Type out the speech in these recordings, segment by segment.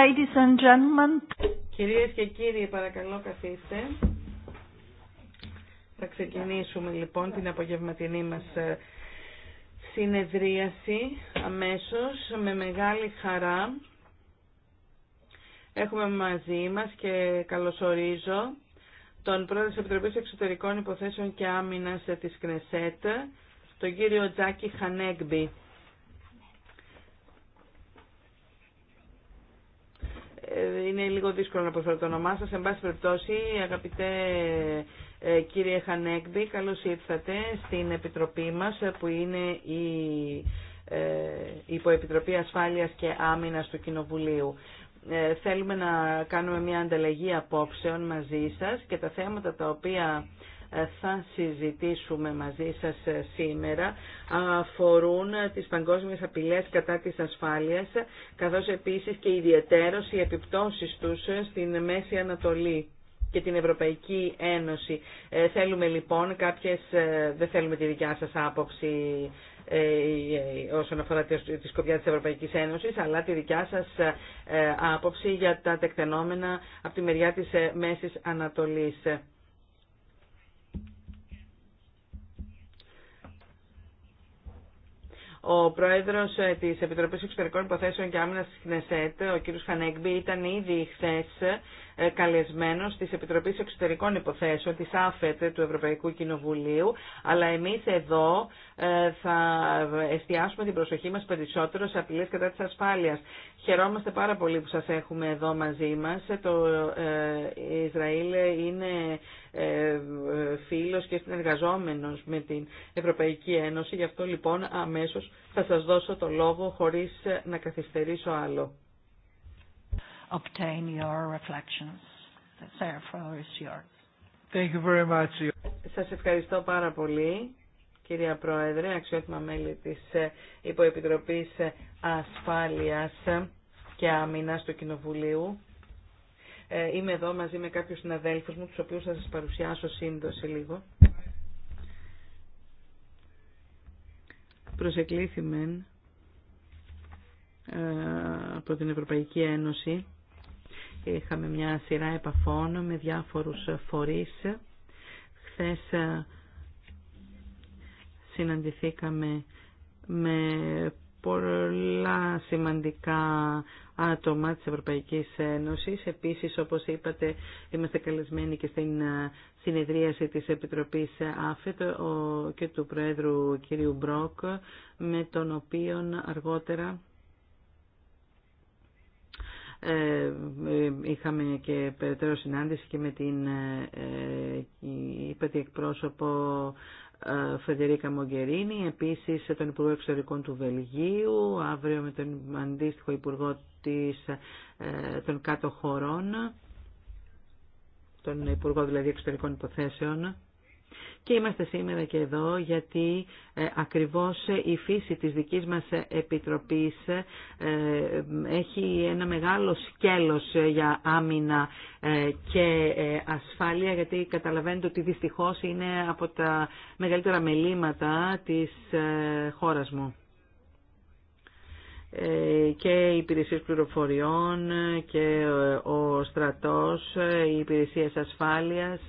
ladies Κυρίες και κύριοι, παρακαλώ καθίστε. Θα ξεκινήσουμε λοιπόν την απογευματινή μας ε, συνεδρίαση αμέσως με μεγάλη χαρά. Έχουμε μαζί μας και καλωσορίζω τον πρόεδρο της Επιτροπής Εξωτερικών Υποθέσεων και Άμυνας ε, της ΚΝΕΣΕΤ, τον κύριο Τζάκι Χανέγκμπι. είναι λίγο δύσκολο να προσφέρω το όνομά σας. Εν πάση περιπτώσει, αγαπητέ ε, κύριε Χανέκμπη, καλώς ήρθατε στην Επιτροπή μας ε, που είναι η ε, Υποεπιτροπή Ασφάλειας και Άμυνα του Κοινοβουλίου. Θέλουμε να κάνουμε μια ανταλλαγή απόψεων μαζί σας και τα θέματα τα οποία θα συζητήσουμε μαζί σας σήμερα αφορούν τις παγκόσμιες απειλές κατά της ασφάλειας, καθώς επίσης και ιδιαίτερως οι επιπτώσεις τους στην Μέση Ανατολή και την Ευρωπαϊκή Ένωση. Ε, θέλουμε λοιπόν κάποιες, ε, δεν θέλουμε τη δικιά σας άποψη ε, όσον αφορά τη σκοπιά της Ευρωπαϊκής Ένωσης, αλλά τη δικιά σας άποψη για τα τεκτενόμενα από τη μεριά της Μέσης Ανατολής. Ο Πρόεδρο ε, τη Επιτροπή Εξωτερικών Υποθέσεων και Άμυνα τη Κνεσέτ, ο κ. Χανέγκμπι, ήταν ήδη χθε ε, καλεσμένος τη επιτροπή Εξωτερικών Υποθέσεων, τη ΑΦΕΤ του Ευρωπαϊκού Κοινοβουλίου, αλλά εμείς εδώ ε, θα εστιάσουμε την προσοχή μας περισσότερο σε απειλές κατά της ασφάλειας. Χαιρόμαστε πάρα πολύ που σας έχουμε εδώ μαζί μας. Το ε, Ισραήλ είναι φίλος και συνεργαζόμενο με την Ευρωπαϊκή Ένωση. Γι' αυτό λοιπόν αμέσως θα σας δώσω το λόγο χωρίς να καθυστερήσω άλλο obtain your reflections. The is yours. Thank you very much. Σας ευχαριστώ πάρα πολύ, κυρία Πρόεδρε, αξιότιμα μέλη της ε, Υποεπιτροπής ε, Ασφάλειας ε, και Άμυνας του Κοινοβουλίου. Είμαι εδώ μαζί με κάποιους συναδέλφους μου, τους οποίους θα σας παρουσιάσω σύντοση λίγο. Προσεκλήθημεν από την Ευρωπαϊκή Ένωση Είχαμε μια σειρά επαφών με διάφορους φορείς. Χθες ε, συναντηθήκαμε με πολλά σημαντικά άτομα της Ευρωπαϊκής Ένωσης. Επίσης, όπως είπατε, είμαστε καλεσμένοι και στην ε, συνεδρίαση της Επιτροπής ΑΦΕΤ και του Προέδρου κ. Μπρόκ, με τον οποίο αργότερα ε, ε, είχαμε και περαιτέρω συνάντηση και με την υπερτή ε, εκπρόσωπο Φεντερίκα Μογκερίνη, επίσης τον Υπουργό Εξωτερικών του Βελγίου, αύριο με τον αντίστοιχο Υπουργό της, των Κάτω Χωρών, τον Υπουργό δηλαδή Εξωτερικών Υποθέσεων. Και είμαστε σήμερα και εδώ γιατί ε, ακριβώς ε, η φύση της δικής μας ε, Επιτροπής έχει ένα μεγάλο σκέλος για άμυνα και ασφάλεια γιατί καταλαβαίνετε ότι δυστυχώς είναι από τα μεγαλύτερα μελήματα της χώρας μου και οι Υπηρεσία πληροφοριών και ο στρατός, οι Υπηρεσία ασφάλειας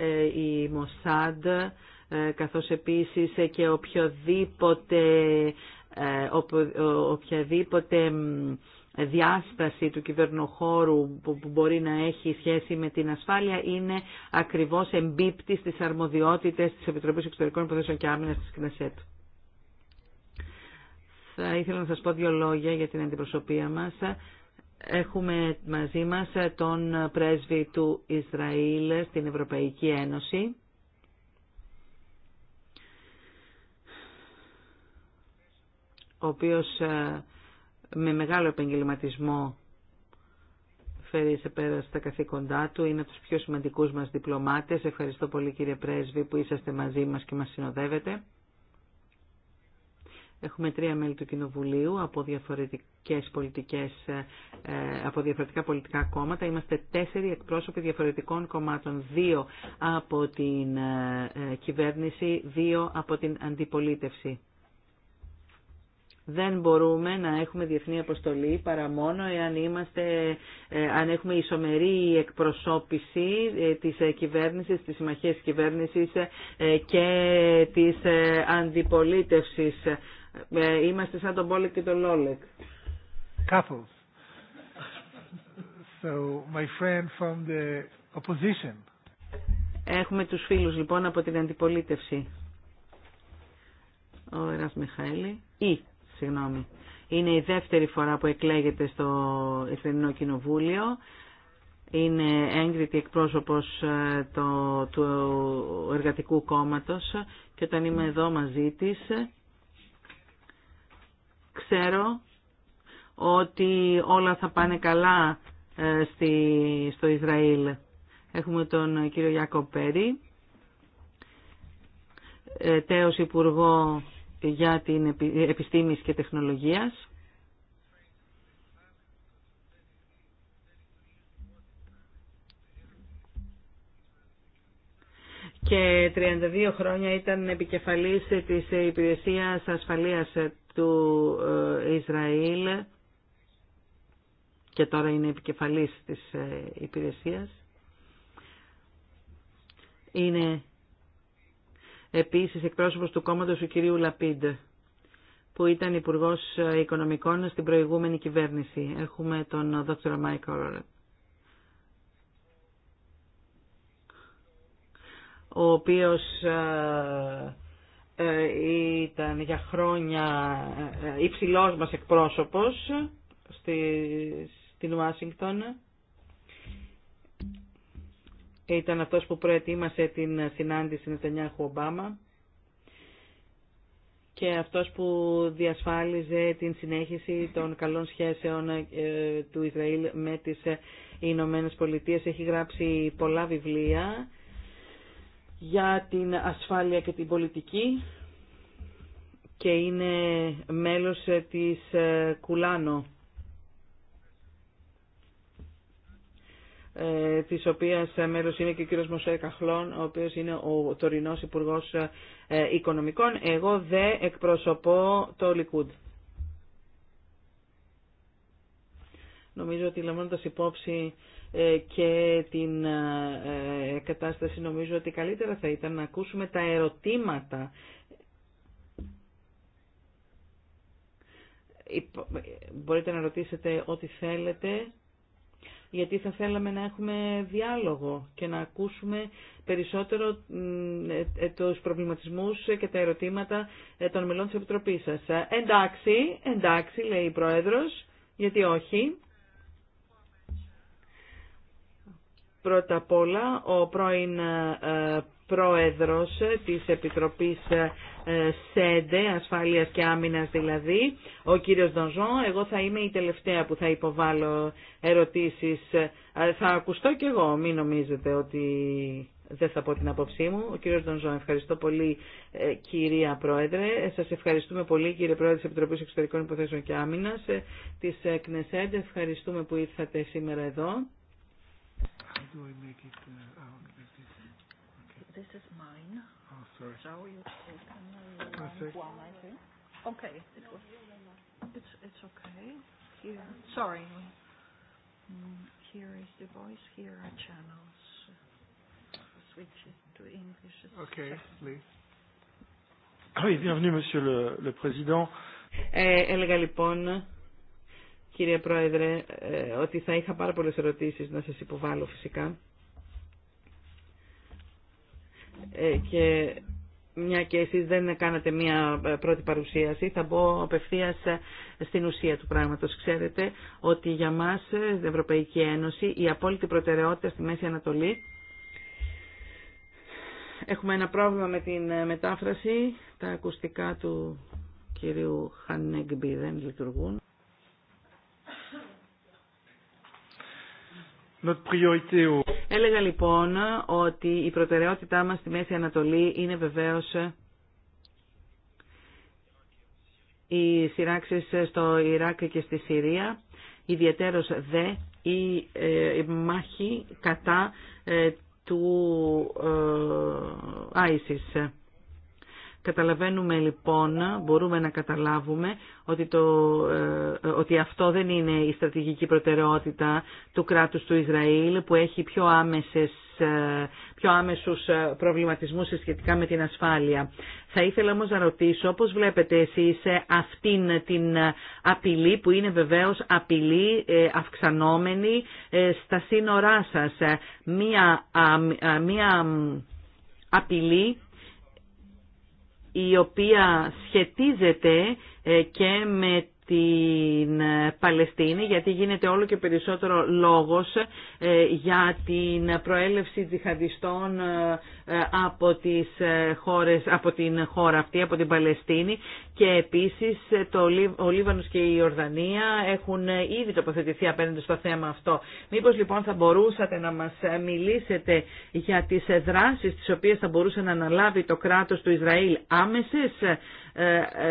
ε, η Μοσάντ ε, καθώς επίσης και οποιοδήποτε, ε, οποιαδήποτε διάσταση του κυβερνοχώρου που μπορεί να έχει σχέση με την ασφάλεια είναι ακριβώς εμπίπτη στις αρμοδιότητες της Επιτροπής Εξωτερικών Υποθέσεων και Άμυνας της ΚΝΕΣΕΤ. Θα ήθελα να σας πω δύο λόγια για την αντιπροσωπεία μας. Έχουμε μαζί μας τον πρέσβη του Ισραήλ στην Ευρωπαϊκή Ένωση. ο οποίος ε, με μεγάλο επαγγελματισμό φέρει σε πέρα στα καθήκοντά του. Είναι από τους πιο σημαντικούς μας διπλωμάτες. Ευχαριστώ πολύ κύριε Πρέσβη που είσαστε μαζί μας και μας συνοδεύετε. Έχουμε τρία μέλη του Κοινοβουλίου από, διαφορετικές πολιτικές, ε, ε, από διαφορετικά πολιτικά κόμματα. Είμαστε τέσσερι εκπρόσωποι διαφορετικών κομμάτων. Δύο από την ε, κυβέρνηση, δύο από την αντιπολίτευση. Δεν μπορούμε να έχουμε διεθνή αποστολή παρά μόνο εάν είμαστε, αν έχουμε ισομερή εκπροσώπηση της κυβέρνησης, της συμμαχίας κυβέρνησης και της αντιπολίτευσης. Ε, είμαστε σαν τον Μπόλεκ και τον Λόλεκ. So, my friend from the opposition. Έχουμε τους φίλους λοιπόν από την αντιπολίτευση. Ο Εράς Μιχαήλη. Ή, συγγνώμη. Είναι η δεύτερη φορά που εκλέγεται στο Εθνικό Κοινοβούλιο. Είναι έγκριτη εκπρόσωπος ε, το, του Εργατικού Κόμματος και όταν είμαι εδώ μαζί της Ξέρω ότι όλα θα πάνε καλά ε, στη, στο Ισραήλ. Έχουμε τον ε, κύριο Ιάκο Πέρι, ε, τέος Υπουργό για την Επιστήμης και Τεχνολογίας. και 32 χρόνια ήταν επικεφαλής της Υπηρεσίας Ασφαλείας του ε, Ισραήλ και τώρα είναι επικεφαλής της ε, Υπηρεσίας. Είναι επίσης εκπρόσωπος του κόμματος του κυρίου Λαπίντ που ήταν Υπουργός ε, Οικονομικών στην προηγούμενη κυβέρνηση. Έχουμε τον Μάικ Ρόρετ. ο οποίος ε, ε, ήταν για χρόνια ε, υψηλός μας εκπρόσωπος στη, στην Ουάσιγκτον. Ήταν αυτός που προετοίμασε την συνάντηση Νετανιάχου Ομπάμα και αυτός που διασφάλιζε την συνέχιση των καλών σχέσεων του Ισραήλ με τις Ηνωμένε Πολιτείες. Έχει γράψει πολλά βιβλία για την ασφάλεια και την πολιτική και είναι μέλος ε, της ε, Κουλάνο. Ε, της οποίας μέλος είναι και ο κύριος Μωσέ Καχλών, ο οποίος είναι ο τωρινός Υπουργός Οικονομικών. Εγώ δε εκπροσωπώ το Λικούντ. Νομίζω ότι λαμβάνοντας υπόψη ε, και την ε, ε, κατάσταση νομίζω ότι καλύτερα θα ήταν να ακούσουμε τα ερωτήματα μπορείτε να ρωτήσετε ό,τι θέλετε γιατί θα θέλαμε να έχουμε διάλογο και να ακούσουμε περισσότερο τους προβληματισμούς και τα ερωτήματα των μελών της Επιτροπής σας. Εντάξει, εντάξει λέει η Πρόεδρος, γιατί όχι. Πρώτα απ' όλα, ο πρώην ε, πρόεδρος της Επιτροπής ε, ΣΕΝΤΕ, Ασφάλειας και Άμυνας δηλαδή, ο κύριος Δονζό. Εγώ θα είμαι η τελευταία που θα υποβάλω ερωτήσεις. Ε, θα ακουστώ κι εγώ, μην νομίζετε ότι δεν θα πω την απόψή μου. Ο κύριος Δονζό, ευχαριστώ πολύ κυρία Πρόεδρε. Σας ευχαριστούμε πολύ κύριε Πρόεδρε της Επιτροπής Εξωτερικών Υποθέσεων και Άμυνας της ΚΝΕΣΕΝΤΕ. Ευχαριστούμε που ήρθατε σήμερα εδώ do I make it uh, out like this? Okay. This is mine. Oh, sorry. So you take another one, I think. Okay. It was, it's, it's okay. Here. Sorry. Mm, here is the voice. Here are channels. Switch it to English. Okay, please. Oui, bienvenue, Monsieur le, le Président. Ε, έλεγα λοιπόν κύριε Πρόεδρε, ε, ότι θα είχα πάρα πολλές ερωτήσεις να σας υποβάλω φυσικά. Ε, και μια και εσείς δεν κάνατε μια ε, πρώτη παρουσίαση, θα μπω απευθεία στην ουσία του πράγματος. Ξέρετε ότι για μας, στην Ευρωπαϊκή Ένωση, η απόλυτη προτεραιότητα στη Μέση Ανατολή Έχουμε ένα πρόβλημα με την μετάφραση. Τα ακουστικά του κυρίου Χανέγκμπι δεν λειτουργούν. Έλεγα λοιπόν ότι η προτεραιότητά μας στη Μέση Ανατολή είναι βεβαίως οι σειράξεις στο Ιράκ και στη Συρία, ιδιαίτερος δε η ε, μάχη κατά ε, του ε, ISIS. Καταλαβαίνουμε λοιπόν, μπορούμε να καταλάβουμε ότι, το, ε, ότι αυτό δεν είναι η στρατηγική προτεραιότητα του κράτους του Ισραήλ που έχει πιο, άμεσες, ε, πιο άμεσους ε, προβληματισμούς σχετικά με την ασφάλεια. Θα ήθελα όμως να ρωτήσω πώς βλέπετε εσείς αυτήν την απειλή που είναι βεβαίως απειλή αυξανόμενη στα σύνορά σας. μία απειλή η οποία σχετίζεται ε, και με την ε, Παλαιστίνη γιατί γίνεται όλο και περισσότερο λόγος ε, για την προέλευση τζιχαδιστών ε, από, τις ε, χώρες, από την χώρα αυτή, από την Παλαιστίνη και επίσης ε, το, ο Λίβανος και η Ιορδανία έχουν ήδη τοποθετηθεί απέναντι στο θέμα αυτό. Μήπως λοιπόν θα μπορούσατε να μας μιλήσετε για τις δράσεις τις οποίες θα μπορούσε να αναλάβει το κράτος του Ισραήλ άμεσες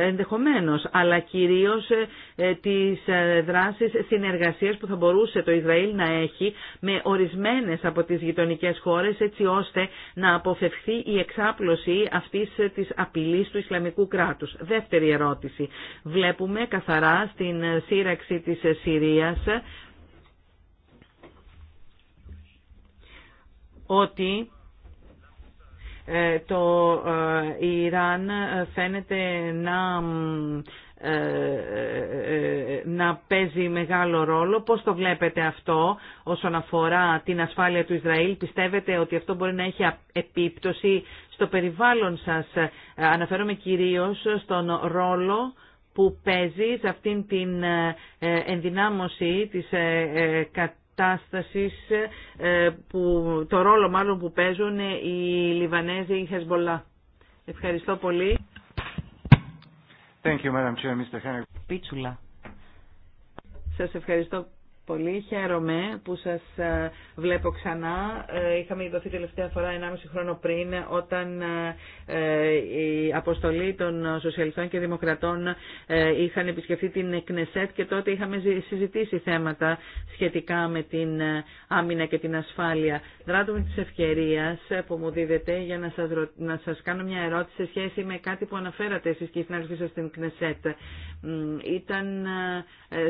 ενδεχομένως, αλλά κυρίως τις δράσεις συνεργασίας που θα μπορούσε το Ισραήλ να έχει με ορισμένες από τις γειτονικές χώρες έτσι ώστε να αποφευχθεί η εξάπλωση αυτής ε, της απειλής του Ισλαμικού κράτους. Δεύτερη ερώτηση. Βλέπουμε καθαρά στην ε, σύραξη της ε, Συρίας ότι το Ιράν φαίνεται να ε, ε, ε, να παίζει μεγάλο ρόλο. Πώς το βλέπετε αυτό όσον αφορά την ασφάλεια του Ισραήλ. Πιστεύετε ότι αυτό μπορεί να έχει επίπτωση στο περιβάλλον σας. Αναφέρομαι κυρίως στον ρόλο που παίζει σε αυτήν την ενδυνάμωση της κατάστασης που, το ρόλο μάλλον που παίζουν οι Λιβανέζοι, η Χεσμολά. Ευχαριστώ πολύ. Thank you, Madam Chair, Mr. Henry. Πίτσουλα. Σας ευχαριστώ πολύ. Χαίρομαι που σας ε, βλέπω ξανά. Ε, είχαμε ειδωθεί τελευταία φορά 1,5 χρόνο πριν όταν ε, η αποστολή των Σοσιαλιστών και Δημοκρατών είχαν επισκεφθεί την ΚΝΕΣΕΤ και τότε είχαμε συζητήσει θέματα σχετικά με την άμυνα και την ασφάλεια. Δράτω της ευκαιρίας που μου δίδεται για να σας, να σας κάνω μια ερώτηση σε σχέση με κάτι που αναφέρατε εσείς και οι συνάδελφοι σας στην ΚΝΕΣΕΤ. Ήταν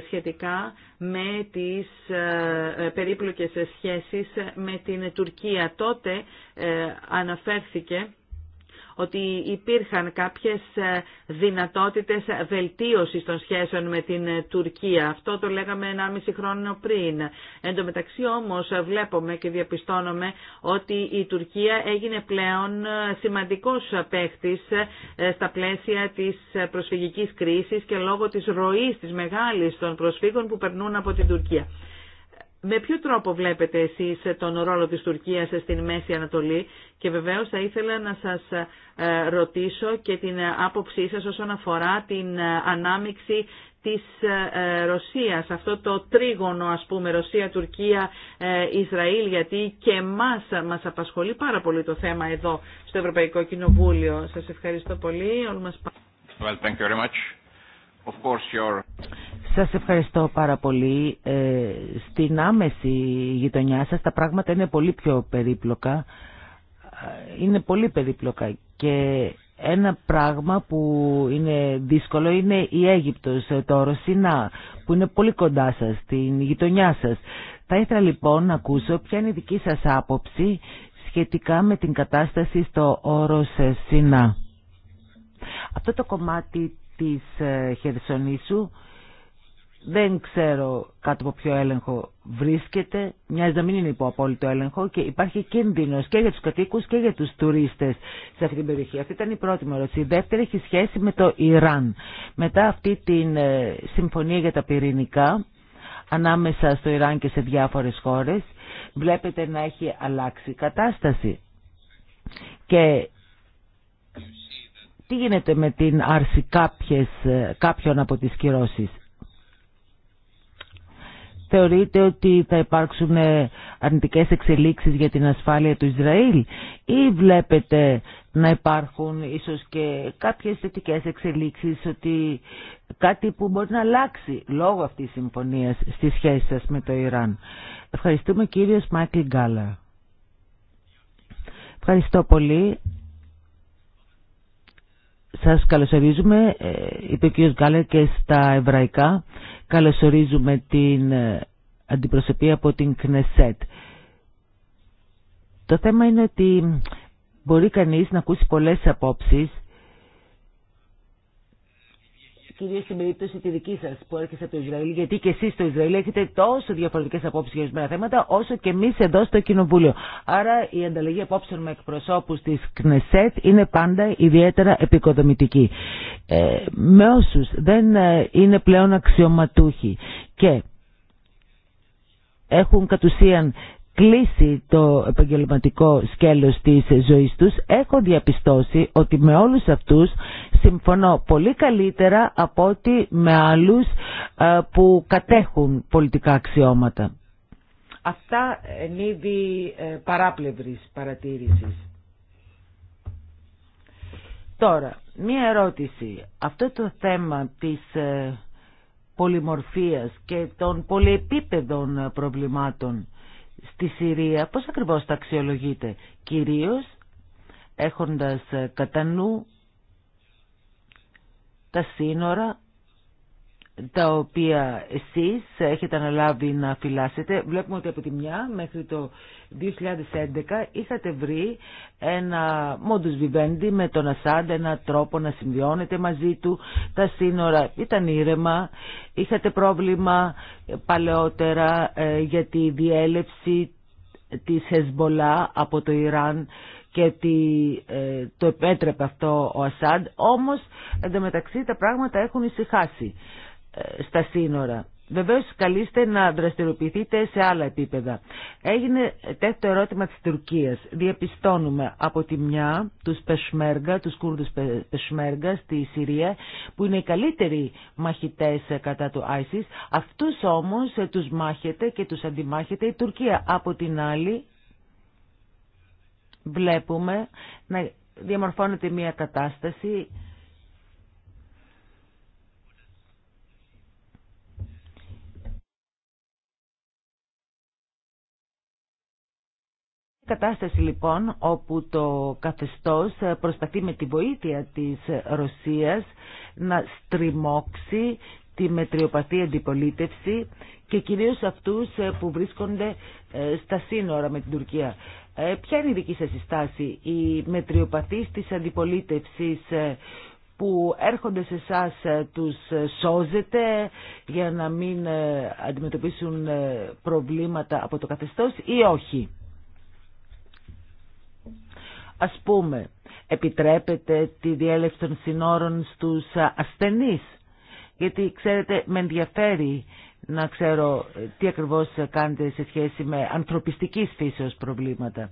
σχετικά με τις ε, ε, περίπλοκες σχέσεις με την Τουρκία. Τότε ε, αναφέρθηκε ότι υπήρχαν κάποιες ε, δυνατότητες βελτίωσης των σχέσεων με την ε, Τουρκία. Αυτό το λέγαμε 1,5 χρόνο πριν. Εν τω μεταξύ όμως ε, βλέπουμε και διαπιστώνουμε ότι η Τουρκία έγινε πλέον σημαντικός παίχτης στα πλαίσια της προσφυγικής κρίσης και λόγω της ροής της μεγάλης των προσφύγων που περνούν από την Τουρκία. Με ποιο τρόπο βλέπετε εσείς τον ρόλο της Τουρκίας στην Μέση Ανατολή και βεβαίως θα ήθελα να σας ε, ρωτήσω και την άποψή σας όσον αφορά την ε, ανάμειξη της ε, Ρωσίας, αυτό το τρίγωνο ας πούμε Ρωσία, Τουρκία, Ισραήλ γιατί και εμάς μας απασχολεί πάρα πολύ το θέμα εδώ στο Ευρωπαϊκό Κοινοβούλιο. Σας ευχαριστώ πολύ. Σας ευχαριστώ πάρα πολύ. Ε, στην άμεση γειτονιά σας τα πράγματα είναι πολύ πιο περίπλοκα. Ε, είναι πολύ περίπλοκα και ένα πράγμα που είναι δύσκολο είναι η Αίγυπτος, ε, το Σινά που είναι πολύ κοντά σας, στην γειτονιά σας. Θα ήθελα λοιπόν να ακούσω ποια είναι η δική σας άποψη σχετικά με την κατάσταση στο όρος Σινά. Αυτό το κομμάτι της ε, Χερσονήσου. Δεν ξέρω κάτω από ποιο έλεγχο βρίσκεται. Μοιάζει να μην είναι υπό απόλυτο έλεγχο και υπάρχει κίνδυνο και για τους κατοίκους και για τους τουρίστες σε αυτή την περιοχή. Αυτή ήταν η πρώτη μου ερώτηση. Η δεύτερη έχει σχέση με το Ιράν. Μετά αυτή την ε, συμφωνία για τα πυρηνικά ανάμεσα στο Ιράν και σε διάφορες χώρες βλέπετε να έχει αλλάξει η κατάσταση. Και τι γίνεται με την άρση κάποιες, ε, κάποιων από τις κυρώσεις. Θεωρείτε ότι θα υπάρξουν ε, αρνητικές εξελίξεις για την ασφάλεια του Ισραήλ ή βλέπετε να υπάρχουν ίσως και κάποιες θετικέ εξελίξεις ότι κάτι που μπορεί να αλλάξει λόγω αυτής της συμφωνίας στη σχέση σας με το Ιράν. Ευχαριστούμε κύριος Μάικλ Γκάλα. Ευχαριστώ πολύ. Σας καλωσορίζουμε, ε, είπε ο κ. Γκάλερ και στα εβραϊκά, καλωσορίζουμε την ε, αντιπροσωπεία από την Κνεσέτ. Το θέμα είναι ότι μπορεί κανείς να ακούσει πολλές απόψεις κυρίω στην περίπτωση τη δική σας που έρχεστε από το Ισραήλ, γιατί και εσείς στο Ισραήλ έχετε τόσο διαφορετικές απόψεις για ορισμένα θέματα, όσο και εμείς εδώ στο Κοινοβούλιο. Άρα η ανταλλαγή απόψεων με εκπροσώπους τη ΚΝΕΣΕΤ είναι πάντα ιδιαίτερα επικοδομητική. Ε, με όσου δεν ε, είναι πλέον αξιωματούχοι και έχουν κατ' ουσίαν κλείσει το επαγγελματικό σκέλος της ζωής τους έχω διαπιστώσει ότι με όλους αυτούς συμφωνώ πολύ καλύτερα από ότι με άλλους ε, που κατέχουν πολιτικά αξιώματα. Αυτά εν είδη ε, παράπλευρης παρατήρησης. Τώρα, μία ερώτηση. Αυτό το θέμα της ε, πολυμορφίας και των πολυεπίπεδων προβλημάτων στη Συρία πώς ακριβώς τα αξιολογείτε, κυρίως έχοντας κατά νου τα σύνορα τα οποία εσείς έχετε αναλάβει να φυλάσετε. Βλέπουμε ότι από τη μια μέχρι το 2011 είχατε βρει ένα modus vivendi με τον Ασάντ, ένα τρόπο να συμβιώνετε μαζί του. Τα σύνορα ήταν ήρεμα, είχατε πρόβλημα παλαιότερα ε, για τη διέλευση της Εσμπολά από το Ιράν και ότι ε, το επέτρεπε αυτό ο Ασάντ. Όμως, εντωμεταξύ, τα πράγματα έχουν ησυχάσει στα σύνορα. Βεβαίως καλείστε να δραστηριοποιηθείτε σε άλλα επίπεδα. Έγινε τέτοιο ερώτημα της Τουρκίας. Διαπιστώνουμε από τη μια τους Πεσμέργα, τους Κούρδους Πεσμέργα στη Συρία που είναι οι καλύτεροι μαχητές ε, κατά του ISIS. Αυτούς όμως ε, τους μάχεται και τους αντιμάχεται η Τουρκία. Από την άλλη βλέπουμε να διαμορφώνεται μια κατάσταση Κατάσταση λοιπόν όπου το καθεστώς προσπαθεί με τη βοήθεια της Ρωσίας να στριμώξει τη μετριοπαθή αντιπολίτευση και κυρίως αυτούς ε, που βρίσκονται ε, στα σύνορα με την Τουρκία. Ε, ποια είναι η δική σας στάση, η μετριοπαθή της αντιπολίτευσης που έρχονται σε εσά τους σώζετε για να μην αντιμετωπίσουν προβλήματα από το καθεστώς ή όχι. Ας πούμε, επιτρέπεται τη διέλευση των συνόρων στους ασθενείς, γιατί ξέρετε με ενδιαφέρει να ξέρω ε, τι ακριβώς κάνετε σε σχέση με ανθρωπιστικής φύσεως προβλήματα.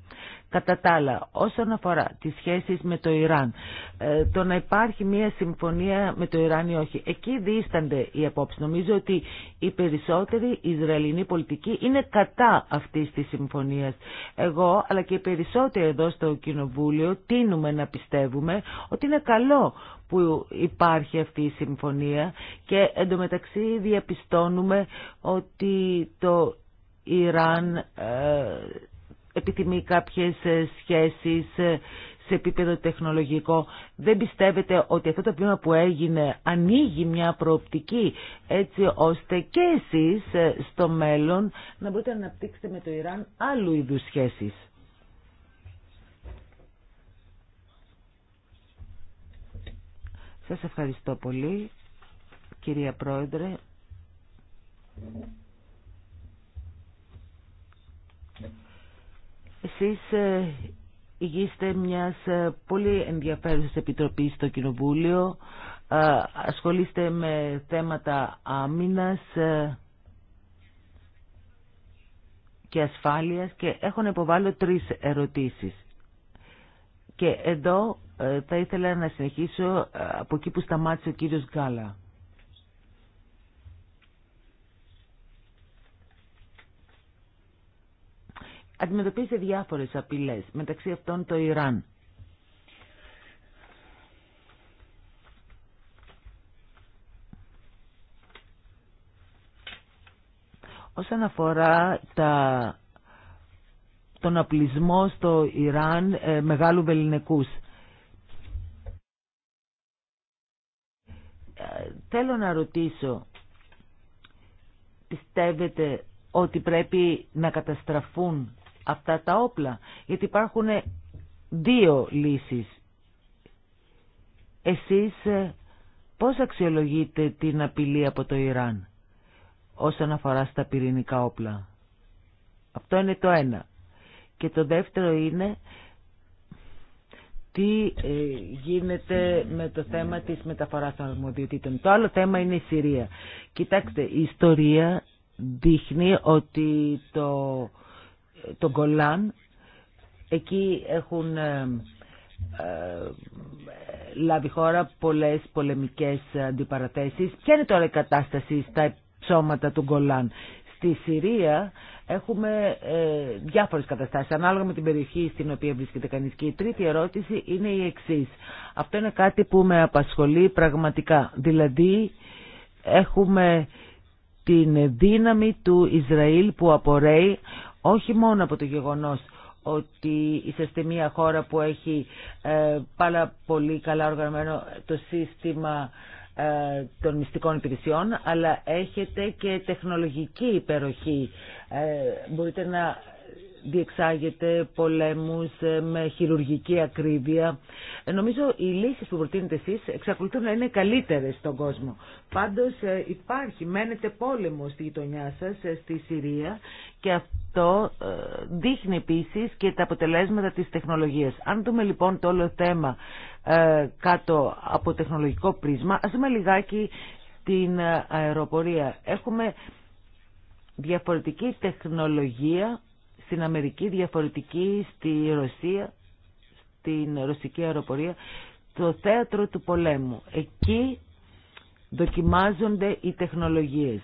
Κατά τα άλλα, όσον αφορά τις σχέσεις με το Ιράν, ε, το να υπάρχει μια συμφωνία με το Ιράν ή όχι, εκεί δίστανται οι απόψεις. Νομίζω ότι η περισσοτερη Ισραηλινοί πολιτικη είναι κατά αυτής της συμφωνίας. Εγώ, αλλά και οι περισσότεροι εδώ στο Κοινοβούλιο, τίνουμε να πιστεύουμε ότι είναι καλό που υπάρχει αυτή η συμφωνία και εντωμεταξύ διαπιστώνουμε ότι το Ιράν ε, επιθυμεί κάποιες ε, σχέσεις ε, σε επίπεδο τεχνολογικό. Δεν πιστεύετε ότι αυτό το βήμα που έγινε ανοίγει μια προοπτική έτσι ώστε και εσείς στο μέλλον να μπορείτε να αναπτύξετε με το Ιράν άλλου είδους σχέσεις. Σας ευχαριστώ πολύ, κυρία Πρόεδρε. Εσείς ε, ηγείστε μιας ε, πολύ ενδιαφέρουσας επιτροπής στο Κοινοβούλιο. Ε, ασχολείστε με θέματα άμυνας και ασφάλειας και έχω να υποβάλω τρεις ερωτήσεις. Και εδώ θα ήθελα να συνεχίσω ε, από εκεί που σταμάτησε ο κύριος Γκάλα. Αντιμετωπίζει διάφορες απειλές, μεταξύ αυτών το Ιράν. Όσον αφορά τα... τον απλισμό στο Ιράν ε, μεγάλου βεληνικούς Θέλω να ρωτήσω, πιστεύετε ότι πρέπει να καταστραφούν αυτά τα όπλα, γιατί υπάρχουν δύο λύσεις. Εσείς ε, πώς αξιολογείτε την απειλή από το Ιράν όσον αφορά στα πυρηνικά όπλα. Αυτό είναι το ένα. Και το δεύτερο είναι τι ε, γίνεται με το θέμα της μεταφοράς των αρμοδιοτήτων. Το άλλο θέμα είναι η Συρία. Κοιτάξτε, η ιστορία δείχνει ότι το, το Γκολάν εκεί έχουν ε, ε λάβει χώρα πολλές πολεμικές αντιπαραθέσεις. Ποια είναι τώρα η κατάσταση στα ψώματα του Γκολάν. Στη Συρία Έχουμε ε, διάφορες καταστάσεις ανάλογα με την περιοχή στην οποία βρίσκεται κανεί. Και η τρίτη ερώτηση είναι η εξή. Αυτό είναι κάτι που με απασχολεί πραγματικά. Δηλαδή έχουμε την δύναμη του Ισραήλ που απορρέει όχι μόνο από το γεγονός ότι είσαστε μια χώρα που έχει ε, πάρα πολύ καλά οργανωμένο το σύστημα ε, των μυστικών υπηρεσιών αλλά έχετε και τεχνολογική υπεροχή. Ε, μπορείτε να διεξάγεται πολέμους ε, με χειρουργική ακρίβεια. Ε, νομίζω οι λύσεις που προτείνετε εσείς εξακολουθούν να είναι καλύτερες στον κόσμο. Πάντως ε, υπάρχει, μένεται πόλεμο στη γειτονιά σας, στη Συρία και αυτό δείχνει επίσης και τα αποτελέσματα της τεχνολογίας. Αν δούμε λοιπόν το όλο θέμα κάτω από τεχνολογικό πρίσμα, ας δούμε λιγάκι την αεροπορία. Έχουμε διαφορετική τεχνολογία στην Αμερική, διαφορετική στη Ρωσία, στην ρωσική αεροπορία, το θέατρο του πολέμου. Εκεί δοκιμάζονται οι τεχνολογίες.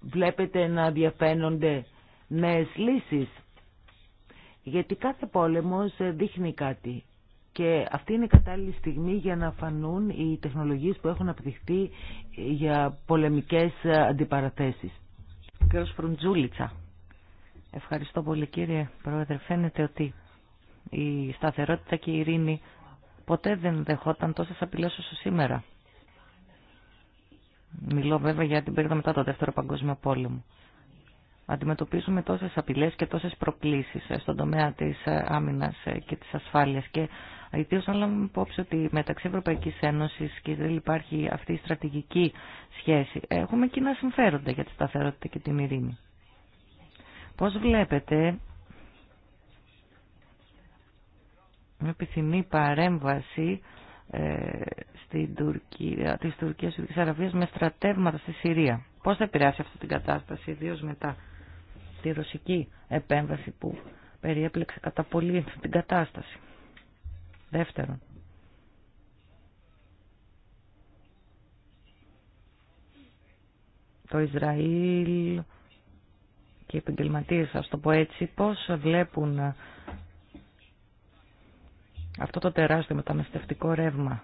Βλέπετε να διαφαίνονται νέες λύσεις. Γιατί κάθε πόλεμος δείχνει κάτι. Και αυτή είναι η κατάλληλη στιγμή για να φανούν οι τεχνολογίες που έχουν απτυχθεί για πολεμικές αντιπαραθέσεις. Κύριος Φρουντζούλητσα. Ευχαριστώ πολύ κύριε Πρόεδρε. Φαίνεται ότι η σταθερότητα και η ειρήνη ποτέ δεν δεχόταν τόσες απειλές όσο σήμερα. Μιλώ βέβαια για την περίοδο μετά το Δεύτερο Παγκόσμιο Πόλεμο. Αντιμετωπίζουμε τόσες απειλές και τόσες προκλήσεις ε, στον τομέα της ε, άμυνας ε, και της ασφάλειας και αιτίως να λάβουμε υπόψη ότι μεταξύ Ευρωπαϊκής Ένωσης και δεν υπάρχει αυτή η στρατηγική σχέση. Έχουμε κοινά συμφέροντα για τη σταθερότητα και την ειρήνη. Πώς βλέπετε, με επιθυμή παρέμβαση ε, Τουρκία, της Τουρκίας και της Αραβίας με στρατεύματα στη Συρία. Πώς θα επηρεάσει αυτή την κατάσταση, ιδίως μετά τη ρωσική επέμβαση που περιέπλεξε κατά πολύ την κατάσταση. Δεύτερον, το Ισραήλ και επαγγελματίες, α το πω έτσι, πώς βλέπουν αυτό το τεράστιο μεταναστευτικό ρεύμα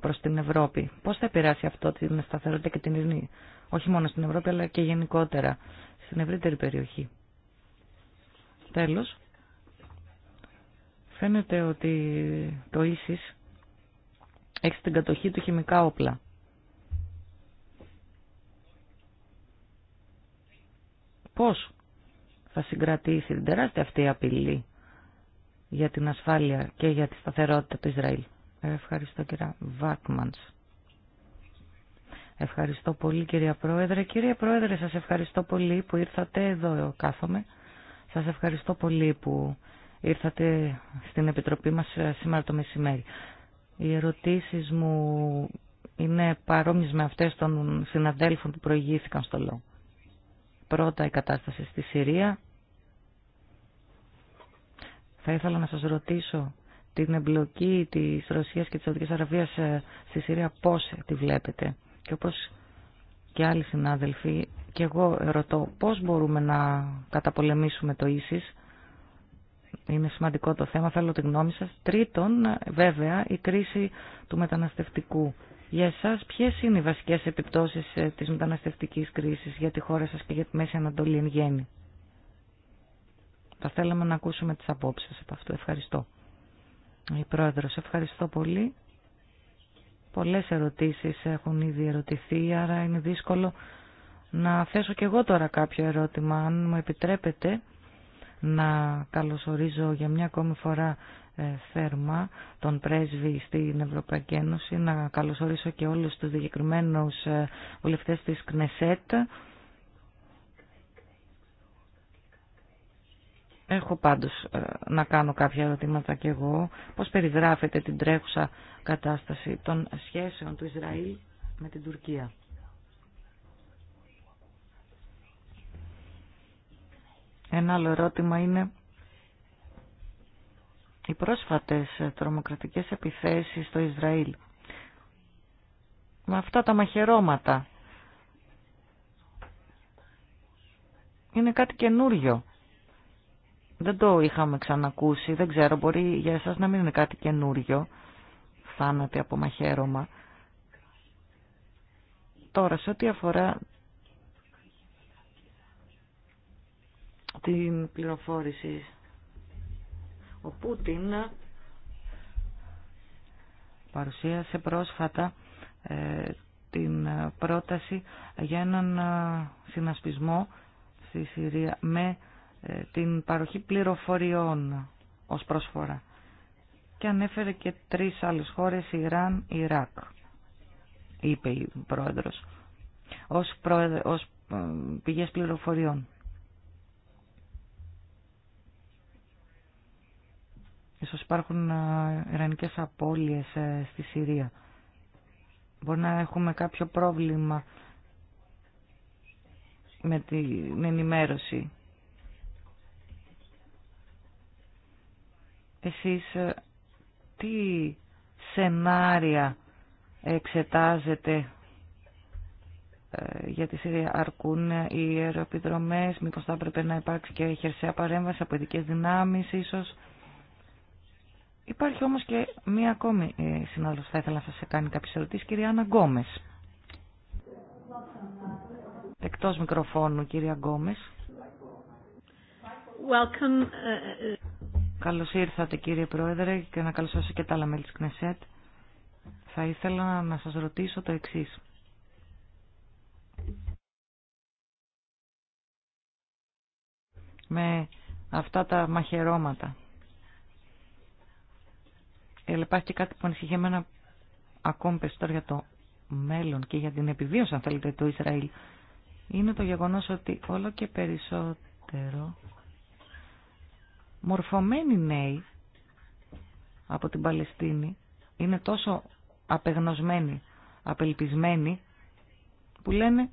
προς την Ευρώπη. Πώς θα επηρεάσει αυτό την σταθερότητα και την ειρήνη, όχι μόνο στην Ευρώπη αλλά και γενικότερα στην ευρύτερη περιοχή. Τέλος, φαίνεται ότι το ίσις έχει στην κατοχή του χημικά όπλα. Πώς θα συγκρατήσει την τεράστια αυτή απειλή για την ασφάλεια και για τη σταθερότητα του Ισραήλ. Ευχαριστώ κύρια Βάκμανς. Ευχαριστώ πολύ κυρία Πρόεδρε. Κύριε Πρόεδρε, σας ευχαριστώ πολύ που ήρθατε εδώ κάθομαι. Σας ευχαριστώ πολύ που ήρθατε στην Επιτροπή μας ε, σήμερα το μεσημέρι. Οι ερωτήσεις μου είναι παρόμοιες με αυτές των συναδέλφων που προηγήθηκαν στο λόγο. Πρώτα η κατάσταση στη Συρία. Θα ήθελα να σας ρωτήσω την εμπλοκή της Ρωσίας και της Σαουδικής Αραβίας ε, στη Συρία πώς τη βλέπετε. Και όπως και άλλοι συνάδελφοι, και εγώ ρωτώ πώς μπορούμε να καταπολεμήσουμε το ίσις. Είναι σημαντικό το θέμα, θέλω τη γνώμη σας. Τρίτον, ε, βέβαια, η κρίση του μεταναστευτικού για εσά ποιε είναι οι βασικέ επιπτώσει ε, τη μεταναστευτική κρίση για τη χώρα σα και για τη Μέση Ανατολή εν γέννη. Θα θέλαμε να ακούσουμε τι απόψει από αυτό. Ευχαριστώ. Η ε, Πρόεδρο, ευχαριστώ πολύ. Πολλές ερωτήσεις έχουν ήδη ερωτηθεί, άρα είναι δύσκολο να θέσω και εγώ τώρα κάποιο ερώτημα. Αν μου επιτρέπετε να καλωσορίζω για μια ακόμη φορά ε, θέρμα τον πρέσβη στην Ευρωπαϊκή Ένωση, να καλωσορίσω και όλους τους ε, βουλευτές της ΚΝΕΣΕΤ. Έχω πάντως ε, να κάνω κάποια ερωτήματα κι εγώ. Πώς περιγράφεται την τρέχουσα κατάσταση των σχέσεων του Ισραήλ με την Τουρκία. Ένα άλλο ερώτημα είναι οι πρόσφατες τρομοκρατικές επιθέσεις στο Ισραήλ με αυτά τα μαχαιρώματα είναι κάτι καινούριο. Δεν το είχαμε ξανακούσει, δεν ξέρω, μπορεί για εσάς να μην είναι κάτι καινούριο, θάνατοι από μαχαίρωμα. Τώρα, σε ό,τι αφορά την πληροφόρηση ο Πούτιν παρουσίασε πρόσφατα ε, την πρόταση για έναν ε, συνασπισμό στη Συρία με ε, την παροχή πληροφοριών ως πρόσφορα και ανέφερε και τρεις άλλες χώρες, Ιράν, Ιράκ, είπε η πρόεδρος, ως, πρόεδρο, ως πηγές πληροφοριών. Ίσως υπάρχουν ιρανικές απώλειες ε, στη Συρία. Μπορεί να έχουμε κάποιο πρόβλημα με την ενημέρωση. Εσείς ε, τι σενάρια εξετάζετε ε, για τη Συρία αρκούν οι αεροπιδρομές, μήπως θα έπρεπε να υπάρξει και χερσαία παρέμβαση από ειδικές δυνάμεις ίσως. Υπάρχει όμως και μία ακόμη ε, συνάδελφος θα ήθελα να σας κάνει κάποιες ερωτήσεις, κυρία Άννα Γκόμες. Εκτός μικροφώνου, κυρία Γκόμες. Welcome. Ε, ε, ε. Καλώς ήρθατε κύριε Πρόεδρε και να καλωσορίσω και τα άλλα μέλη της Κνεσέτ. Θα ήθελα να σας ρωτήσω το εξής. Με αυτά τα μαχαιρώματα αλλά ε, υπάρχει και κάτι που ανησυχεί εμένα ακόμη περισσότερο για το μέλλον και για την επιβίωση, αν θέλετε, του Ισραήλ. Είναι το γεγονός ότι όλο και περισσότερο μορφωμένοι νέοι από την Παλαιστίνη είναι τόσο απεγνωσμένοι, απελπισμένοι, που λένε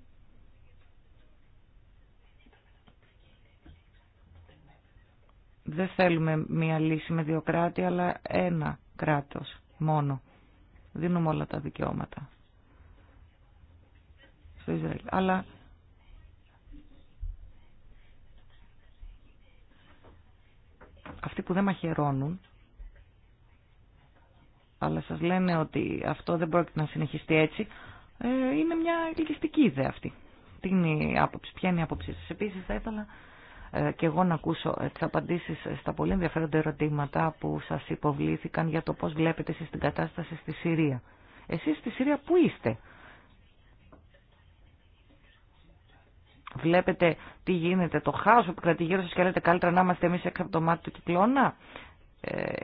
δεν θέλουμε μία λύση με δύο κράτη, αλλά ένα κράτος μόνο. Δίνουμε όλα τα δικαιώματα στο Ισραήλ. Αλλά αυτοί που δεν μαχαιρώνουν αλλά σας λένε ότι αυτό δεν πρόκειται να συνεχιστεί έτσι, ε, είναι μια ελκυστική ιδέα αυτή. Τι είναι η άποψη, ποια είναι η άποψή σας. Επίσης θα ήθελα ε, και εγώ να ακούσω ε, τις απαντήσεις ε, στα πολύ ενδιαφέροντα ερωτήματα που σας υποβλήθηκαν για το πώς βλέπετε εσείς την κατάσταση στη Συρία. Εσείς στη Συρία πού είστε. Βλέπετε τι γίνεται, το χάος που κρατεί γύρω σας και λέτε καλύτερα να είμαστε εμείς έξω από το μάτι του κυκλώνα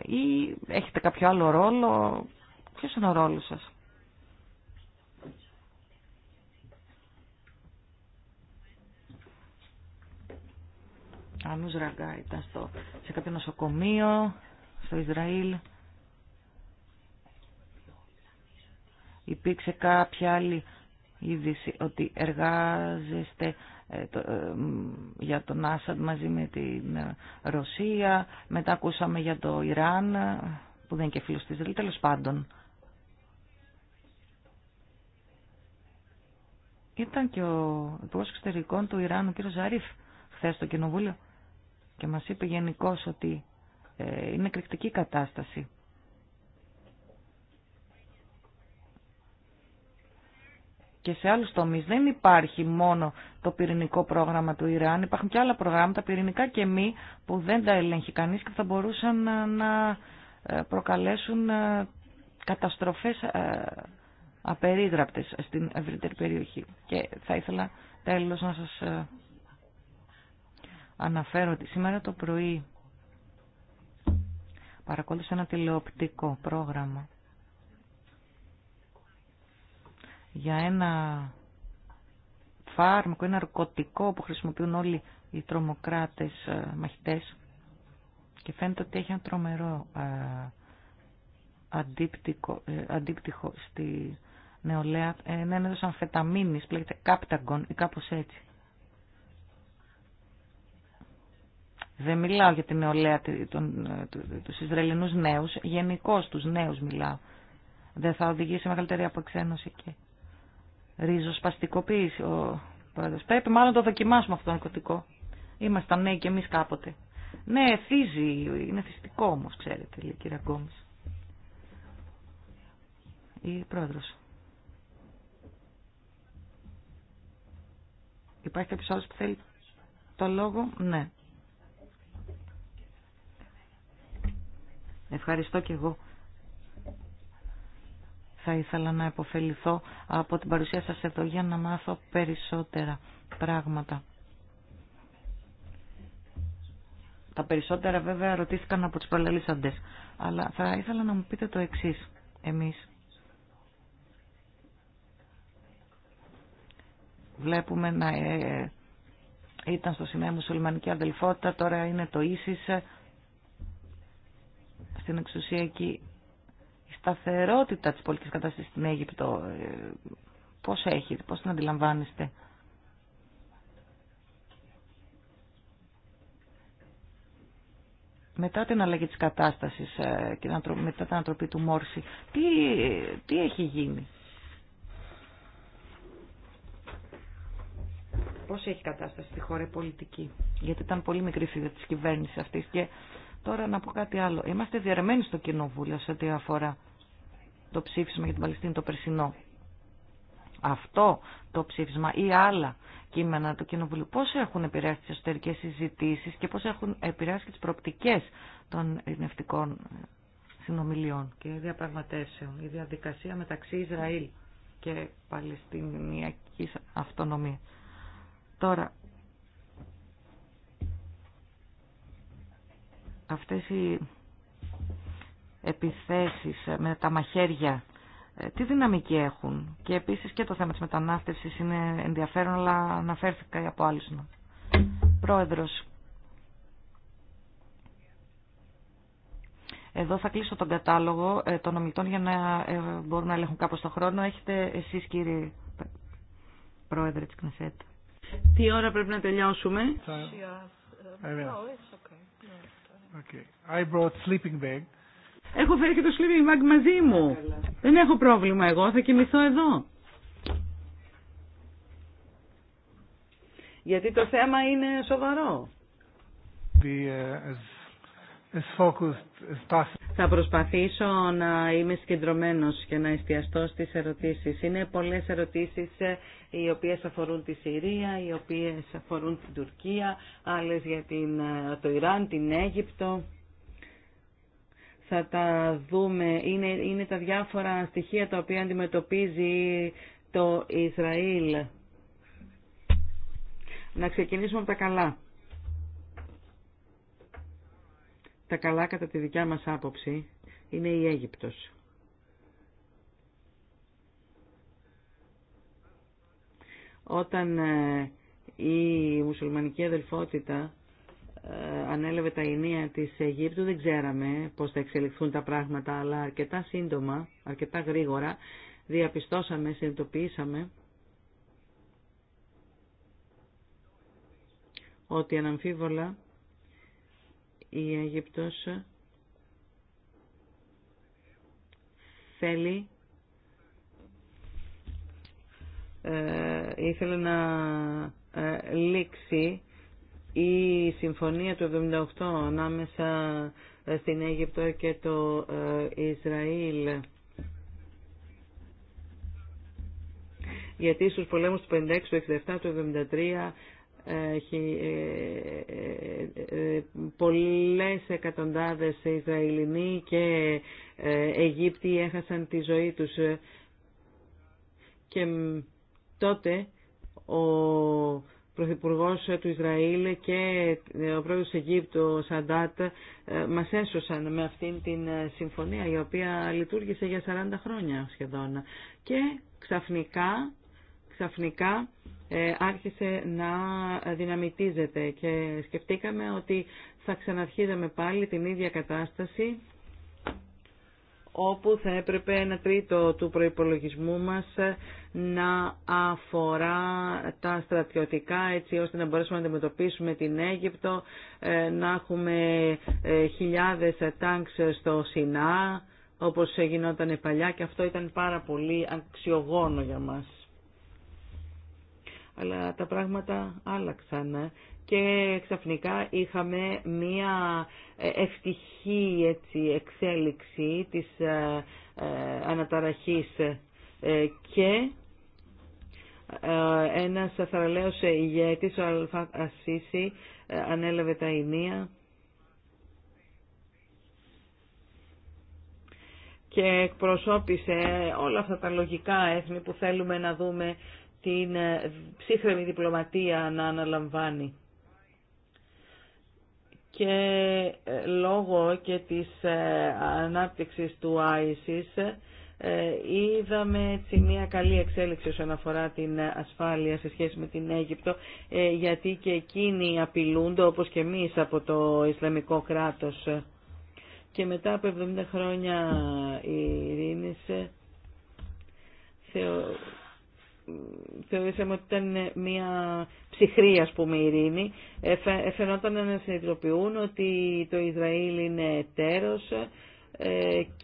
ή έχετε κάποιο άλλο ρόλο. Ποιος είναι ο ρόλος σας. Ανούς Ραγκά ήταν στο, σε κάποιο νοσοκομείο στο Ισραήλ. Υπήρξε κάποια άλλη είδηση ότι εργάζεστε ε, ε, για τον Άσαντ μαζί με την ε, Ρωσία. Μετά ακούσαμε για το Ιράν που δεν είναι και φίλος της Τέλο πάντων. Ήταν και ο Υπουργός Εξωτερικών του Ιράν, ο κ. Ζαρίφ, χθε στο Κοινοβούλιο και μας είπε γενικώ ότι ε, είναι εκρηκτική κατάσταση. Και σε άλλους τομείς δεν υπάρχει μόνο το πυρηνικό πρόγραμμα του Ιράν, υπάρχουν και άλλα προγράμματα πυρηνικά και μη που δεν τα ελέγχει κανείς και θα μπορούσαν να ε, προκαλέσουν ε, καταστροφές απερίγραπτες στην ευρύτερη περιοχή. Και θα ήθελα τέλος να σας αναφέρω ότι σήμερα το πρωί παρακολούθησα ένα τηλεοπτικό πρόγραμμα για ένα φάρμακο, ένα αρκωτικό που χρησιμοποιούν όλοι οι τρομοκράτες ε, μαχητές και φαίνεται ότι έχει ένα τρομερό ε, ε, αντίπτυχο, στη νεολαία. ναι, είναι έδωσαν φεταμίνης, πλέγεται κάπταγκον ή κάπως έτσι. Δεν μιλάω για την νεολαία, τον, ε, τους Ισραηλινούς νέους, γενικώ τους νέους μιλάω. Δεν θα οδηγήσει μεγαλύτερη αποξένωση και ριζοσπαστικοποίηση ο πρόεδρο. Πρέπει μάλλον το δοκιμάσουμε αυτό το νοικοτικό. Ήμασταν νέοι και εμείς κάποτε. Ναι, θύζει, είναι θυστικό όμως, ξέρετε, λέει η κυρία Η πρόεδρος. Υπάρχει κάποιο άλλο που θέλει το λόγο, ναι. Ευχαριστώ και εγώ. Θα ήθελα να επωφεληθώ από την παρουσία σας εδώ για να μάθω περισσότερα πράγματα. Τα περισσότερα βέβαια ρωτήθηκαν από τους προλαλήσαντες. Αλλά θα ήθελα να μου πείτε το εξής εμείς. Βλέπουμε να ε, ήταν στο σημείο μουσουλμανική αδελφότητα, τώρα είναι το ίσις στην εξουσία εκεί η σταθερότητα της πολιτικής κατάστασης στην Αίγυπτο ε, πώς έχει, πώς την αντιλαμβάνεστε. μετά την αλλαγή της κατάστασης ε, και μετά την ανατροπή του Μόρση, τι, τι έχει γίνει. Πώς έχει κατάσταση στη χώρα πολιτική. Γιατί ήταν πολύ μικρή η της κυβέρνησης αυτής και Τώρα να πω κάτι άλλο. Είμαστε διαρρεμένοι στο Κοινοβούλιο σε ό,τι αφορά το ψήφισμα για την Παλαιστίνη το περσινό. Αυτό το ψήφισμα ή άλλα κείμενα του Κοινοβουλίου πώς έχουν επηρεάσει τις εσωτερικές συζητήσεις και πώς έχουν επηρεάσει και τις προοπτικές των ειρηνευτικών ε, συνομιλιών και διαπραγματεύσεων. Η διαδικασία μεταξύ Ισραήλ και Παλαιστινιακής αυτονομίας. Τώρα, αυτές οι επιθέσεις με τα μαχαίρια ε, τι δυναμική έχουν και επίσης και το θέμα της μετανάστευσης είναι ενδιαφέρον αλλά αναφέρθηκα από άλλους Πρόεδρος Εδώ θα κλείσω τον κατάλογο ε, των ομιλητών για να ε, μπορούν να ελέγχουν κάπως το χρόνο. Έχετε εσείς κύριε Πρόεδρε της Κνεσέτ. Τι ώρα πρέπει να τελειώσουμε. Okay. I brought sleeping bag. Έχω φέρει και το sleeping bag μαζί μου. Δεν έχω πρόβλημα εγώ, θα κοιμηθώ εδώ. Γιατί το θέμα είναι σοβαρό. Be, uh, as, as θα προσπαθήσω να είμαι συγκεντρωμένος και να εστιαστώ στις ερωτήσεις. Είναι πολλές ερωτήσεις ε, οι οποίες αφορούν τη Συρία, οι οποίες αφορούν την Τουρκία, άλλες για την, ε, το Ιράν, την Αίγυπτο. Θα τα δούμε. Είναι, είναι τα διάφορα στοιχεία τα οποία αντιμετωπίζει το Ισραήλ. Να ξεκινήσουμε από τα καλά. τα καλά κατά τη δικιά μας άποψη είναι η Αίγυπτος. Όταν ε, η μουσουλμανική αδελφότητα ε, ανέλαβε τα ενία της Αιγύπτου δεν ξέραμε πώς θα εξελιχθούν τα πράγματα αλλά αρκετά σύντομα, αρκετά γρήγορα διαπιστώσαμε, συνειδητοποιήσαμε ότι αναμφίβολα η Αίγυπτος θέλει ε, ήθελε να ε, λήξει η συμφωνία του 78 ανάμεσα ε, στην Αίγυπτο και το ε, Ισραήλ. Γιατί στους πολέμους του 56, του 67, του 73 έχει ε, ε, ε, πολλές εκατοντάδες Ισραηλινοί και Αιγύπτιοι έχασαν τη ζωή τους και τότε ο Πρωθυπουργό του Ισραήλ και ο πρόεδρος Αιγύπτου Σαντάτ μας έσωσαν με αυτήν την συμφωνία η οποία λειτουργήσε για 40 χρόνια σχεδόν και ξαφνικά, ξαφνικά ε, άρχισε να δυναμητίζεται και σκεφτήκαμε ότι θα ξαναρχίζαμε πάλι την ίδια κατάσταση όπου θα έπρεπε ένα τρίτο του προϋπολογισμού μας να αφορά τα στρατιωτικά έτσι ώστε να μπορέσουμε να αντιμετωπίσουμε την Αίγυπτο, ε, να έχουμε ε, χιλιάδες τάγκς στο Σινά όπως γινόταν παλιά και αυτό ήταν πάρα πολύ αξιογόνο για μας αλλά τα πράγματα άλλαξαν ε. και ξαφνικά είχαμε μία ε, ευτυχή έτσι, εξέλιξη της ε, αναταραχής και ένας θαραλέος ηγέτης, ο Αλφατ Ασίση, ανέλαβε τα ημεία και εκπροσώπησε όλα αυτά τα λογικά έθνη που θέλουμε να δούμε την ε, ψύχρεμη διπλωματία να αναλαμβάνει. Και ε, λόγω και της ε, ανάπτυξης του ISIS είδαμε έτσι μια καλή εξέλιξη όσον αφορά την ασφάλεια σε σχέση με την Αίγυπτο γιατί και εκείνοι απειλούνται όπως και εμείς από το Ισλαμικό κράτος. Και μετά από 70 χρόνια ειρήνης θεω θεωρήσαμε ότι ήταν ε, μια ψυχρή ας πούμε ειρήνη. Ε, ε, φαινόταν να συνειδητοποιούν ότι το Ισραήλ είναι τέρος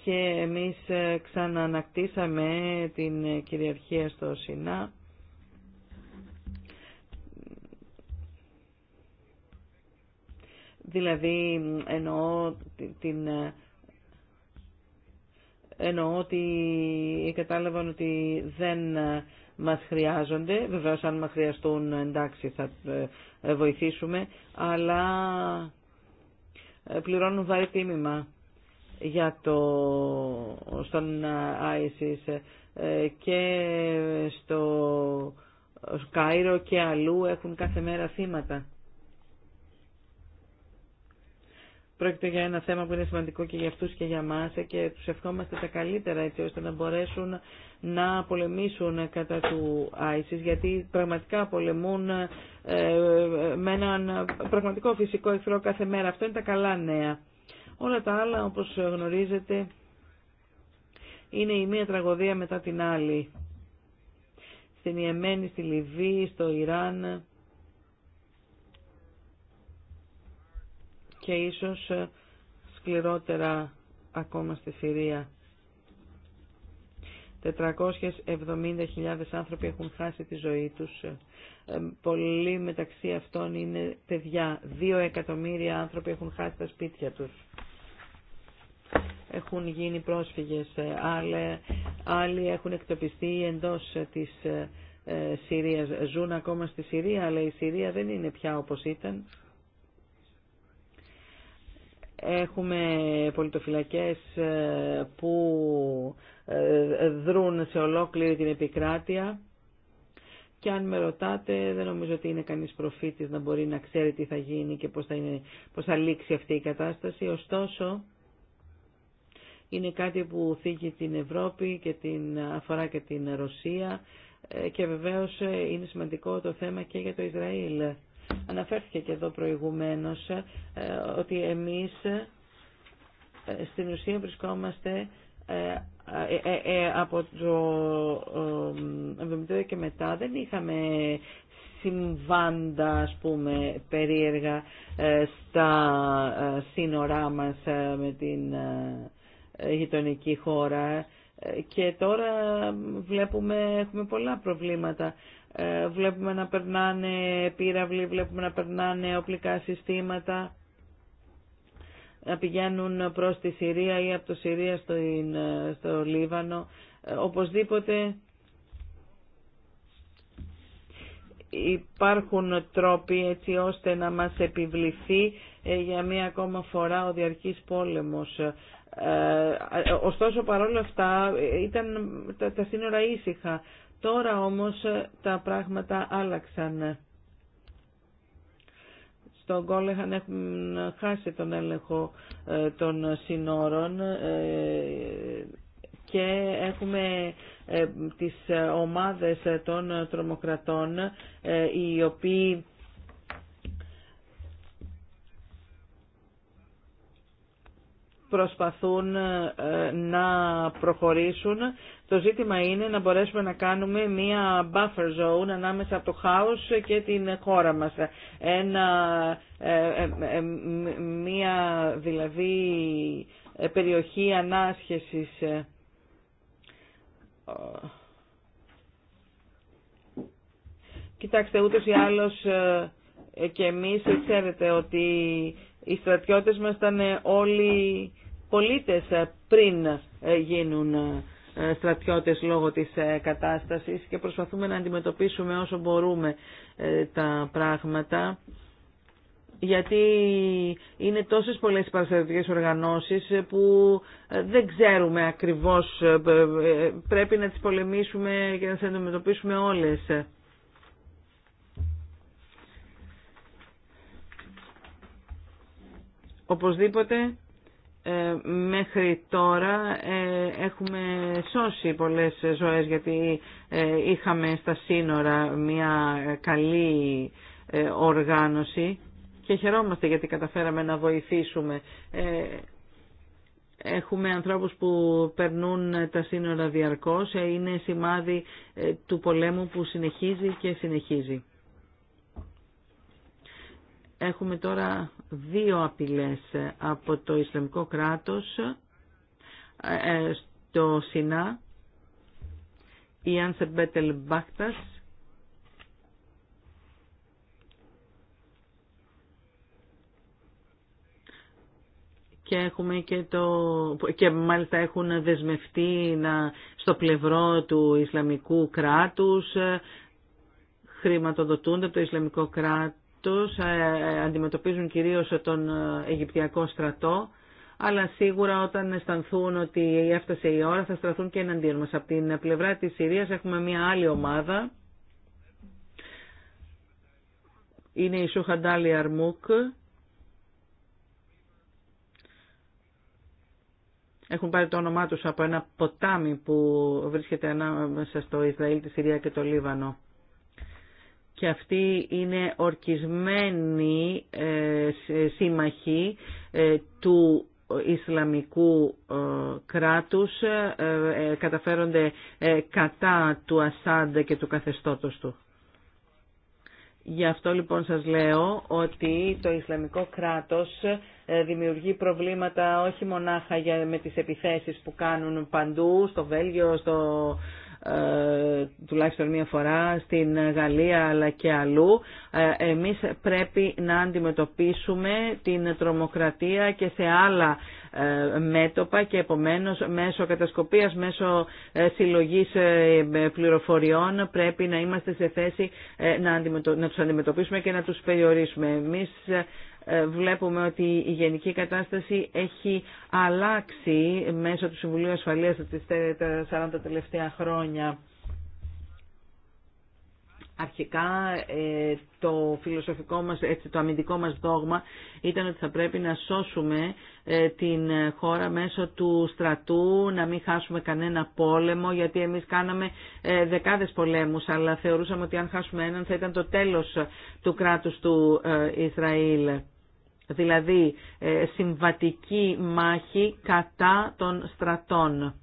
και εμείς ξαναανακτήσαμε την κυριαρχία στο Σινά. Δηλαδή εννοώ την, εννοώ ότι κατάλαβαν ότι δεν μας χρειάζονται. Βεβαίως αν μας χρειαστούν εντάξει θα ε, ε, βοηθήσουμε, αλλά ε, πληρώνουν βαρύ τίμημα για το, στον ISIS και στο Κάιρο και αλλού έχουν κάθε μέρα θύματα. Πρόκειται για ένα θέμα που είναι σημαντικό και για αυτού και για μας και του ευχόμαστε τα καλύτερα έτσι ώστε να μπορέσουν να πολεμήσουν κατά του ISIS γιατί πραγματικά πολεμούν ε, με έναν πραγματικό φυσικό εχθρό κάθε μέρα. Αυτό είναι τα καλά νέα. Όλα τα άλλα όπως γνωρίζετε είναι η μία τραγωδία μετά την άλλη. Στην Ιεμένη, στη Λιβύη, στο Ιράν και ίσως ε, σκληρότερα ακόμα στη Συρία. 470.000 άνθρωποι έχουν χάσει τη ζωή τους. Ε, ε, πολλοί μεταξύ αυτών είναι παιδιά. Δύο εκατομμύρια άνθρωποι έχουν χάσει τα σπίτια τους. Έχουν γίνει πρόσφυγες. Άλλοι, έχουν εκτοπιστεί εντός της Συρίας. Ζουν ακόμα στη Συρία, αλλά η Συρία δεν είναι πια όπως ήταν. Έχουμε πολιτοφυλακές ε, που ε, δρούν σε ολόκληρη την επικράτεια και αν με ρωτάτε δεν νομίζω ότι είναι κανείς προφήτης να μπορεί να ξέρει τι θα γίνει και πώς θα, είναι, πώς θα λήξει αυτή η κατάσταση. Ωστόσο, είναι κάτι που θίγει την Ευρώπη και την, αφορά και την Ρωσία ε, και βεβαίως είναι σημαντικό το θέμα και για το Ισραήλ. Αναφέρθηκε και εδώ προηγουμένως ε, ότι εμείς ε, στην ουσία βρισκόμαστε ε, από το 1972 και μετά δεν είχαμε συμβάντα ας πούμε περίεργα στα σύνορά μας με την γειτονική χώρα και τώρα βλέπουμε έχουμε πολλά προβλήματα ε, βλέπουμε να περνάνε πύραυλοι, βλέπουμε να περνάνε οπλικά συστήματα, να πηγαίνουν προς τη Συρία ή από το Συρία στο, ε, στο Λίβανο. Ε, οπωσδήποτε υπάρχουν τρόποι έτσι ώστε να μας επιβληθεί για μία ακόμα φορά ο διαρκής πόλεμος. ωστόσο παρόλα αυτά ήταν τα, τα σύνορα ήσυχα Τώρα όμως ε, τα πράγματα άλλαξαν. Στον Κόλεχαν έχουν χάσει τον έλεγχο ε, των συνόρων ε, και έχουμε τις ομάδες των τρομοκρατών οι οποίοι προσπαθούν να προχωρήσουν το ζήτημα είναι να μπορέσουμε να κάνουμε μία buffer zone ανάμεσα από το χάος και την χώρα μας. Ένα, ε, ε, ε, μία δηλαδή περιοχή ανάσχεσης Κοιτάξτε, ούτως ή άλλως και εμείς ξέρετε ότι οι στρατιώτες μας ήταν όλοι πολίτες πριν γίνουν ε, στρατιώτες λόγω της ε, κατάστασης και προσπαθούμε να αντιμετωπίσουμε όσο μπορούμε ε, τα πράγματα γιατί είναι τόσες πολλές παραστατικές οργανώσεις που δεν ξέρουμε ακριβώς, πρέπει να τις πολεμήσουμε και να τις αντιμετωπίσουμε όλες. Οπωσδήποτε ε, μέχρι τώρα ε, έχουμε σώσει πολλές ζωές γιατί ε, είχαμε στα σύνορα μια καλή οργάνωση και χαιρόμαστε γιατί καταφέραμε να βοηθήσουμε. Έχουμε ανθρώπους που περνούν τα σύνορα διαρκώς. Είναι σημάδι του πολέμου που συνεχίζει και συνεχίζει. Έχουμε τώρα δύο απειλές από το Ισλαμικό κράτος ε, ε, στο Σινά, η Άνσερ Μπέτελ και έχουμε και το και μάλιστα έχουν δεσμευτεί να, στο πλευρό του Ισλαμικού κράτους ε, χρηματοδοτούνται από το Ισλαμικό κράτος τους ε, ε, αντιμετωπίζουν κυρίως τον ε, Αιγυπτιακό στρατό, αλλά σίγουρα όταν αισθανθούν ότι έφτασε η ώρα θα στραθούν και εναντίον μας. Από την πλευρά της Συρίας έχουμε μια άλλη ομάδα, είναι η Σουχαντάλη Αρμούκ, έχουν πάρει το όνομά τους από ένα ποτάμι που βρίσκεται ανάμεσα στο Ισραήλ, τη Συρία και το Λίβανο και αυτοί είναι ορκισμένοι ε, σύμμαχοι ε, του Ισλαμικού ε, κράτους, καταφέρονται κατά του Ασάντα και του καθεστώτος του. Γι' αυτό λοιπόν σας λέω ότι το Ισλαμικό κράτος δημιουργεί προβλήματα όχι μονάχα με τις επιθέσεις που κάνουν παντού, στο Βέλγιο, στο ε, τουλάχιστον μία φορά στην Γαλλία αλλά και αλλού. Ε, εμείς πρέπει να αντιμετωπίσουμε την τρομοκρατία και σε άλλα ε, μέτωπα και επομένως μέσω κατασκοπίας, μέσω συλλογής πληροφοριών πρέπει να είμαστε σε θέση να τους αντιμετωπίσουμε και να τους περιορίσουμε. Εμείς ε, βλέπουμε ότι η γενική κατάσταση έχει αλλάξει μέσω του Συμβουλίου Ασφαλείας τα 40 τελευταία χρόνια. Αρχικά ε, το φιλοσοφικό μας, έτσι, το αμυντικό μας δόγμα ήταν ότι θα πρέπει να σώσουμε ε, την χώρα μέσω του στρατού, να μην χάσουμε κανένα πόλεμο, γιατί εμείς κάναμε δεκάδες πολέμους, αλλά θεωρούσαμε ότι αν χάσουμε έναν θα ήταν το τέλος του κράτους του Ισραήλ δηλαδή ε, συμβατική μάχη κατά των στρατών.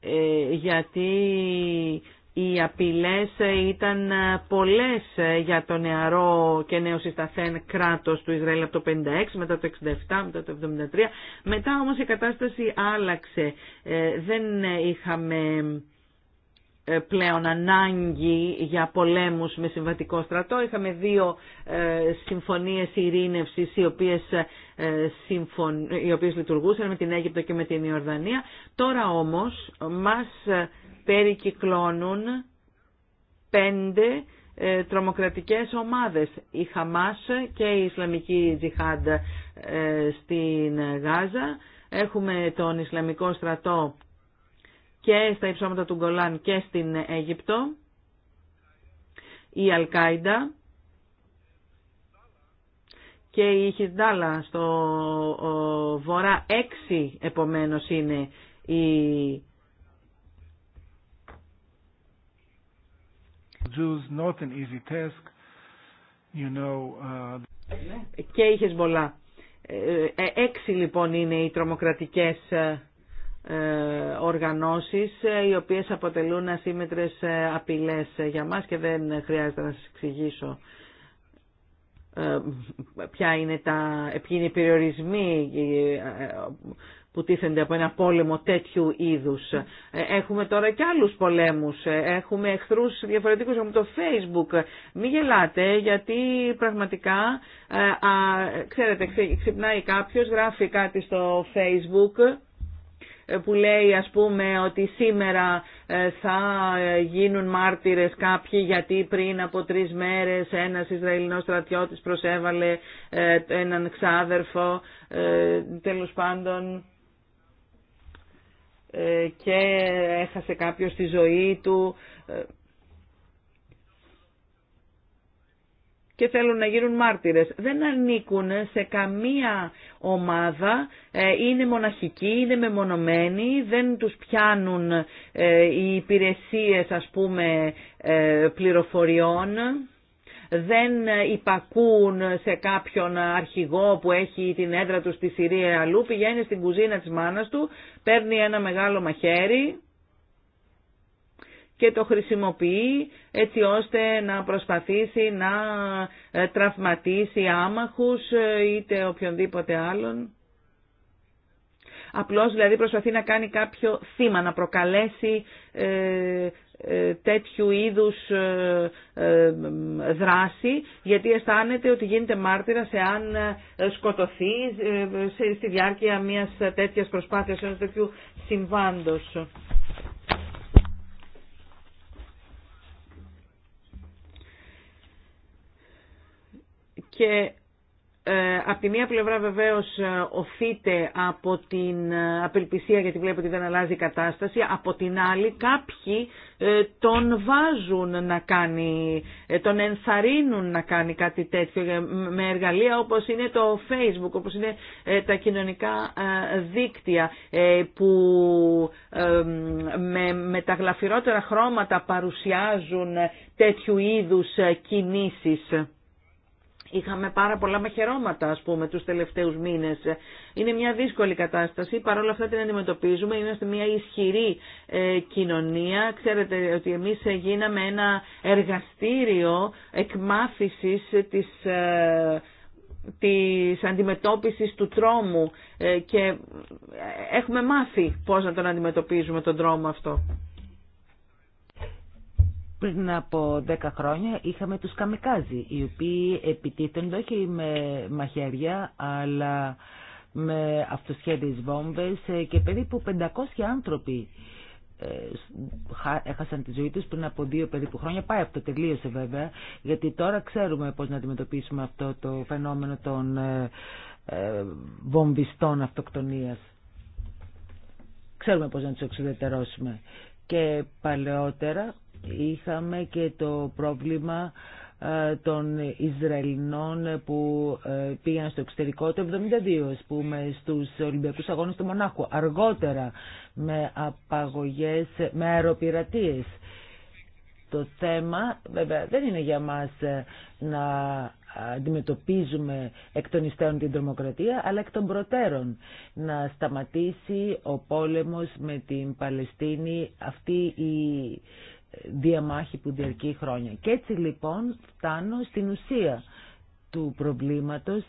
Ε, γιατί οι απειλές ήταν πολλές για το νεαρό και νέο συσταθέν κράτος του Ισραήλ από το 56, μετά το 67, μετά το 73. Μετά όμως η κατάσταση άλλαξε. Ε, δεν είχαμε ε, πλέον ανάγκη για πολέμους με συμβατικό στρατό. Είχαμε δύο ε, συμφωνίες ειρήνευσης οι οποίες, ε, οποίες λειτουργούσαν με την Αίγυπτο και με την Ιορδανία. Τώρα όμως μας περικυκλώνουν πέντε τρομοκρατικές ομάδες, η Χαμάς και η Ισλαμική Τζιχάντα στην Γάζα. Έχουμε τον Ισλαμικό στρατό και στα υψώματα του Γκολάν και στην Αίγυπτο, η Αλκάιντα και η Χιντάλα στο βορρά έξι επομένως είναι η not an uh, Και η Χεσμολά. Ε, ε, έξι λοιπόν είναι οι τρομοκρατικές ε, ε, οργανώσεις ε, οι οποίες αποτελούν ασύμετρες ε, απειλές για μας και δεν χρειάζεται να σας εξηγήσω ποια είναι τα, ποιοι είναι οι περιορισμοί που τίθενται από ένα πόλεμο τέτοιου είδους. Έχουμε τώρα και άλλους πολέμους, έχουμε εχθρούς διαφορετικούς, από το facebook. Μην γελάτε γιατί πραγματικά, ξέρετε, ξυπνάει κάποιος, γράφει κάτι στο facebook που λέει ας πούμε ότι σήμερα ε, θα ε, γίνουν μάρτυρες κάποιοι γιατί πριν από τρεις μέρες ένας Ισραηλινός στρατιώτης προσέβαλε ε, έναν ξάδερφο τέλος πάντων και έχασε κάποιος τη ζωή του και θέλουν να γίνουν μάρτυρες. Δεν ανήκουν σε καμία ομάδα, ε, είναι μοναχικοί, είναι μεμονωμένοι, δεν τους πιάνουν ε, οι υπηρεσίες ας πούμε ε, πληροφοριών, δεν υπακούν σε κάποιον αρχηγό που έχει την έδρα του στη Συρία αλλού, πηγαίνει στην κουζίνα της μάνας του, παίρνει ένα μεγάλο μαχαίρι και το χρησιμοποιεί έτσι ώστε να προσπαθήσει να ε, τραυματίσει άμαχους ε, είτε οποιονδήποτε άλλον. Απλώς δηλαδή προσπαθεί να κάνει κάποιο θύμα, να προκαλέσει ε, ε τέτοιου είδους δράση, γιατί αισθάνεται ότι γίνεται μάρτυρας εάν σκοτωθεί στη διάρκεια μιας τέτοιας προσπάθειας, ενός τέτοιου συμβάντος. και ε, από τη μία πλευρά βεβαίως ε, οφείται από την ε, απελπισία γιατί βλέπω ότι δεν αλλάζει η κατάσταση, από την άλλη κάποιοι τον βάζουν να κάνει, τον ενθαρρύνουν να κάνει κάτι τέτοιο με εργαλεία όπως είναι το facebook, όπως είναι τα κοινωνικά δίκτυα που με, με τα γλαφυρότερα χρώματα παρουσιάζουν τέτοιου είδους κινήσεις. Είχαμε πάρα πολλά μαχαιρώματα, ας πούμε, τους τελευταίους μήνες. Είναι μια δύσκολη κατάσταση, παρόλα αυτά την αντιμετωπίζουμε. Είμαστε μια ισχυρή ε, κοινωνία. Ξέρετε ότι εμείς γίναμε ένα εργαστήριο εκμάθησης της ε, της αντιμετώπισης του τρόμου ε, και έχουμε μάθει πώς να τον αντιμετωπίζουμε τον τρόμο αυτό. Πριν από 10 χρόνια είχαμε τους καμικάζι, οι οποίοι επιτίθενται όχι με μαχαίρια, αλλά με αυτοσχέδιες βόμβες ε, και περίπου 500 άνθρωποι ε, έχασαν τη ζωή τους πριν από δύο περίπου χρόνια. Πάει αυτό, τελείωσε βέβαια, γιατί τώρα ξέρουμε πώς να αντιμετωπίσουμε αυτό το φαινόμενο των ε, βομβιστών αυτοκτονίας. Ξέρουμε πώς να τους εξουδετερώσουμε. Και παλαιότερα είχαμε και το πρόβλημα ε, των Ισραηλινών που ε, πήγαν στο εξωτερικό το 1972 ας πούμε στους Ολυμπιακούς Αγώνες του Μονάχου αργότερα με απαγωγές, με αεροπειρατείες το θέμα βέβαια δεν είναι για μας ε, να αντιμετωπίζουμε εκ των υστέρων την τρομοκρατία αλλά εκ των προτέρων να σταματήσει ο πόλεμος με την Παλαιστίνη αυτή η διαμάχη που διαρκεί χρόνια. Και έτσι λοιπόν φτάνω στην ουσία του προβλήματος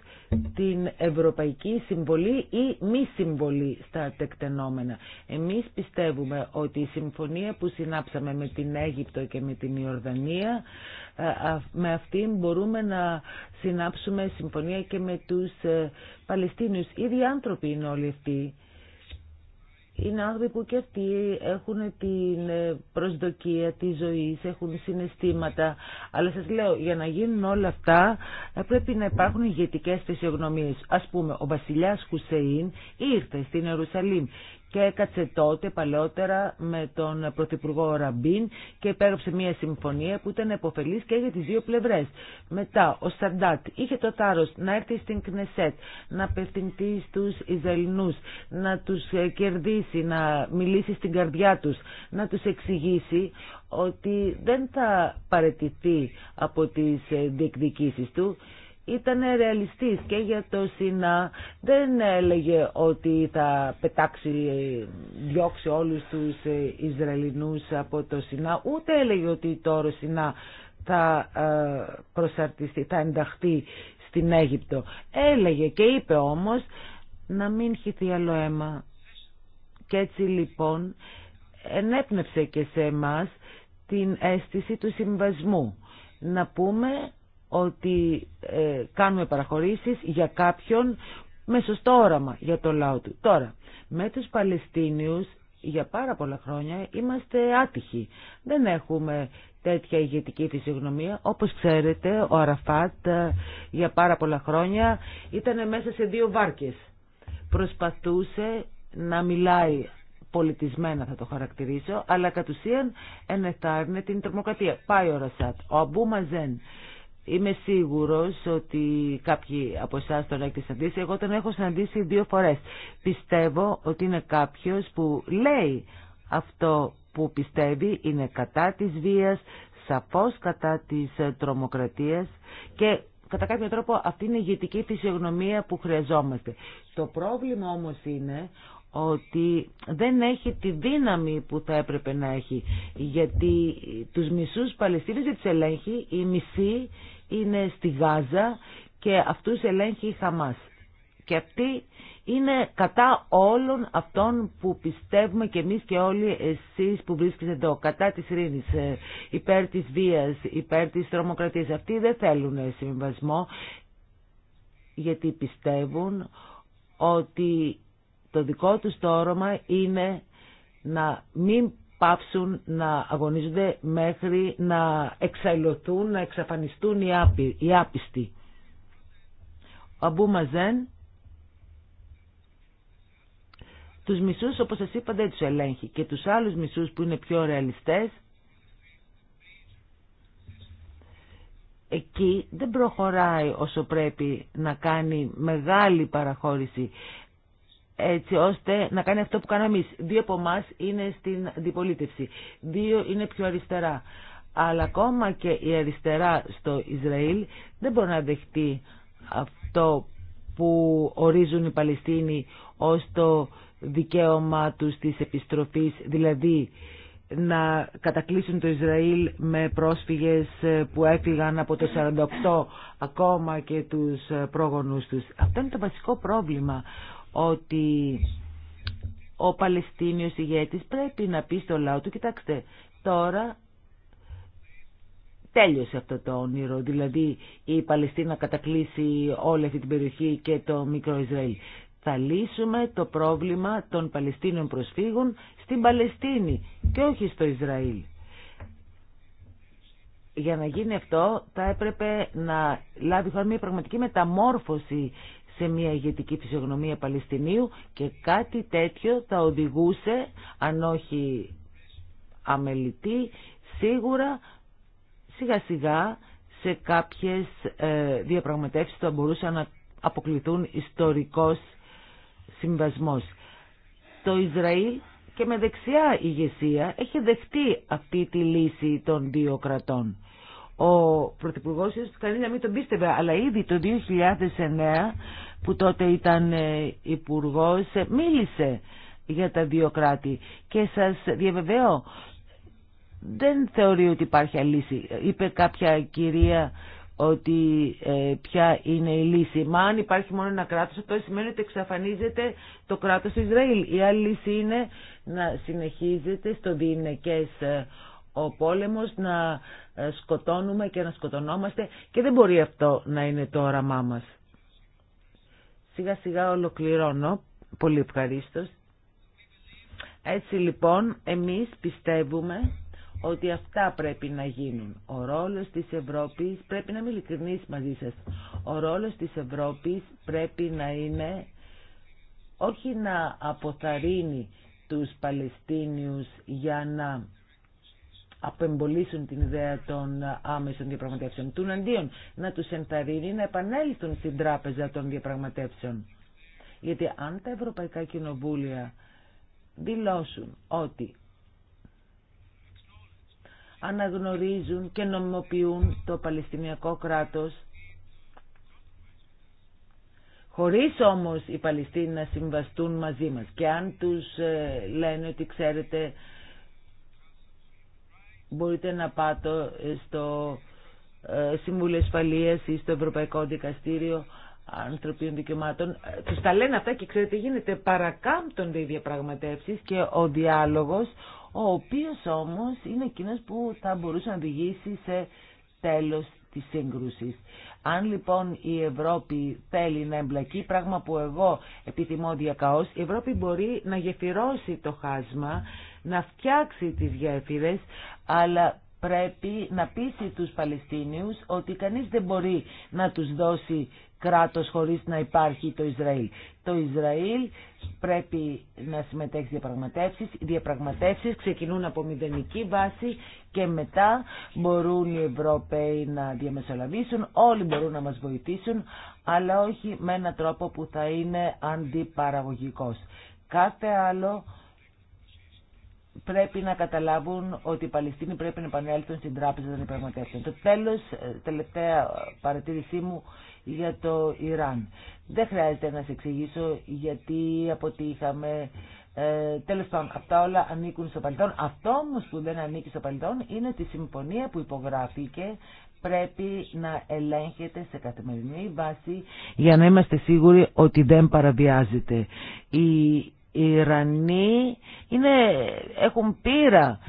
την ευρωπαϊκή συμβολή ή μη συμβολή στα τεκτενόμενα. Εμείς πιστεύουμε ότι η συμφωνία που συνάψαμε με την Αίγυπτο και με την Ιορδανία ε, με αυτήν μπορούμε να συνάψουμε συμφωνία και με τους ε, Παλαιστίνιους. Ήδη άνθρωποι είναι όλοι αυτοί είναι άνθρωποι που και αυτοί έχουν την ε, προσδοκία της ζωής, έχουν συναισθήματα. Αλλά σας λέω, για να γίνουν όλα αυτά ε, πρέπει να υπάρχουν ηγετικές φυσιογνωμίες. Ας πούμε, ο βασιλιάς Χουσέιν ήρθε στην Ιερουσαλήμ και έκατσε τότε παλαιότερα με τον Πρωθυπουργό Ραμπίν και υπέγραψε μια συμφωνία που ήταν επωφελής και για τις δύο πλευρές. Μετά ο Σαντάτ είχε το τάρος να έρθει στην Κνεσέτ, να απευθυνθεί στους Ιζαλινούς, να τους κερδίσει, να μιλήσει στην καρδιά τους, να τους εξηγήσει ότι δεν θα παρετηθεί από τις διεκδικήσεις του ήταν ρεαλιστής και για το ΣΥΝΑ δεν έλεγε ότι θα πετάξει, διώξει όλους τους ε, Ισραηλινούς από το ΣΥΝΑ, ούτε έλεγε ότι το ΣΥΝΑ θα ε, προσαρτιστεί, θα ενταχθεί στην Αίγυπτο. Έλεγε και είπε όμως να μην χυθεί άλλο αίμα. Και έτσι λοιπόν ενέπνευσε και σε εμάς την αίσθηση του συμβασμού. Να πούμε ότι ε, κάνουμε παραχωρήσεις για κάποιον με σωστό όραμα για το λαό του. Τώρα, με τους Παλαιστίνιους για πάρα πολλά χρόνια είμαστε άτυχοι. Δεν έχουμε τέτοια ηγετική φυσιογνωμία. Όπως ξέρετε, ο Αραφάτ ε, για πάρα πολλά χρόνια ήταν μέσα σε δύο βάρκες. Προσπαθούσε να μιλάει πολιτισμένα θα το χαρακτηρίσω, αλλά κατ' ουσίαν την τρομοκρατία. Πάει ο Ρασάτ, ο Αμπού Μαζέν Είμαι σίγουρος ότι κάποιοι από εσά τον έχετε συναντήσει. Εγώ τον έχω συναντήσει δύο φορές. Πιστεύω ότι είναι κάποιος που λέει αυτό που πιστεύει είναι κατά της βίας, σαφώς κατά της ε, τρομοκρατίας και κατά κάποιο τρόπο αυτή είναι η ηγετική φυσιογνωμία που χρειαζόμαστε. Το πρόβλημα όμως είναι ότι δεν έχει τη δύναμη που θα έπρεπε να έχει γιατί τους μισούς Παλαιστίνες δεν του ελέγχει οι μισοί είναι στη Γάζα και αυτούς ελέγχει η Χαμάς. Και αυτοί είναι κατά όλων αυτών που πιστεύουμε και εμείς και όλοι εσείς που βρίσκεστε εδώ, κατά της ειρήνης, ε, υπέρ της βίας, υπέρ της τρομοκρατίας. Αυτοί δεν θέλουν συμβασμό γιατί πιστεύουν ότι το δικό τους το όρομα είναι να μην πάψουν να αγωνίζονται μέχρι να εξαλωθούν, να εξαφανιστούν οι, άπι, άπιστοι. Ο Αμπού Μαζέν τους μισούς όπως σας είπα δεν τους ελέγχει και τους άλλους μισούς που είναι πιο ρεαλιστές εκεί δεν προχωράει όσο πρέπει να κάνει μεγάλη παραχώρηση έτσι ώστε να κάνει αυτό που κάναμε εμείς. Δύο από εμά είναι στην αντιπολίτευση, δύο είναι πιο αριστερά. Αλλά ακόμα και η αριστερά στο Ισραήλ δεν μπορεί να δεχτεί αυτό που ορίζουν οι Παλαιστίνοι ως το δικαίωμά τους της επιστροφής, δηλαδή να κατακλείσουν το Ισραήλ με πρόσφυγες που έφυγαν από το 48 ακόμα και τους πρόγονους τους. Αυτό είναι το βασικό πρόβλημα ότι ο Παλαιστίνιος ηγέτης πρέπει να πει στο λαό του, κοιτάξτε, τώρα τέλειωσε αυτό το όνειρο, δηλαδή η Παλαιστίνα κατακλείσει όλη αυτή την περιοχή και το μικρό Ισραήλ. Θα λύσουμε το πρόβλημα των Παλαιστίνων προσφύγων στην Παλαιστίνη και όχι στο Ισραήλ. Για να γίνει αυτό θα έπρεπε να λάβει χώρα μια πραγματική μεταμόρφωση σε μια ηγετική φυσιογνωμία Παλαιστινίου και κάτι τέτοιο θα οδηγούσε, αν όχι αμελητή, σίγουρα σιγά σιγά σε κάποιες ε, διαπραγματεύσεις θα μπορούσαν να αποκληθούν ιστορικός συμβασμός. Το Ισραήλ και με δεξιά ηγεσία έχει δεχτεί αυτή τη λύση των δύο κρατών. Ο Πρωθυπουργός ίσως κανείς να μην τον πίστευε, αλλά ήδη το 2009 που τότε ήταν ε, υπουργό, ε, μίλησε για τα δύο κράτη και σας διαβεβαίω δεν θεωρεί ότι υπάρχει λύση. Είπε κάποια κυρία ότι ε, ποια είναι η λύση. Μα αν υπάρχει μόνο ένα κράτος, αυτό σημαίνει ότι εξαφανίζεται το κράτος του Ισραήλ. Η άλλη λύση είναι να συνεχίζεται στο διηνεκές ε, ο πόλεμος, να ε, σκοτώνουμε και να σκοτωνόμαστε και δεν μπορεί αυτό να είναι το όραμά μας. Σιγά σιγά ολοκληρώνω, πολύ ευχαρίστω. Έτσι λοιπόν εμείς πιστεύουμε ότι αυτά πρέπει να γίνουν. Ο ρόλος της Ευρώπης, πρέπει να είμαι μαζί σας, ο ρόλος της Ευρώπης πρέπει να είναι όχι να αποθαρρύνει τους Παλαιστίνιους για να απεμπολίσουν την ιδέα των άμεσων διαπραγματεύσεων. Του αντίον να τους ενθαρρύνει να επανέλθουν στην τράπεζα των διαπραγματεύσεων. Γιατί αν τα Ευρωπαϊκά Κοινοβούλια δηλώσουν ότι αναγνωρίζουν και νομιμοποιούν το Παλαιστινιακό κράτος χωρίς όμως οι Παλαιστίνοι να συμβαστούν μαζί μας και αν τους ε, λένε ότι ξέρετε μπορείτε να πάτε στο ε, Συμβούλιο Ασφαλείας ή στο Ευρωπαϊκό Δικαστήριο Ανθρωπίνων Δικαιωμάτων. Ε, τους τα λένε αυτά και ξέρετε γίνεται παρακάμπτονται οι διαπραγματεύσεις και ο διάλογος, ο οποίος όμως είναι εκείνος που θα μπορούσε να οδηγήσει σε τέλος της σύγκρουσης. Αν λοιπόν η Ευρώπη θέλει να εμπλακεί, πράγμα που εγώ επιθυμώ διακαώς, η Ευρώπη μπορεί να γεφυρώσει το χάσμα, να φτιάξει τις γέφυρες, αλλά πρέπει να πείσει τους Παλαιστίνιους ότι κανείς δεν μπορεί να τους δώσει κράτος χωρίς να υπάρχει το Ισραήλ. Το Ισραήλ πρέπει να συμμετέχει διαπραγματεύσεις. Οι διαπραγματεύσεις ξεκινούν από μηδενική βάση και μετά μπορούν οι Ευρώπαιοι να διαμεσολαβήσουν, όλοι μπορούν να μας βοηθήσουν, αλλά όχι με έναν τρόπο που θα είναι αντιπαραγωγικός. Κάθε άλλο πρέπει να καταλάβουν ότι οι Παλαιστίνοι πρέπει να επανέλθουν στην τράπεζα των υπραγματεύσεων. Το τέλος, τελευταία παρατήρησή μου για το Ιράν. Δεν χρειάζεται να σε εξηγήσω γιατί αποτύχαμε. Ε, τέλος πάντων, αυτά όλα ανήκουν στο παρελθόν. Αυτό όμω που δεν ανήκει στο παρελθόν είναι ότι η συμφωνία που υπογράφηκε πρέπει να ελέγχεται σε καθημερινή βάση για να είμαστε σίγουροι ότι δεν παραβιάζεται. Η Ιρανοί είναι, έχουν πείρα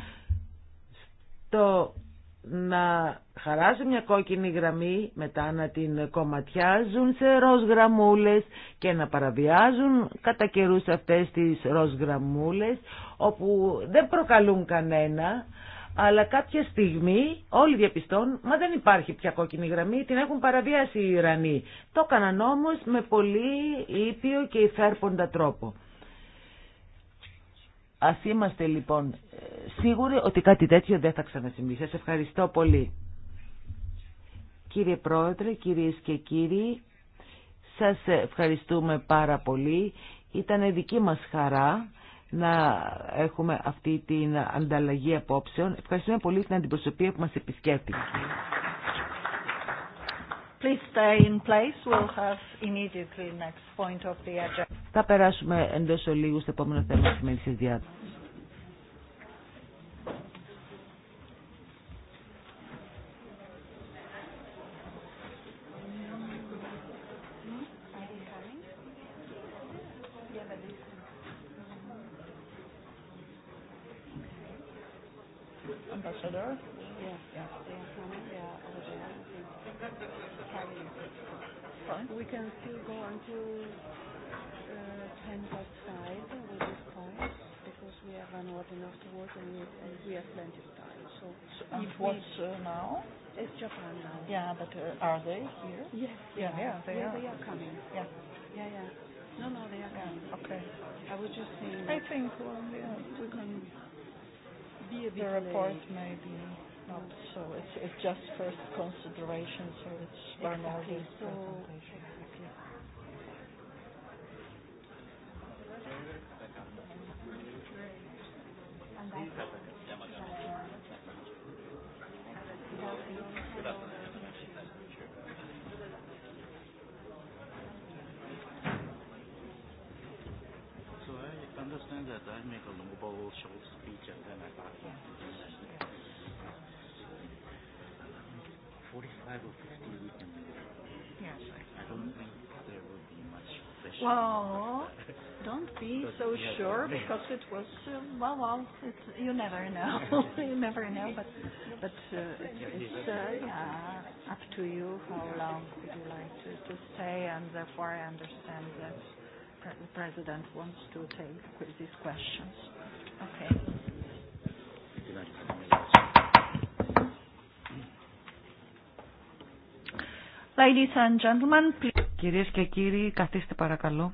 το να χαράζουν μια κόκκινη γραμμή, μετά να την κομματιάζουν σε ροζ γραμμούλες και να παραβιάζουν κατά καιρού αυτές τις ροζ γραμμούλες, όπου δεν προκαλούν κανένα, αλλά κάποια στιγμή όλοι διαπιστώνουν, μα δεν υπάρχει πια κόκκινη γραμμή, την έχουν παραβιάσει οι Ιρανοί. Το έκαναν όμω με πολύ ήπιο και υφέρποντα τρόπο. Ας είμαστε λοιπόν σίγουροι ότι κάτι τέτοιο δεν θα ξανασυμβεί. Σας ευχαριστώ πολύ. Κύριε Πρόεδρε, κύριε και κύριοι, σας ευχαριστούμε πάρα πολύ. Ήταν δική μας χαρά να έχουμε αυτή την ανταλλαγή απόψεων. Ευχαριστούμε πολύ την αντιπροσωπεία που μας επισκέφτηκε. Θα περάσουμε εντός ολίγου στο επόμενο θέμα της διάταξης. can still go until uh, 10 past 5 with this point because we have an order afterwards and we, we have plenty of time. So, if what's now? It's Japan now. Yeah, but are they here? Yes. Yeah, yeah, they, are. they are coming. Yeah. Yeah, yeah. No, no, they are coming. Okay. I was just saying. I think we can be a bit. The report maybe not so. It's, it's just first consideration, so it's Bernard's presentation. So I understand that I make a long short speech and then I pass on. five or fifty we Yes. I don't think there will be much pressure. Well, don't be so sure because it was well, well, it's, you never know, you never know. But but it's yeah, up to you how long would you like to, to stay, and therefore I understand that the president wants to take these questions. Okay. Ladies and gentlemen, please. Κυρίες και κύριοι, καθίστε παρακαλώ.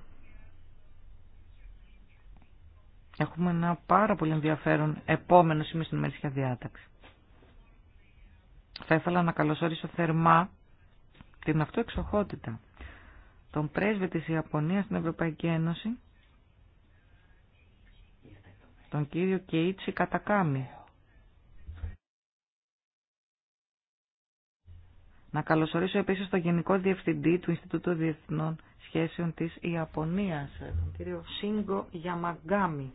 Έχουμε ένα πάρα πολύ ενδιαφέρον επόμενο σημείο στην ημερήσια διάταξη. Θα ήθελα να καλωσορίσω θερμά την αυτοεξοχότητα τον πρέσβη της Ιαπωνίας στην Ευρωπαϊκή Ένωση, τον κύριο Κέιτσι Κατακάμι. Να καλωσορίσω επίσης τον Γενικό Διευθυντή του Ινστιτούτου Διεθνών Σχέσεων της Ιαπωνίας, τον κύριο Σίγκο Γιαμαγκάμι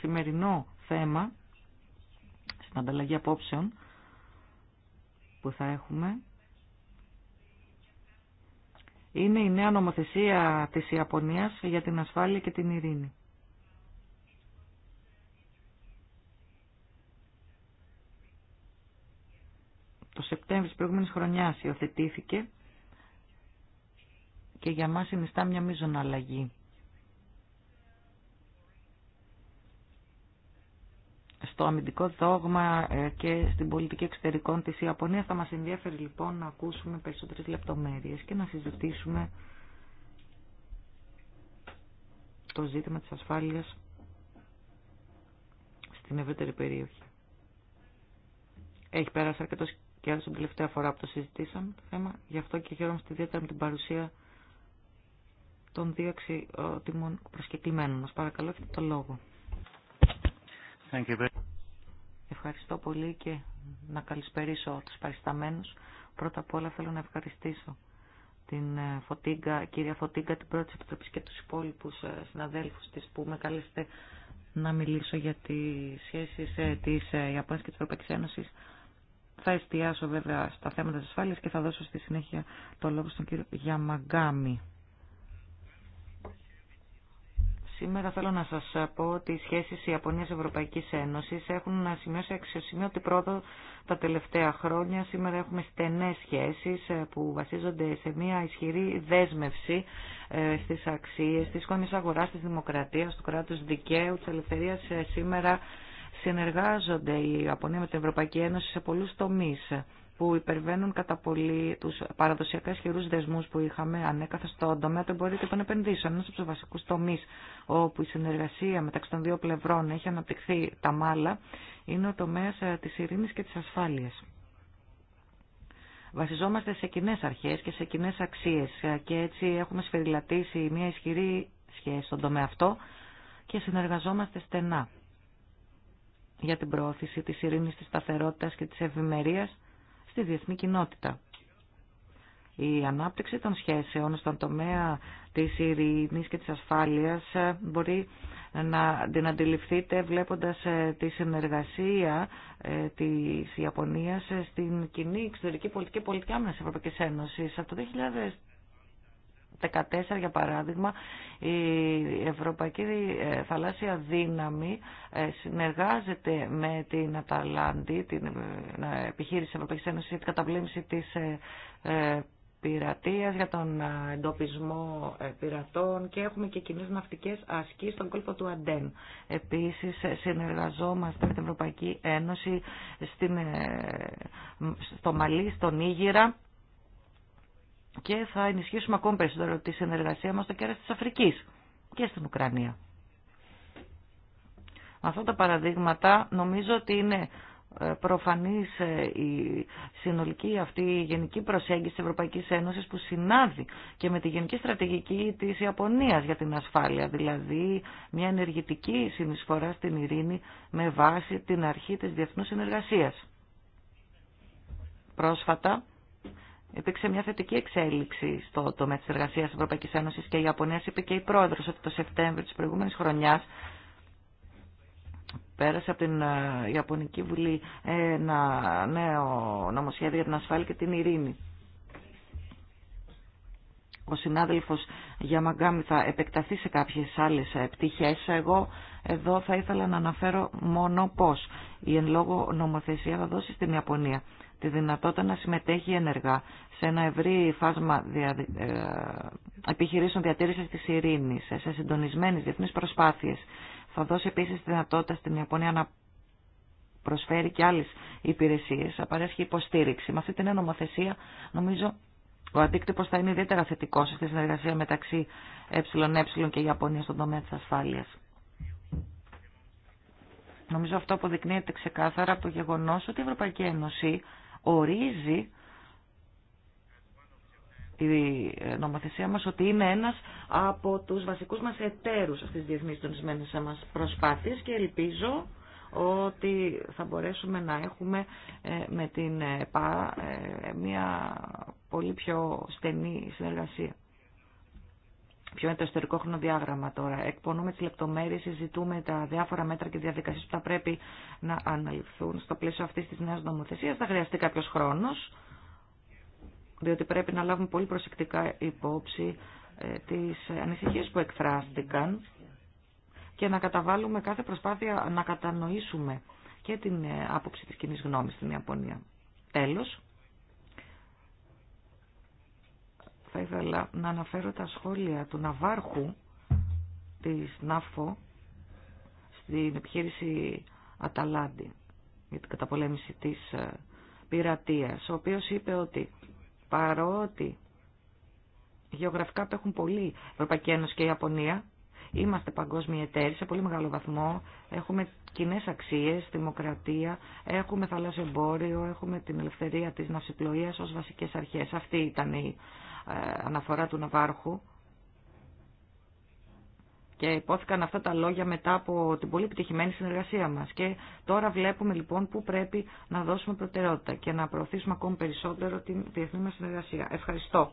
σημερινό θέμα, στην ανταλλαγή απόψεων που θα έχουμε, είναι η νέα νομοθεσία της Ιαπωνίας για την ασφάλεια και την ειρήνη. Το Σεπτέμβριο της προηγούμενης χρονιάς υιοθετήθηκε και για μας συνιστά μια μείζων αλλαγή Το αμυντικό δόγμα ε, και στην πολιτική εξωτερικών της Ιαπωνίας. Θα μας ενδιαφέρει λοιπόν να ακούσουμε περισσότερες λεπτομέρειες και να συζητήσουμε το ζήτημα της ασφάλειας στην ευρύτερη περιοχή. Έχει πέρασει αρκετό καιρό την τελευταία φορά που το συζητήσαμε το θέμα, γι' αυτό και χαίρομαι ιδιαίτερα με την παρουσία των δύο αξιότιμων προσκεκλημένων μας. Παρακαλώ, έχετε το λόγο. Thank you ευχαριστώ πολύ και να καλησπερίσω τους παρισταμένους. Πρώτα απ' όλα θέλω να ευχαριστήσω την ε, Φωτίγκα, κυρία Φωτίγκα, την πρώτη επιτροπή και τους υπόλοιπους ε, συναδέλφους της που με καλέσετε να μιλήσω για τις σχέσεις ε, της Ιαπωνίας και της Ευρωπαϊκής Ένωσης. Θα εστιάσω βέβαια στα θέματα της ασφάλειας και θα δώσω στη συνέχεια το λόγο στον κύριο Γιαμαγκάμι. Σήμερα θέλω να σας πω ότι οι σχέσεις Ιαπωνίας-Ευρωπαϊκής Ένωσης έχουν να σημειώσει αξιοσημείωτη πρόοδο τα τελευταία χρόνια. Σήμερα έχουμε στενές σχέσεις ε, που βασίζονται σε μια ισχυρή δέσμευση ε, στις αξίες της κόνης αγοράς, της δημοκρατία, του κράτους δικαίου, της ελευθερίας. Ε, σήμερα συνεργάζονται η Ιαπωνία με την Ευρωπαϊκή Ένωση σε πολλούς τομείς που υπερβαίνουν κατά πολύ τους παραδοσιακά ισχυρού δεσμού που είχαμε ανέκαθα στον τομέα των εμπορίων και των επενδύσεων. Ένα από του βασικού τομεί όπου η συνεργασία μεταξύ των δύο πλευρών έχει αναπτυχθεί τα μάλλα είναι ο τομέα ε, της ειρήνης και τη ασφάλεια. Βασιζόμαστε σε κοινέ αρχέ και σε κοινέ αξίε. Ε, και έτσι έχουμε σφυριλατήσει μια ισχυρή σχέση στον τομέα αυτό και συνεργαζόμαστε στενά για την προώθηση της ειρήνης, της σταθερότητας και της ευημερίας στη διεθνή κοινότητα. Η ανάπτυξη των σχέσεων στον τομέα της ειρήνης και της ασφάλειας ε, μπορεί να την αντιληφθείτε βλέποντας ε, τη συνεργασία ε, της Ιαπωνίας στην κοινή εξωτερική πολιτική πολιτική άμυνας της Ευρωπαϊκής Ένωσης. Από το 14 για παράδειγμα η Ευρωπαϊκή Θαλάσσια Δύναμη ε, συνεργάζεται με την Αταλάντη, την ε, επιχείρηση Ευρωπαϊκής Ένωσης για την καταβλέψη της ε, πειρατείας, για τον εντοπισμό πειρατών και έχουμε και κοινέ ναυτικές ασκήσεις στον κόλπο του Αντέν. Επίσης συνεργαζόμαστε με την Ευρωπαϊκή Ένωση στην, στο Μαλί, στον Ήγυρα και θα ενισχύσουμε ακόμη περισσότερο τη συνεργασία μας στο κέρας της Αφρικής και στην Ουκρανία. Αυτά τα παραδείγματα νομίζω ότι είναι ε, προφανής ε, η συνολική αυτή η γενική προσέγγιση της Ευρωπαϊκής Ένωσης που συνάδει και με τη γενική στρατηγική της Ιαπωνίας για την ασφάλεια, δηλαδή μια ενεργητική συνεισφορά στην ειρήνη με βάση την αρχή της διεθνούς συνεργασίας. Πρόσφατα υπήρξε μια θετική εξέλιξη στο τομέα τη εργασία τη Ευρωπαϊκή Ένωση και η Ιαπωνία είπε και η πρόεδρο ότι το Σεπτέμβριο τη προηγούμενη χρονιά πέρασε από την ε, Ιαπωνική Βουλή ένα νέο νομοσχέδιο για την ασφάλεια και την ειρήνη. Ο συνάδελφος Γιαμαγκάμι θα επεκταθεί σε κάποιες άλλες ε, πτυχέ. Εγώ εδώ θα ήθελα να αναφέρω μόνο πώς η εν λόγω νομοθεσία θα δώσει στην Ιαπωνία τη δυνατότητα να συμμετέχει ενεργά σε ένα ευρύ φάσμα ε, επιχειρήσεων διατήρησης της ειρήνης, σε συντονισμένες διεθνείς προσπάθειες. Θα δώσει επίσης τη δυνατότητα στην Ιαπωνία να προσφέρει και άλλες υπηρεσίες, να παρέχει υποστήριξη. Με αυτή την νομοθεσία νομίζω ο αντίκτυπος θα είναι ιδιαίτερα θετικός στη συνεργασία μεταξύ ΕΕ και Ιαπωνία στον τομέα της ασφάλειας. Νομίζω αυτό αποδεικνύεται ξεκάθαρα από το γεγονό ότι η Ευρωπαϊκή Ένωση ορίζει η νομοθεσία μας ότι είναι ένας από τους βασικούς μας εταίρους στις διεθνείς τονισμένες μας προσπάθειες και ελπίζω ότι θα μπορέσουμε να έχουμε ε, με την ΕΠΑ ε, μια πολύ πιο στενή συνεργασία. Ποιο είναι το ιστορικό χρονοδιάγραμμα τώρα. Εκπονούμε τι λεπτομέρειε, συζητούμε τα διάφορα μέτρα και διαδικασίε που θα πρέπει να αναλυφθούν στο πλαίσιο αυτή τη νέα νομοθεσία. Θα χρειαστεί κάποιο χρόνο, διότι πρέπει να λάβουμε πολύ προσεκτικά υπόψη ε, τι ανησυχίε που εκφράστηκαν και να καταβάλουμε κάθε προσπάθεια να κατανοήσουμε και την ε, άποψη τη κοινή γνώμη στην Ιαπωνία. Τέλος, θα ήθελα να αναφέρω τα σχόλια του Ναβάρχου της ΝΑΦΟ στην επιχείρηση Αταλάντη για την καταπολέμηση της ε, πειρατείας, ο οποίος είπε ότι παρότι γεωγραφικά απέχουν πολύ Ευρωπαϊκή Ένωση και η Ιαπωνία, είμαστε παγκόσμιοι εταίροι σε πολύ μεγάλο βαθμό, έχουμε κοινέ αξίες, δημοκρατία, έχουμε θαλάσσιο εμπόριο, έχουμε την ελευθερία της ναυσιπλοείας ως βασικές αρχές. Αυτή ήταν η ε, αναφορά του Ναυάρχου και υπόθηκαν αυτά τα λόγια μετά από την πολύ επιτυχημένη συνεργασία μας. Και τώρα βλέπουμε λοιπόν που πρέπει να δώσουμε προτεραιότητα και να προωθήσουμε ακόμη περισσότερο την διεθνή μας συνεργασία. Ευχαριστώ.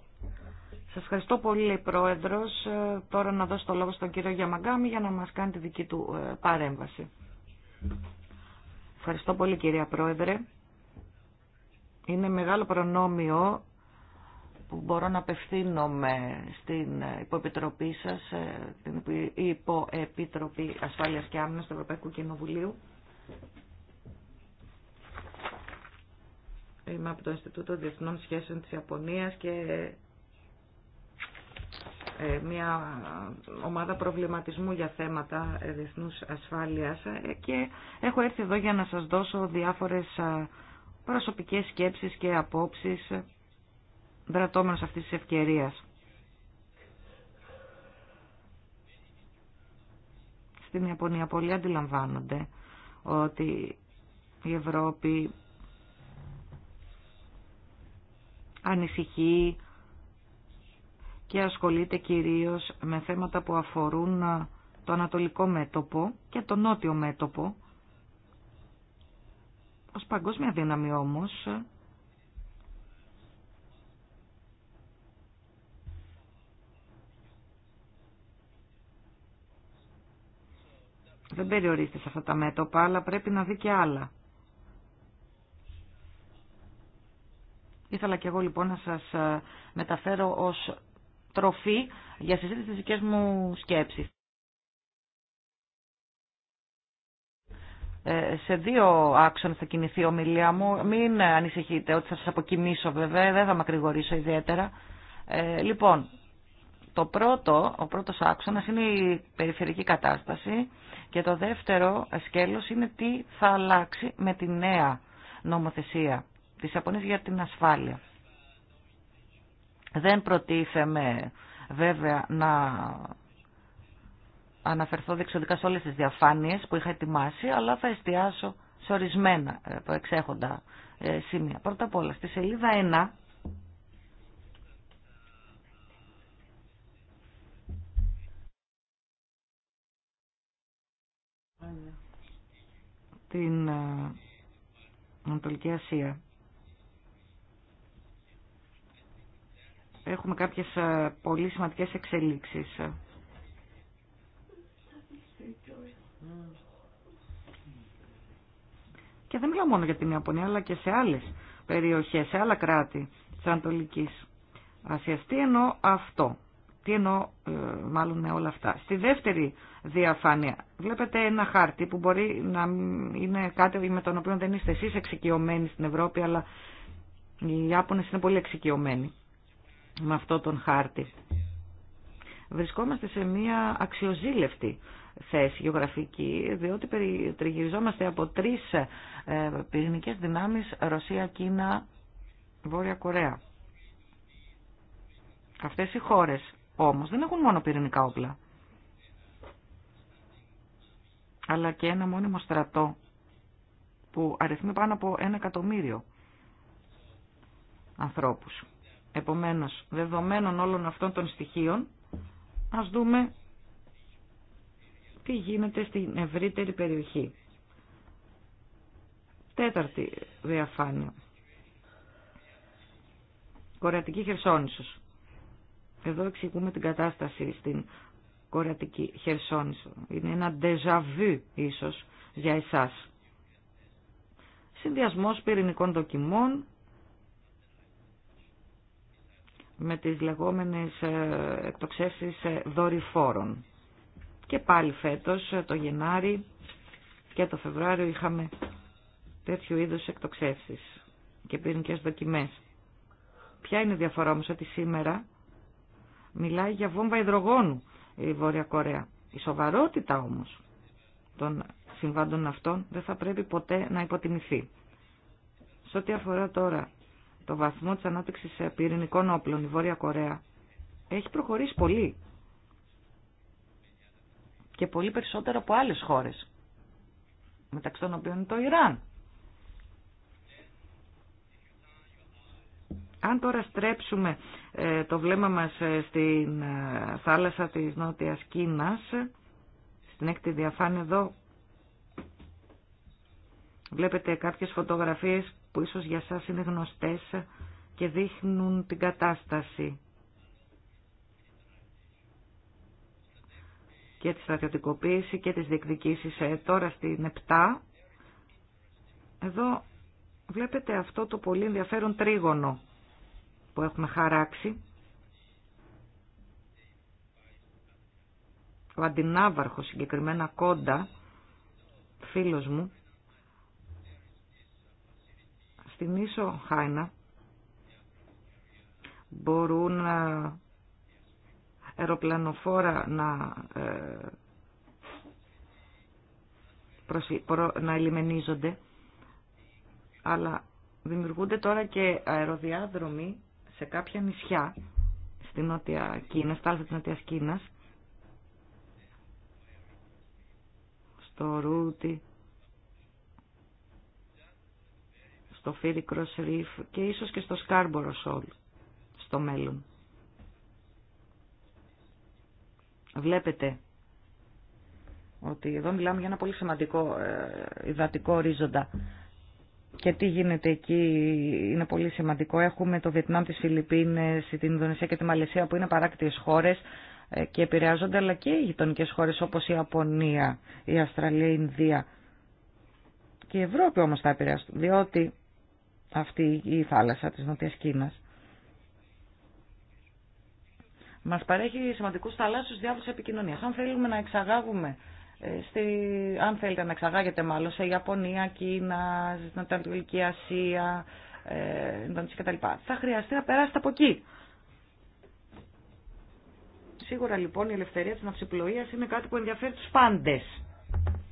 Σας ευχαριστώ πολύ, λέει Πρόεδρος. Ε, τώρα να δώσω το λόγο στον κύριο Γιαμαγκάμι για να μας κάνει τη δική του ε, παρέμβαση. Ευχαριστώ πολύ, κυρία Πρόεδρε. Είναι μεγάλο προνόμιο που μπορώ να απευθύνομαι στην ε, υποεπιτροπή σας, ε, την υποεπιτροπή ασφάλειας και άμυνας του Ευρωπαϊκού Κοινοβουλίου. Είμαι από το Ινστιτούτο Διεθνών Σχέσεων της Ιαπωνίας και ε, μια ομάδα προβληματισμού για θέματα διεθνούς ασφάλειας και έχω έρθει εδώ για να σας δώσω διάφορες προσωπικές σκέψεις και απόψεις δρατώμενος αυτής της ευκαιρίας. Στην Ιαπωνία πολλοί αντιλαμβάνονται ότι η Ευρώπη ανησυχεί και ασχολείται κυρίως με θέματα που αφορούν το ανατολικό μέτωπο και το νότιο μέτωπο. Ως παγκόσμια δύναμη όμως δεν περιορίζεται σε αυτά τα μέτωπα, αλλά πρέπει να δει και άλλα. Ήθελα και εγώ λοιπόν να σας ε, μεταφέρω ως τροφή για συζήτηση τις δικές μου σκέψεις. Ε, σε δύο άξονες θα κινηθεί η ομιλία μου. Μην ανησυχείτε ότι θα σας αποκοιμήσω βέβαια, δεν θα μακρηγορήσω ιδιαίτερα. Ε, λοιπόν, το πρώτο, ο πρώτος άξονας είναι η περιφερική κατάσταση και το δεύτερο σκέλος είναι τι θα αλλάξει με τη νέα νομοθεσία της Ιαπωνίας για την ασφάλεια. Δεν προτίθεμαι βέβαια να αναφερθώ δεξιωτικά σε όλες τις διαφάνειες που είχα ετοιμάσει, αλλά θα εστιάσω σε ορισμένα ε, προεξέχοντα ε, σημεία. Πρώτα απ' όλα, στη σελίδα 1 την ε, Ανατολική Ασία. Έχουμε κάποιες ε, πολύ σημαντικές εξελίξεις. Και δεν μιλάω μόνο για την Ιαπωνία, αλλά και σε άλλες περιοχές, σε άλλα κράτη της Ανατολικής Ασίας. Τι εννοώ αυτό. Τι εννοώ ε, μάλλον με όλα αυτά. Στη δεύτερη διαφάνεια βλέπετε ένα χάρτη που μπορεί να είναι κάτι με τον οποίο δεν είστε εσείς εξοικειωμένοι στην Ευρώπη, αλλά οι Ιάπωνες είναι πολύ εξοικειωμένοι με αυτό τον χάρτη. Βρισκόμαστε σε μια αξιοζήλευτη θέση γεωγραφική, διότι τριγυριζόμαστε από τρεις ε, πυρηνικές δυνάμεις, Ρωσία, Κίνα, Βόρεια Κορέα. Αυτές οι χώρες όμως δεν έχουν μόνο πυρηνικά όπλα, αλλά και ένα μόνιμο στρατό που αριθμεί πάνω από ένα εκατομμύριο ανθρώπους. Επομένως, δεδομένων όλων αυτών των στοιχείων, ας δούμε τι γίνεται στην ευρύτερη περιοχή. Τέταρτη διαφάνεια. Κορεατική Χερσόνησος. Εδώ εξηγούμε την κατάσταση στην κορατική Χερσόνησο. Είναι ένα déjà vu ίσως για εσάς. Συνδυασμός πυρηνικών δοκιμών με τις λεγόμενες ε, εκτοξεύσεις ε, δορυφόρων. Και πάλι φέτος, ε, το Γενάρη και το Φεβράριο είχαμε τέτοιου είδους εκτοξεύσεις και πυρηνικές δοκιμές. Ποια είναι η διαφορά όμως ότι σήμερα Μιλάει για βόμβα υδρογόνου η Βόρεια Κορέα. Η σοβαρότητα όμως των συμβάντων αυτών δεν θα πρέπει ποτέ να υποτιμηθεί. Σε ό,τι αφορά τώρα το βαθμό της ανάπτυξης πυρηνικών όπλων η Βόρεια Κορέα έχει προχωρήσει πολύ και πολύ περισσότερο από άλλες χώρες μεταξύ των οποίων είναι το Ιράν. Αν τώρα στρέψουμε το βλέμμα μας ε, στην ε, θάλασσα της Νότιας Κίνας, στην έκτη διαφάνεια εδώ, βλέπετε κάποιες φωτογραφίες που ίσως για σας είναι γνωστές και δείχνουν την κατάσταση. και τη στρατιωτικοποίηση και τις διεκδικήσεις ε, τώρα στην 7. Εδώ βλέπετε αυτό το πολύ ενδιαφέρον τρίγωνο που έχουμε χαράξει. Ο αντινάβαρχος συγκεκριμένα κόντα, φίλος μου, στην Ίσο Χάινα μπορούν ε, αεροπλανοφόρα να, ε, να ελιμενίζονται, αλλά δημιουργούνται τώρα και αεροδιάδρομοι σε κάποια νησιά στην Νότια Κίνα, στα άλφα της Νότιας στο Ρούτι, στο Φίρι Κρος Ρίφ και ίσως και στο Σκάρμπορο Σόλ στο μέλλον. Βλέπετε ότι εδώ μιλάμε για ένα πολύ σημαντικό ε, υδατικό ορίζοντα και τι γίνεται εκεί είναι πολύ σημαντικό. Έχουμε το Βιετνάμ, τις Φιλιππίνες, την Ινδονησία και τη Μαλαισία που είναι παράκτιες χώρες ε, και επηρεάζονται αλλά και οι γειτονικέ χώρες όπως η Ιαπωνία, η Αυστραλία, η Ινδία. Και η Ευρώπη όμως θα επηρεαστούν διότι αυτή η θάλασσα της Νοτιάς Κίνας μας παρέχει σημαντικούς θαλάσσιους διάβλους επικοινωνίας. Αν θέλουμε να εξαγάγουμε ε, στη, αν θέλετε να εξαγάγετε μάλλον σε Ιαπωνία, Κίνα, στην Ανατολική Ασία, ε, Ινδονησία κτλ. Θα χρειαστεί να περάσετε από εκεί. Σίγουρα λοιπόν η ελευθερία της ναυσιπλοείας είναι κάτι που ενδιαφέρει τους πάντες.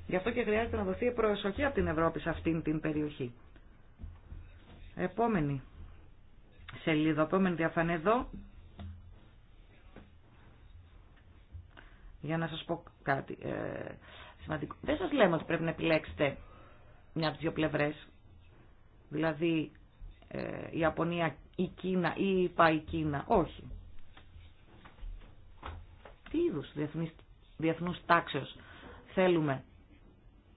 Γι' αυτό και χρειάζεται να δοθεί προσοχή από την Ευρώπη σε αυτήν την περιοχή. Επόμενη σελίδα, επόμενη διαφανή εδώ. Για να σας πω κάτι ε, Δεν σας λέμε ότι πρέπει να επιλέξετε μια από τις δύο πλευρές. Δηλαδή ε, η Ιαπωνία ή Κίνα ή η Κίνα. Όχι. Τι είδους διεθνούς τάξεως θέλουμε.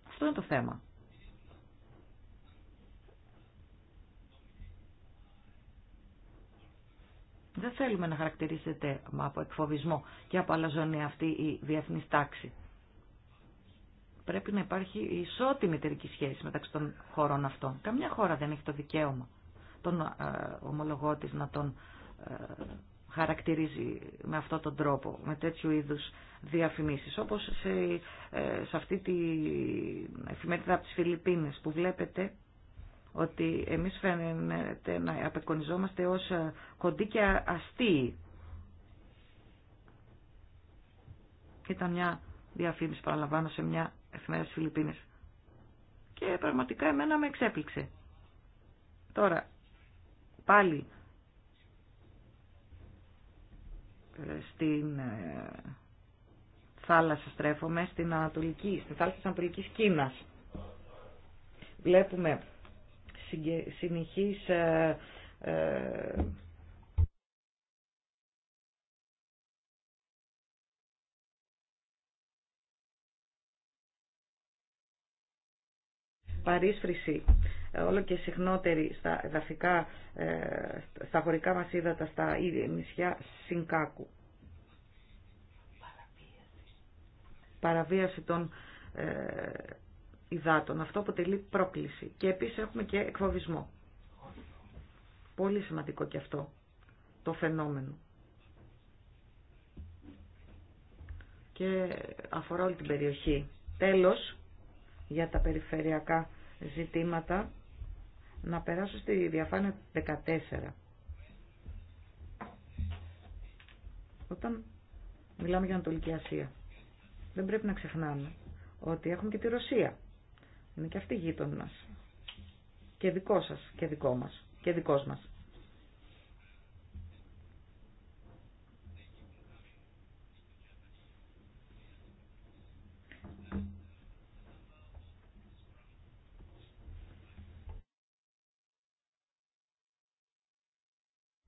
Αυτό είναι το θέμα. Δεν θέλουμε να χαρακτηρίζεται από εκφοβισμό και από αλαζονία αυτή η διεθνή τάξη. Πρέπει να υπάρχει ισότιμη εταιρική σχέση μεταξύ των χωρών αυτών. Καμιά χώρα δεν έχει το δικαίωμα τον ε, ομολογό να τον ε, χαρακτηρίζει με αυτόν τον τρόπο, με τέτοιου είδους διαφημίσεις. Όπως σε, ε, σε αυτή τη εφημερίδα από τις Φιλιππίνες που βλέπετε ότι εμείς φαίνεται να απεκονιζόμαστε ως κοντικιά και αστείοι. Ήταν μια διαφήμιση, παραλαμβάνω, σε μια εφημερίδα στις Φιλιππίνες. Και πραγματικά εμένα με εξέπληξε. Τώρα, πάλι ε, στην ε, θάλασσα στρέφομαι, στην, ανατολική, στην θάλασσα της Ανατολικής Κίνας. Βλέπουμε συνεχής ε, ε, παρίσφρηση ε, όλο και συχνότερη στα εδαφικά, στα χωρικά μας ύδατα, στα νησιά Συνκάκου. Παραβίαση των υδάτων. Αυτό αποτελεί πρόκληση. Και επίσης έχουμε και εκφοβισμό. Πολύ σημαντικό και αυτό το φαινόμενο. Και αφορά όλη την περιοχή. Τέλος, για τα περιφερειακά ζητήματα, να περάσω στη διαφάνεια 14. Όταν μιλάμε για Ανατολική Ασία, δεν πρέπει να ξεχνάμε ότι έχουμε και τη Ρωσία είναι και αυτή γείτονε μας. Και δικό σα και δικό μας και δικός μας.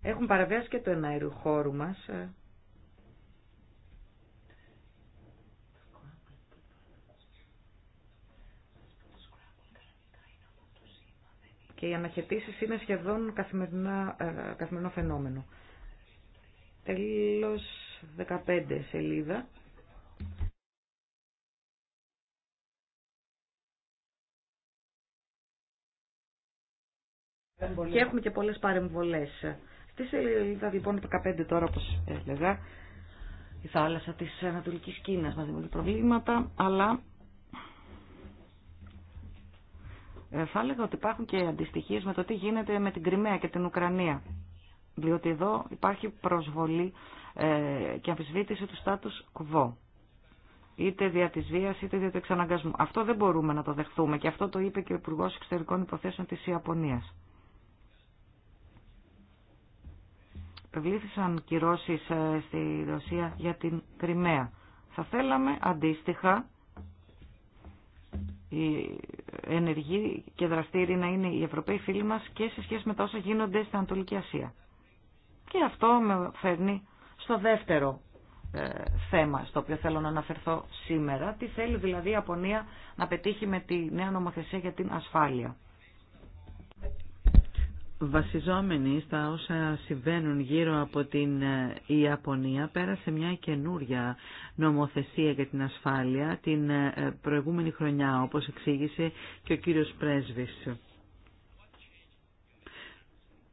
Έχουν παραβιάσει και το εναέριο χώρου μας ε, και οι αναχαιτήσεις είναι σχεδόν ε, καθημερινό φαινόμενο. Τέλος 15 σελίδα. Και έχουμε και πολλές παρεμβολές. Στη σελίδα λοιπόν 15 τώρα όπως ε, έλεγα, η θάλασσα της Ανατολικής Κίνας μας δημιουργεί προβλήματα, αλλά Ε, θα έλεγα ότι υπάρχουν και αντιστοιχίες με το τι γίνεται με την Κρυμαία και την Ουκρανία. Διότι εδώ υπάρχει προσβολή ε, και αμφισβήτηση του στάτους κβό. Είτε δια της βίας είτε δια του εξαναγκασμού. Αυτό δεν μπορούμε να το δεχθούμε και αυτό το είπε και ο Υπουργό Εξωτερικών Υποθέσεων της Ιαπωνίας. Επιβλήθησαν κυρώσεις ε, στη Ρωσία για την Κρυμαία. Θα θέλαμε αντίστοιχα η ενεργή και δραστήρη να είναι οι Ευρωπαίοι φίλοι μας και σε σχέση με τα όσα γίνονται στην Ανατολική Ασία. Και αυτό με φέρνει στο δεύτερο ε, θέμα στο οποίο θέλω να αναφερθώ σήμερα. Τι θέλει δηλαδή η Απωνία να πετύχει με τη νέα νομοθεσία για την ασφάλεια βασιζόμενοι στα όσα συμβαίνουν γύρω από την ε, Ιαπωνία, πέρασε μια καινούρια νομοθεσία για την ασφάλεια την ε, ε, προηγούμενη χρονιά, όπως εξήγησε και ο κύριος Πρέσβης.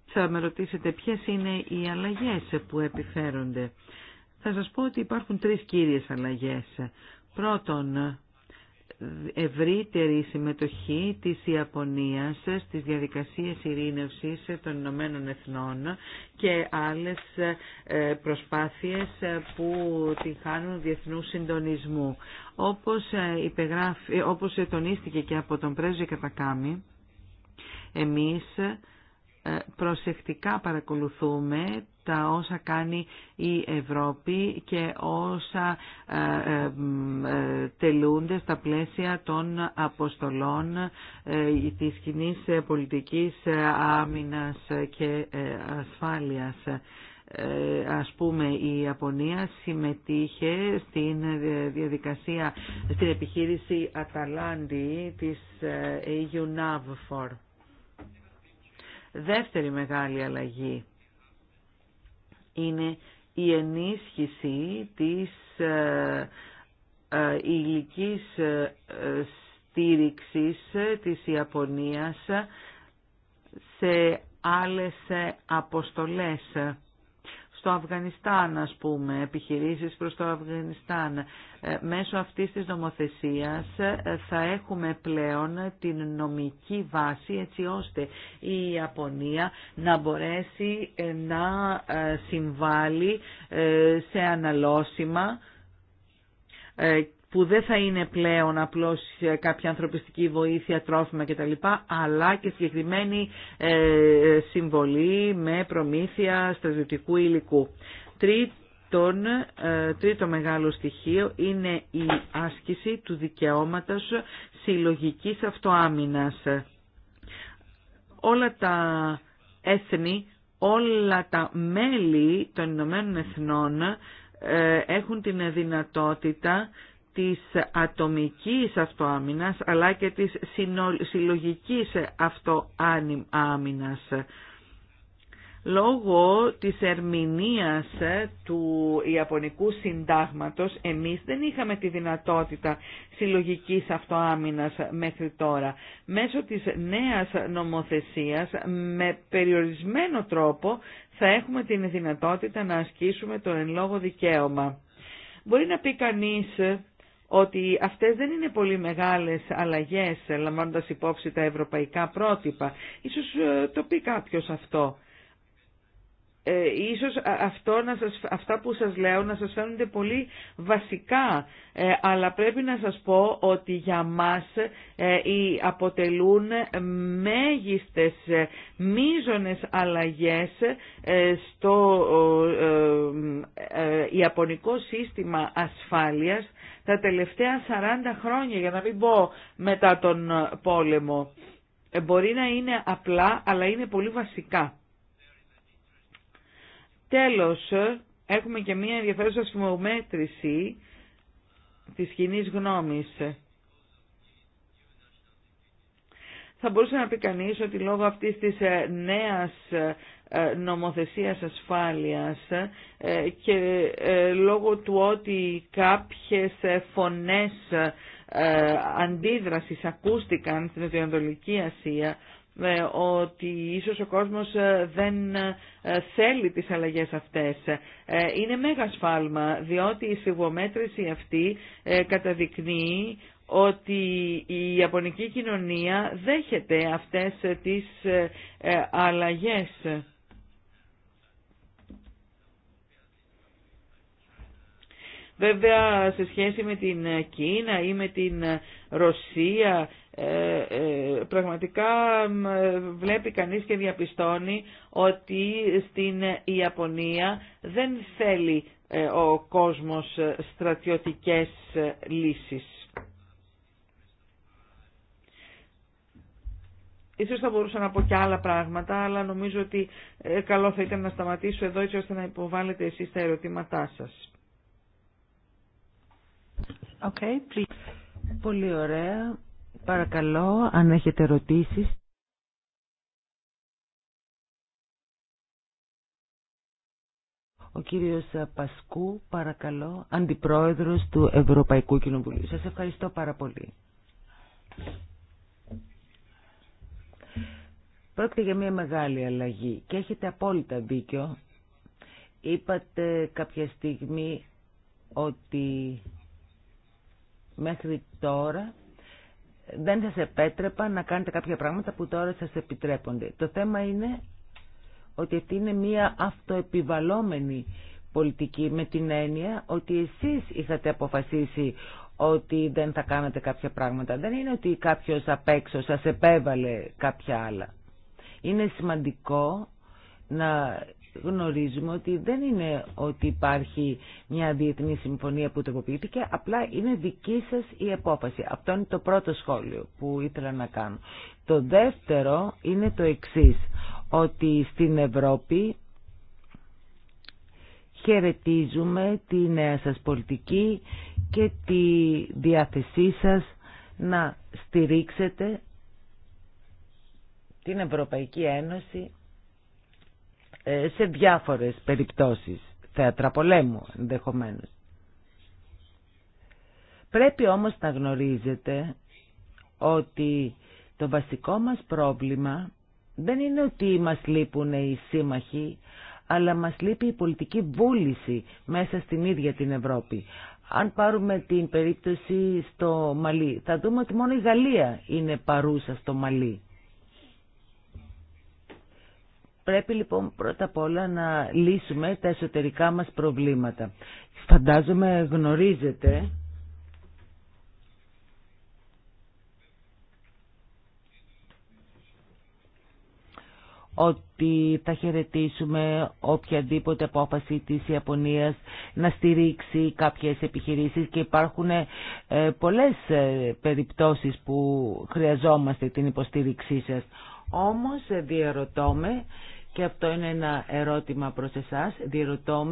Θα με ρωτήσετε ποιες είναι οι αλλαγές που επιφέρονται. Θα σας πω ότι υπάρχουν τρεις κύριες αλλαγές. Πρώτον, ευρύτερη συμμετοχή της Ιαπωνίας στις διαδικασίες ειρήνευσης των Ηνωμένων Εθνών και άλλες ε, προσπάθειες ε, που την χάνουν διεθνού συντονισμού. Όπως, ε, υπεγράφει, όπως τονίστηκε και από τον πρέσβη Κατακάμι, εμείς προσεκτικά παρακολουθούμε τα όσα κάνει η Ευρώπη και όσα ε, ε, ε, τελούνται στα πλαίσια των αποστολών της κοινή πολιτικής άμυνας και ασφάλειας ας πούμε η Ιαπωνία συμμετείχε στην διαδικασία, στην επιχείρηση Αταλάντη της NAVFOR. Δεύτερη μεγάλη αλλαγή είναι η ενίσχυση της ηλικής ε, ε, ε, στήριξης της Ιαπωνίας σε άλλες αποστολές στο Αφγανιστάν, ας πούμε, επιχειρήσεις προς το Αφγανιστάν. Ε, μέσω αυτής της νομοθεσίας ε, θα έχουμε πλέον την νομική βάση έτσι ώστε η Ιαπωνία να μπορέσει ε, να συμβάλλει σε αναλώσιμα που δεν θα είναι πλέον απλώς ε, κάποια ανθρωπιστική βοήθεια, τρόφιμα κτλ, αλλά και συγκεκριμένη ε, συμβολή με προμήθεια στρατιωτικού υλικού. Τρίτον, ε, τρίτο μεγάλο στοιχείο είναι η άσκηση του δικαιώματος συλλογικής αυτοάμυνας. Όλα τα έθνη, όλα τα μέλη των Ηνωμένων Εθνών έχουν την δυνατότητα της ατομικής αυτοάμυνας αλλά και της συλλογικής αυτοάμυνας. Λόγω της ερμηνείας του Ιαπωνικού συντάγματος εμείς δεν είχαμε τη δυνατότητα συλλογικής αυτοάμυνας μέχρι τώρα. Μέσω της νέας νομοθεσίας με περιορισμένο τρόπο θα έχουμε την δυνατότητα να ασκήσουμε το εν λόγω δικαίωμα. Μπορεί να πει κανείς ότι αυτές δεν είναι πολύ μεγάλες αλλαγές, λαμβάνοντας υπόψη τα ευρωπαϊκά πρότυπα. Ίσως ε, το πει κάποιος αυτό ε, ίσως αυτό αυτά που σας λέω να σας φαίνονται πολύ βασικά, ε, αλλά πρέπει να σας πω ότι για μας ε, οι αποτελούν μέγιστες ε, μίζωνες αλλαγές στο ιαπωνικό σύστημα ασφάλειας τα τελευταία 40 χρόνια, για να μην πω μετά τον πόλεμο. Μπορεί να είναι απλά, αλλά είναι πολύ βασικά. Τέλος, έχουμε και μία ενδιαφέρουσα σχημομέτρηση της κοινή γνώμης. Θα μπορούσε να πει κανείς ότι λόγω αυτής της ε, νέας ε, νομοθεσίας ασφάλειας ε, και λόγω του ότι κάποιες φωνές αντίδρασης ακούστηκαν στην Ανατολική Ασία ε, ότι ίσως ο κόσμος ε, δεν ε, θέλει τις αλλαγές αυτές. Είναι μέγα σφάλμα, διότι η σιγομέτρηση αυτή καταδεικνύει ότι η Ιαπωνική κοινωνία δέχεται αυτές τις αλλαγές. Βέβαια, σε σχέση με την Κίνα ή με την Ρωσία ε, ε, πραγματικά βλέπει κανείς και διαπιστώνει ότι στην Ιαπωνία δεν θέλει ε, ο κόσμος στρατιωτικές λύσεις. Ίσως θα μπορούσα να πω και άλλα πράγματα, αλλά νομίζω ότι καλό θα ήταν να σταματήσω εδώ έτσι ώστε να υποβάλλετε εσείς τα ερωτήματά σας. Okay, Πολύ ωραία. Παρακαλώ, αν έχετε ερωτήσεις. Ο κύριος Πασκού, παρακαλώ, Αντιπρόεδρος του Ευρωπαϊκού Κοινοβουλίου. Σας ευχαριστώ πάρα πολύ. Πρόκειται για μια μεγάλη αλλαγή και έχετε απόλυτα δίκιο. Είπατε κάποια στιγμή ότι μέχρι τώρα δεν σας επέτρεπα να κάνετε κάποια πράγματα που τώρα σας επιτρέπονται. Το θέμα είναι ότι αυτή είναι μια αυτοεπιβαλόμενη πολιτική με την έννοια ότι εσείς είχατε αποφασίσει ότι δεν θα κάνατε κάποια πράγματα. Δεν είναι ότι κάποιος απ' έξω σας επέβαλε κάποια άλλα. Είναι σημαντικό να γνωρίζουμε ότι δεν είναι ότι υπάρχει μια διεθνή συμφωνία που τροποποιήθηκε, απλά είναι δική σας η απόφαση. Αυτό είναι το πρώτο σχόλιο που ήθελα να κάνω. Το δεύτερο είναι το εξής, ότι στην Ευρώπη χαιρετίζουμε τη νέα σας πολιτική και τη διάθεσή σας να στηρίξετε την Ευρωπαϊκή Ένωση ε, σε διάφορες περιπτώσεις, θέατρα πολέμου ενδεχομένω. Πρέπει όμως να γνωρίζετε ότι το βασικό μας πρόβλημα δεν είναι ότι μας λείπουν οι σύμμαχοι, αλλά μας λείπει η πολιτική βούληση μέσα στην ίδια την Ευρώπη. Αν πάρουμε την περίπτωση στο Μαλί, θα δούμε ότι μόνο η Γαλλία είναι παρούσα στο Μαλί. Πρέπει λοιπόν πρώτα απ' όλα να λύσουμε τα εσωτερικά μας προβλήματα. Φαντάζομαι γνωρίζετε ότι θα χαιρετήσουμε οποιαδήποτε απόφαση της Ιαπωνίας να στηρίξει κάποιες επιχειρήσεις και υπάρχουν ε, πολλές ε, περιπτώσεις που χρειαζόμαστε την υποστήριξή σας. Όμως ε, διαρωτώ και αυτό είναι ένα ερώτημα προς εσάς. Διερωτώ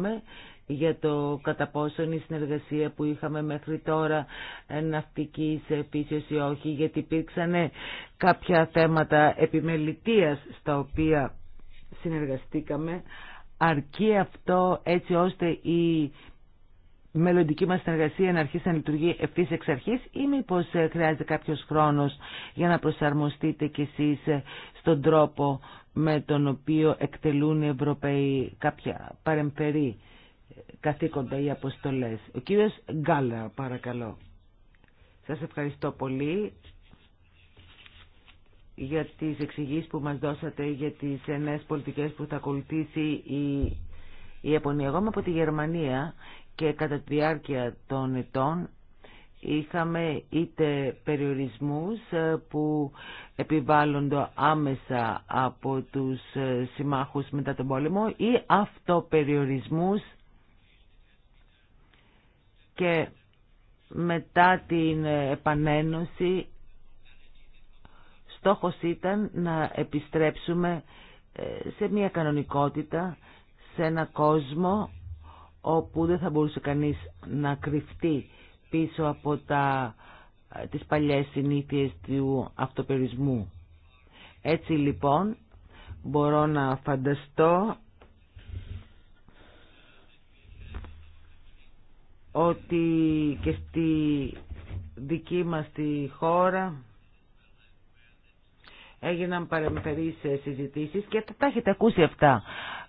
για το κατά πόσον η συνεργασία που είχαμε μέχρι τώρα ε, ναυτικής επίσης ή όχι, γιατί υπήρξαν κάποια θέματα επιμελητίας στα οποία συνεργαστήκαμε. Αρκεί αυτό έτσι ώστε η μελλοντική μας συνεργασία να αρχίσει να λειτουργεί ευθύς εξ αρχής ή μήπως ε, χρειάζεται κάποιος χρόνος για να προσαρμοστείτε κι εσείς ε, στον τρόπο με τον οποίο εκτελούν οι Ευρωπαίοι κάποια παρεμφερή καθήκοντα ή αποστολές. Ο κύριος Γκάλα, παρακαλώ. Σας ευχαριστώ πολύ για τις εξηγήσεις που μας δώσατε για τις νέες πολιτικές που θα ακολουθήσει η, η Ιαπωνία. Εγώ από τη Γερμανία και κατά τη διάρκεια των ετών είχαμε είτε περιορισμούς ε, που επιβάλλονται άμεσα από τους ε, συμμάχους μετά τον πόλεμο ή αυτοπεριορισμούς και μετά την ε, επανένωση στόχος ήταν να επιστρέψουμε σε μια κανονικότητα, σε ένα κόσμο όπου δεν θα μπορούσε κανείς να κρυφτεί πίσω από τα, ε, τις παλιές συνήθειες του αυτοπερισμού. Έτσι λοιπόν μπορώ να φανταστώ ότι και στη δική μας τη χώρα έγιναν παρεμφερείς ε, συζητήσεις και τα έχετε ακούσει αυτά.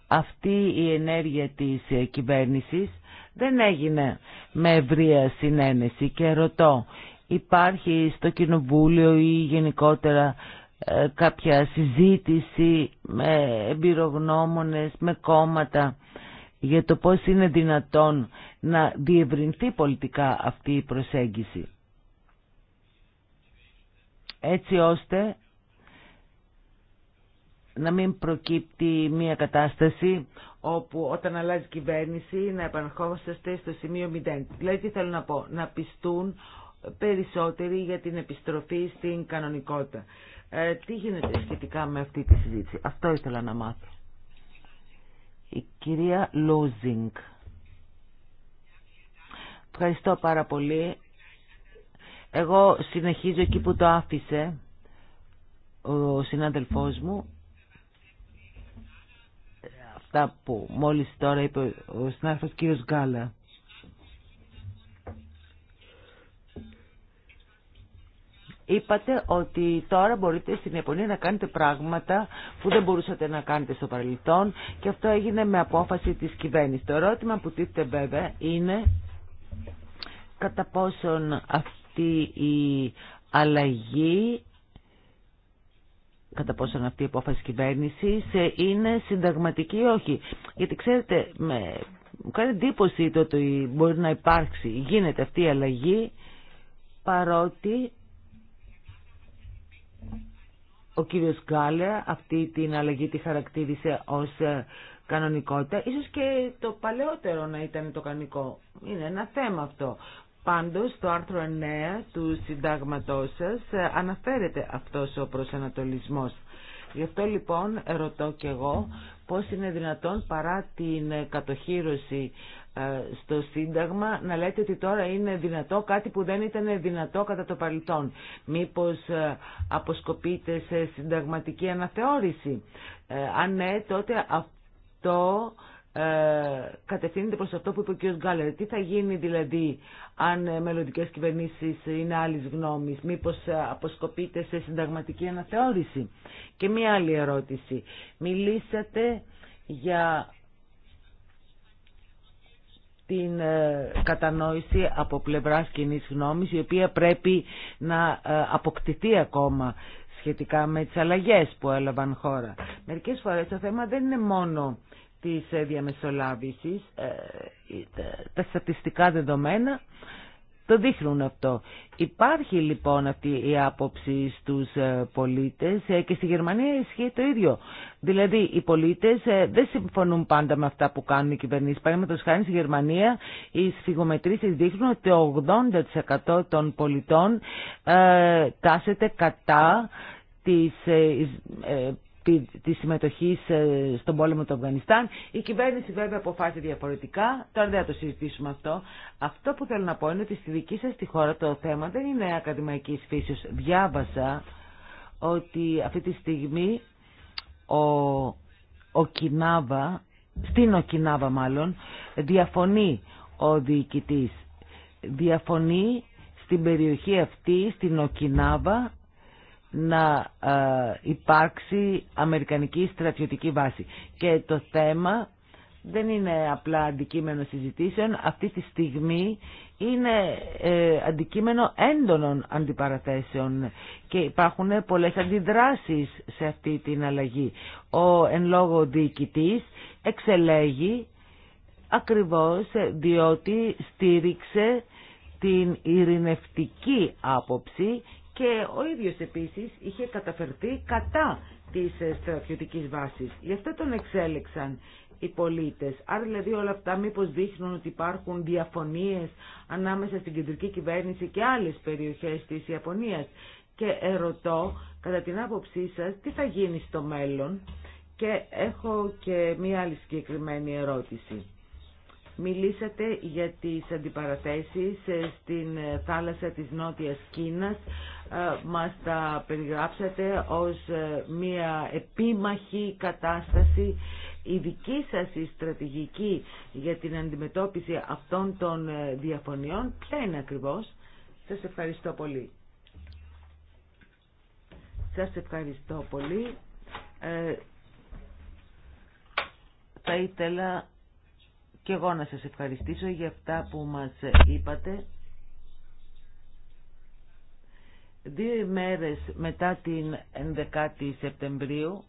Αυτή η ενέργεια της ε, κυβέρνησης δεν έγινε με ευρεία συνένεση και ρωτώ υπάρχει στο Κοινοβούλιο ή γενικότερα ε, κάποια συζήτηση με εμπειρογνώμονες, με κόμματα για το πώς είναι δυνατόν να διευρυνθεί πολιτικά αυτή η προσέγγιση. Έτσι ώστε να μην προκύπτει μια κατάσταση όπου όταν αλλάζει κυβέρνηση να επαναρχόμαστε στο σημείο 0. Δηλαδή τι θέλω να πω, να πιστούν περισσότεροι για την επιστροφή στην κανονικότητα. Ε, τι γίνεται σχετικά με αυτή τη συζήτηση. Αυτό ήθελα να μάθω. Η κυρία Λούζινγκ. Ευχαριστώ πάρα πολύ. Εγώ συνεχίζω εκεί που το άφησε ο συνάδελφός μου αυτά που μόλις τώρα είπε ο συνάδελφος κύριος Γκάλα. Είπατε ότι τώρα μπορείτε στην Ιαπωνία να κάνετε πράγματα που δεν μπορούσατε να κάνετε στο παρελθόν και αυτό έγινε με απόφαση της κυβέρνηση. Το ερώτημα που τίθεται βέβαια είναι κατά πόσον αυτή η αλλαγή κατά πόσον αυτή η απόφαση κυβέρνηση ε, είναι συνταγματική ή όχι. Γιατί ξέρετε, με... μου κάνει εντύπωση το ότι μπορεί να υπάρξει, γίνεται αυτή η αλλαγή, παρότι ο κύριος Γκάλε αυτή την αλλαγή τη χαρακτήρισε ως ε, κανονικότητα. Ίσως και το παλαιότερο να ήταν το κανονικό. Είναι ένα θέμα αυτό. Πάντως, στο άρθρο 9 του συντάγματός σας ε, αναφέρεται αυτός ο προσανατολισμός. Γι' αυτό λοιπόν ρωτώ και εγώ πώς είναι δυνατόν παρά την ε, κατοχήρωση ε, στο Σύνταγμα να λέτε ότι τώρα είναι δυνατό κάτι που δεν ήταν δυνατό κατά το παρελθόν. Μήπως αποσκοπείτε σε συνταγματική αναθεώρηση. Αν ναι, τότε αυτό ε, κατευθύνεται προς αυτό που είπε ο κ. Γκάλερ. Τι θα γίνει δηλαδή αν ε, μελλοντικέ κυβερνήσεις είναι άλλη γνώμη, μήπως ε, αποσκοπείται σε συνταγματική αναθεώρηση. Και μία άλλη ερώτηση. Μιλήσατε για την κατανόηση από πλευράς κοινή γνώμης η οποία πρέπει να αποκτηθεί ακόμα σχετικά με τις αλλαγές που έλαβαν χώρα. Μερικές φορές το θέμα δεν είναι μόνο της ε, διαμεσολάβησης, ε, τα στατιστικά δεδομένα το δείχνουν αυτό. Υπάρχει λοιπόν αυτή η άποψη στους ε, πολίτες και στη Γερμανία ισχύει το ίδιο. Δηλαδή οι πολίτες δεν συμφωνούν πάντα με αυτά που κάνουν οι κυβερνήσεις. Παραδείγματος χάρη στη Γερμανία οι σφιγομετρήσεις δείχνουν ότι 80% των πολιτών τάσεται κατά της Τη συμμετοχή στον πόλεμο του Αφγανιστάν. Η κυβέρνηση βέβαια αποφάσισε διαφορετικά, τώρα δεν θα το συζητήσουμε αυτό. Αυτό που θέλω να πω είναι ότι στη δική σα τη χώρα το θέμα δεν είναι ακαδημαϊκή φύση. Διάβασα ότι αυτή τη στιγμή ο Οκινάβα, στην Οκινάβα μάλλον, διαφωνεί ο διοικητή, Διαφωνεί στην περιοχή αυτή, στην Οκινάβα, να ε, υπάρξει αμερικανική στρατιωτική βάση. Και το θέμα δεν είναι απλά αντικείμενο συζητήσεων. Αυτή τη στιγμή είναι ε, αντικείμενο έντονων αντιπαραθέσεων και υπάρχουν πολλές αντιδράσεις σε αυτή την αλλαγή. Ο εν λόγω διοικητής εξελέγει ακριβώς διότι στήριξε την ειρηνευτική άποψη και ο ίδιος επίσης είχε καταφερθεί κατά της ε, στρατιωτικής βάσης. Γι' αυτό τον εξέλεξαν οι πολίτες. Άρα δηλαδή όλα αυτά μήπως δείχνουν ότι υπάρχουν διαφωνίες ανάμεσα στην κεντρική κυβέρνηση και άλλες περιοχές της Ιαπωνίας. Και ερωτώ κατά την άποψή σας τι θα γίνει στο μέλλον και έχω και μία άλλη συγκεκριμένη ερώτηση. Μιλήσατε για τις αντιπαραθέσεις ε, στην ε, θάλασσα της Νότιας Κίνας ε, μας τα περιγράψατε ως ε, μια επίμαχη κατάσταση. Η δική σας η στρατηγική για την αντιμετώπιση αυτών των ε, διαφωνιών ποια είναι ακριβώς. Σας ευχαριστώ πολύ. Σας ευχαριστώ πολύ. Ε, θα ήθελα και εγώ να σας ευχαριστήσω για αυτά που μας είπατε. Δύο ημέρες μετά την 11η Σεπτεμβρίου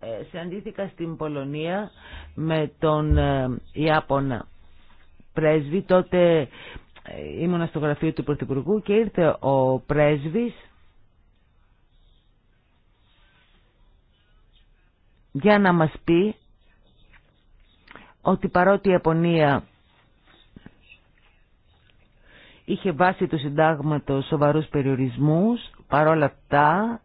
ε, συναντήθηκα στην Πολωνία με τον ε, Ιάπωνα πρέσβη. Τότε ε, ήμουνα στο γραφείο του Πρωθυπουργού και ήρθε ο πρέσβης για να μας πει ότι παρότι η Ιαπωνία είχε βάσει του συντάγματος σοβαρούς περιορισμούς, παρόλα αυτά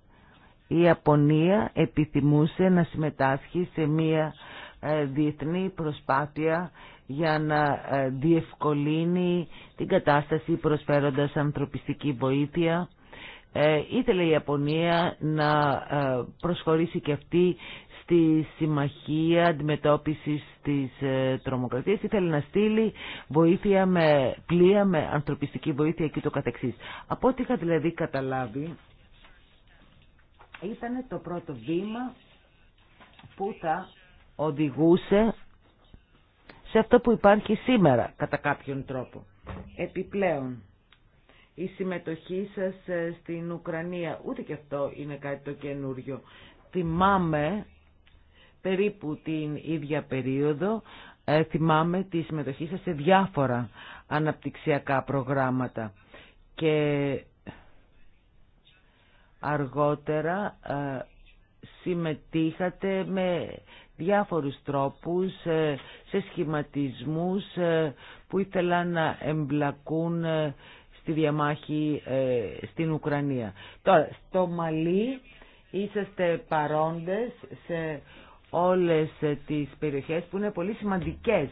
η Ιαπωνία επιθυμούσε να συμμετάσχει σε μία ε, διεθνή προσπάθεια για να ε, διευκολύνει την κατάσταση προσφέροντας ανθρωπιστική βοήθεια. Ε, ήθελε η Ιαπωνία να προσχωρήσει και αυτή τη Συμμαχία Αντιμετώπισης της ε, Τρομοκρατίας. Ήθελε να στείλει βοήθεια με πλοία, με ανθρωπιστική βοήθεια και το καθεξής. Από ό,τι είχα δηλαδή καταλάβει, ήταν το πρώτο βήμα που θα οδηγούσε σε αυτό που υπάρχει σήμερα κατά κάποιον τρόπο. Επιπλέον, η συμμετοχή σας ε, στην Ουκρανία, ούτε και αυτό είναι κάτι το καινούριο. Θυμάμαι περίπου την ίδια περίοδο ε, θυμάμαι τη συμμετοχή σας σε διάφορα αναπτυξιακά προγράμματα και αργότερα ε, συμμετείχατε με διάφορους τρόπους ε, σε σχηματισμούς που ήθελαν να εμπλακούν στη διαμάχη στην Ουκρανία. Τώρα, στο Μαλί είσαστε παρόντες σε όλες ε, τις περιοχές που είναι πολύ σημαντικές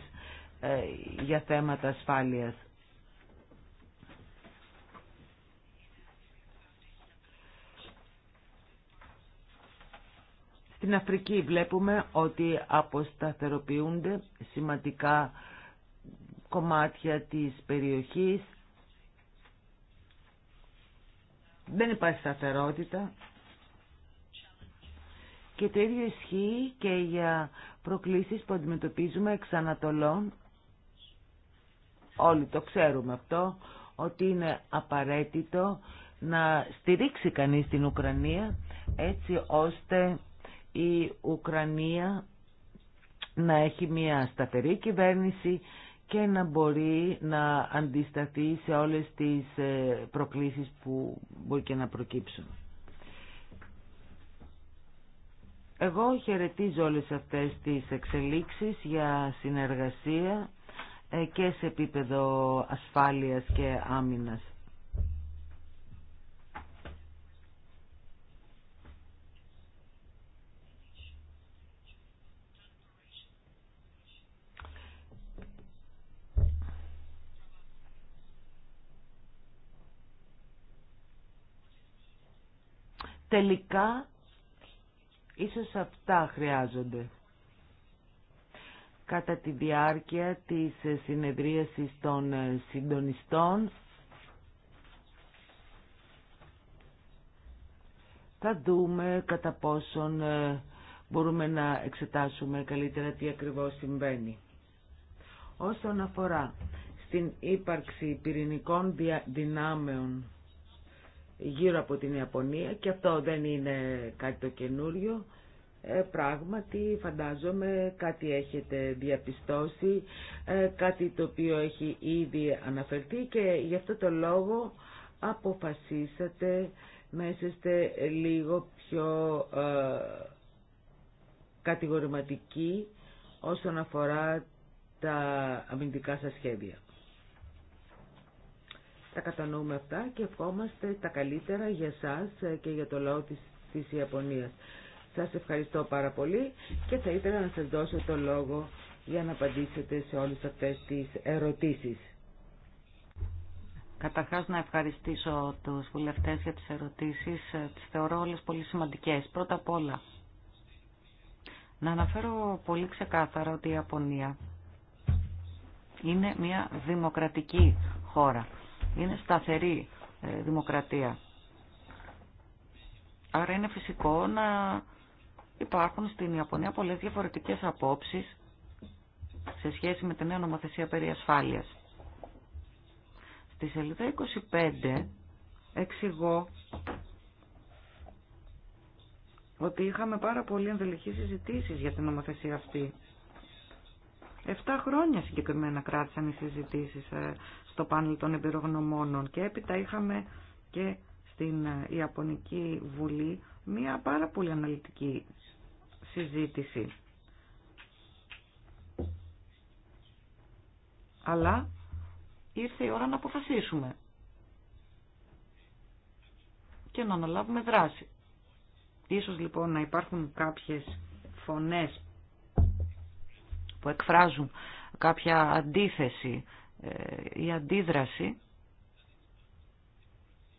ε, για θέματα ασφάλειας. Στην Αφρική βλέπουμε ότι αποσταθεροποιούνται σημαντικά κομμάτια της περιοχής. Δεν υπάρχει σταθερότητα. Και το ίδιο ισχύει και για προκλήσεις που αντιμετωπίζουμε εξ ανατολών. Όλοι το ξέρουμε αυτό, ότι είναι απαραίτητο να στηρίξει κανείς την Ουκρανία έτσι ώστε η Ουκρανία να έχει μια σταθερή κυβέρνηση και να μπορεί να αντισταθεί σε όλες τις ε, προκλήσεις που μπορεί και να προκύψουν. Εγώ χαιρετίζω όλες αυτές τις εξελίξεις για συνεργασία ε, και σε επίπεδο ασφάλειας και άμυνας. Τελικά Ίσως αυτά χρειάζονται. Κατά τη διάρκεια της συνεδρίασης των συντονιστών θα δούμε κατά πόσον ε, μπορούμε να εξετάσουμε καλύτερα τι ακριβώς συμβαίνει. Όσον αφορά στην ύπαρξη πυρηνικών δυνάμεων γύρω από την Ιαπωνία και αυτό δεν είναι κάτι το καινούριο. Ε, πράγματι φαντάζομαι κάτι έχετε διαπιστώσει, ε, κάτι το οποίο έχει ήδη αναφερθεί και γι' αυτό το λόγο αποφασίσατε να είστε λίγο πιο ε, κατηγορηματικοί όσον αφορά τα αμυντικά σας σχέδια τα κατανοούμε αυτά και ευχόμαστε τα καλύτερα για σας και για το λαό της, της Ιαπωνίας. Σας ευχαριστώ πάρα πολύ και θα ήθελα να σας δώσω το λόγο για να απαντήσετε σε όλες αυτές τις ερωτήσεις. Καταρχάς να ευχαριστήσω τους βουλευτές για τις ερωτήσεις. Τις θεωρώ όλες πολύ σημαντικές. Πρώτα απ' όλα, να αναφέρω πολύ ξεκάθαρα ότι η Ιαπωνία είναι μια δημοκρατική χώρα είναι σταθερή ε, δημοκρατία. Άρα είναι φυσικό να υπάρχουν στην Ιαπωνία πολλές διαφορετικές απόψεις σε σχέση με την νέα νομοθεσία περί ασφάλειας. Στη σελίδα 25 εξηγώ ότι είχαμε πάρα πολύ ενδελεχείς συζητήσει για την νομοθεσία αυτή. Εφτά χρόνια συγκεκριμένα κράτησαν οι συζητήσεις ε, το πάνελ των εμπειρογνωμόνων και έπειτα είχαμε και στην Ιαπωνική Βουλή μία πάρα πολύ αναλυτική συζήτηση. Αλλά ήρθε η ώρα να αποφασίσουμε και να αναλάβουμε δράση. Ίσως λοιπόν να υπάρχουν κάποιες φωνές που εκφράζουν κάποια αντίθεση ε, η αντίδραση,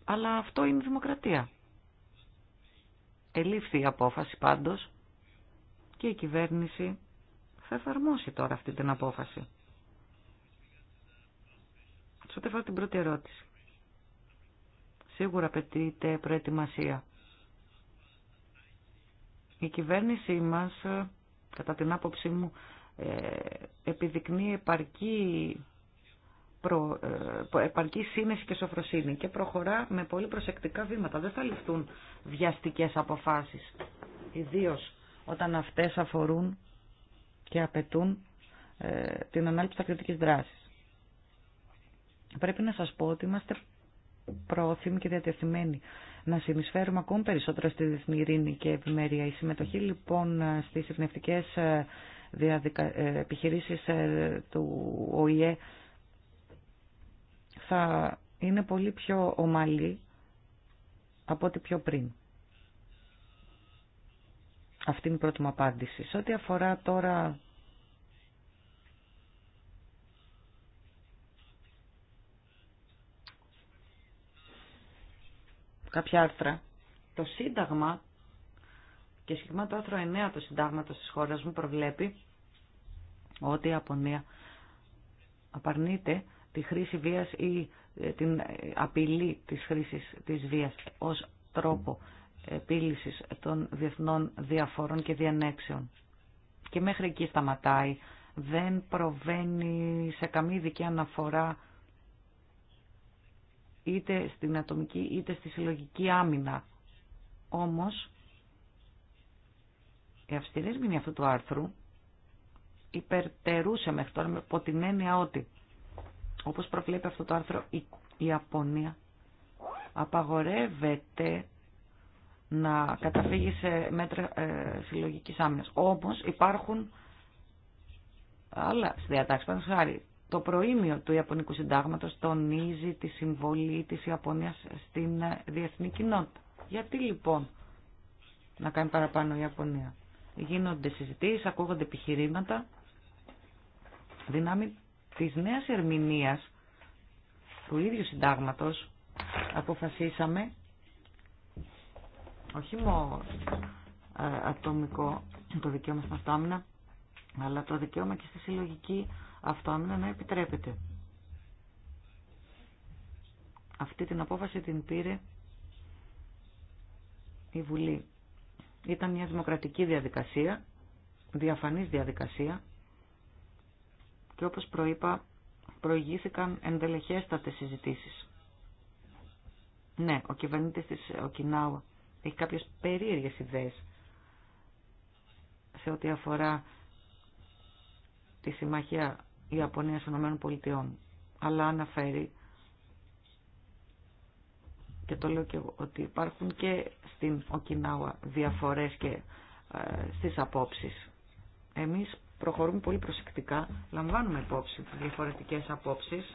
αλλά αυτό είναι δημοκρατία. Ελήφθη η απόφαση πάντως και η κυβέρνηση θα εφαρμόσει τώρα αυτή την απόφαση. Σε ό,τι την πρώτη ερώτηση. Σίγουρα απαιτείται προετοιμασία. Η κυβέρνησή μας, ε, κατά την άποψή μου, ε, επιδεικνύει επαρκή ε, προ, επαρκή σύνεση και σοφροσύνη και προχωρά με πολύ προσεκτικά βήματα. Δεν θα ληφθούν βιαστικές αποφάσεις, ιδίως όταν αυτές αφορούν και απαιτούν ε, την ανάληψη τακτικής δράσης. Πρέπει να σας πω ότι είμαστε προώθημοι και διατεθειμένοι να συνεισφέρουμε ακόμη περισσότερο στη διεθνή ειρήνη και επιμέρεια Η συμμετοχή λοιπόν στις ειρηνευτικές ε, επιχειρήσεις του ΟΗΕ θα είναι πολύ πιο ομαλή από ό,τι πιο πριν. Αυτή είναι η πρώτη μου απάντηση. Σε ό,τι αφορά τώρα κάποια άρθρα, το Σύνταγμα και συγκεκριμένα το άρθρο 9 του Συντάγματος της χώρας μου προβλέπει ότι η Απονία απαρνείται τη χρήση βίας ή ε, την απειλή της χρήσης της βίας ως τρόπο επίλυσης των διεθνών διαφορών και διανέξεων. Και μέχρι εκεί σταματάει. Δεν προβαίνει σε καμία ειδική αναφορά είτε στην ατομική είτε στη συλλογική άμυνα. Όμως, η αυστηρή μήνυ αυτού του άρθρου υπερτερούσε μέχρι τώρα από την έννοια αναφορα ειτε στην ατομικη ειτε στη συλλογικη αμυνα ομως η αυστηρη αυτου του αρθρου υπερτερουσε μεχρι τωρα με την εννοια οτι όπως προβλέπει αυτό το άρθρο, η Ιαπωνία απαγορεύεται να καταφύγει σε μέτρα ε, συλλογικής άμυνας. Όμως υπάρχουν άλλα διατάξεις. Πάνω χάρη, το προήμιο του Ιαπωνικού Συντάγματος τονίζει τη συμβολή της Ιαπωνίας στην ε, διεθνή κοινότητα. Γιατί λοιπόν να κάνει παραπάνω η Ιαπωνία. Γίνονται συζητήσεις, ακούγονται επιχειρήματα, δυνάμει της νέας ερμηνείας του ίδιου συντάγματος αποφασίσαμε όχι μόνο ε, ατομικό το δικαίωμα στην αυτοάμυνα, αλλά το δικαίωμα και στη συλλογική αυτοάμυνα να επιτρέπεται. Αυτή την απόφαση την πήρε η Βουλή. Ήταν μια δημοκρατική διαδικασία, διαφανής διαδικασία, και όπως προείπα προηγήθηκαν εντελεχέστατες συζητήσεις. Ναι, ο κυβερνήτης της Οκινάου έχει κάποιες περίεργες ιδέες σε ό,τι αφορά τη συμμαχία Ιαπωνίας Ιαπωνίας-ΕΠΑ Πολιτειών. Αλλά αναφέρει και το λέω και εγώ, ότι υπάρχουν και στην Οκινάουα διαφορές και ε, στις απόψεις. Εμείς προχωρούμε πολύ προσεκτικά, λαμβάνουμε υπόψη τις διαφορετικές απόψεις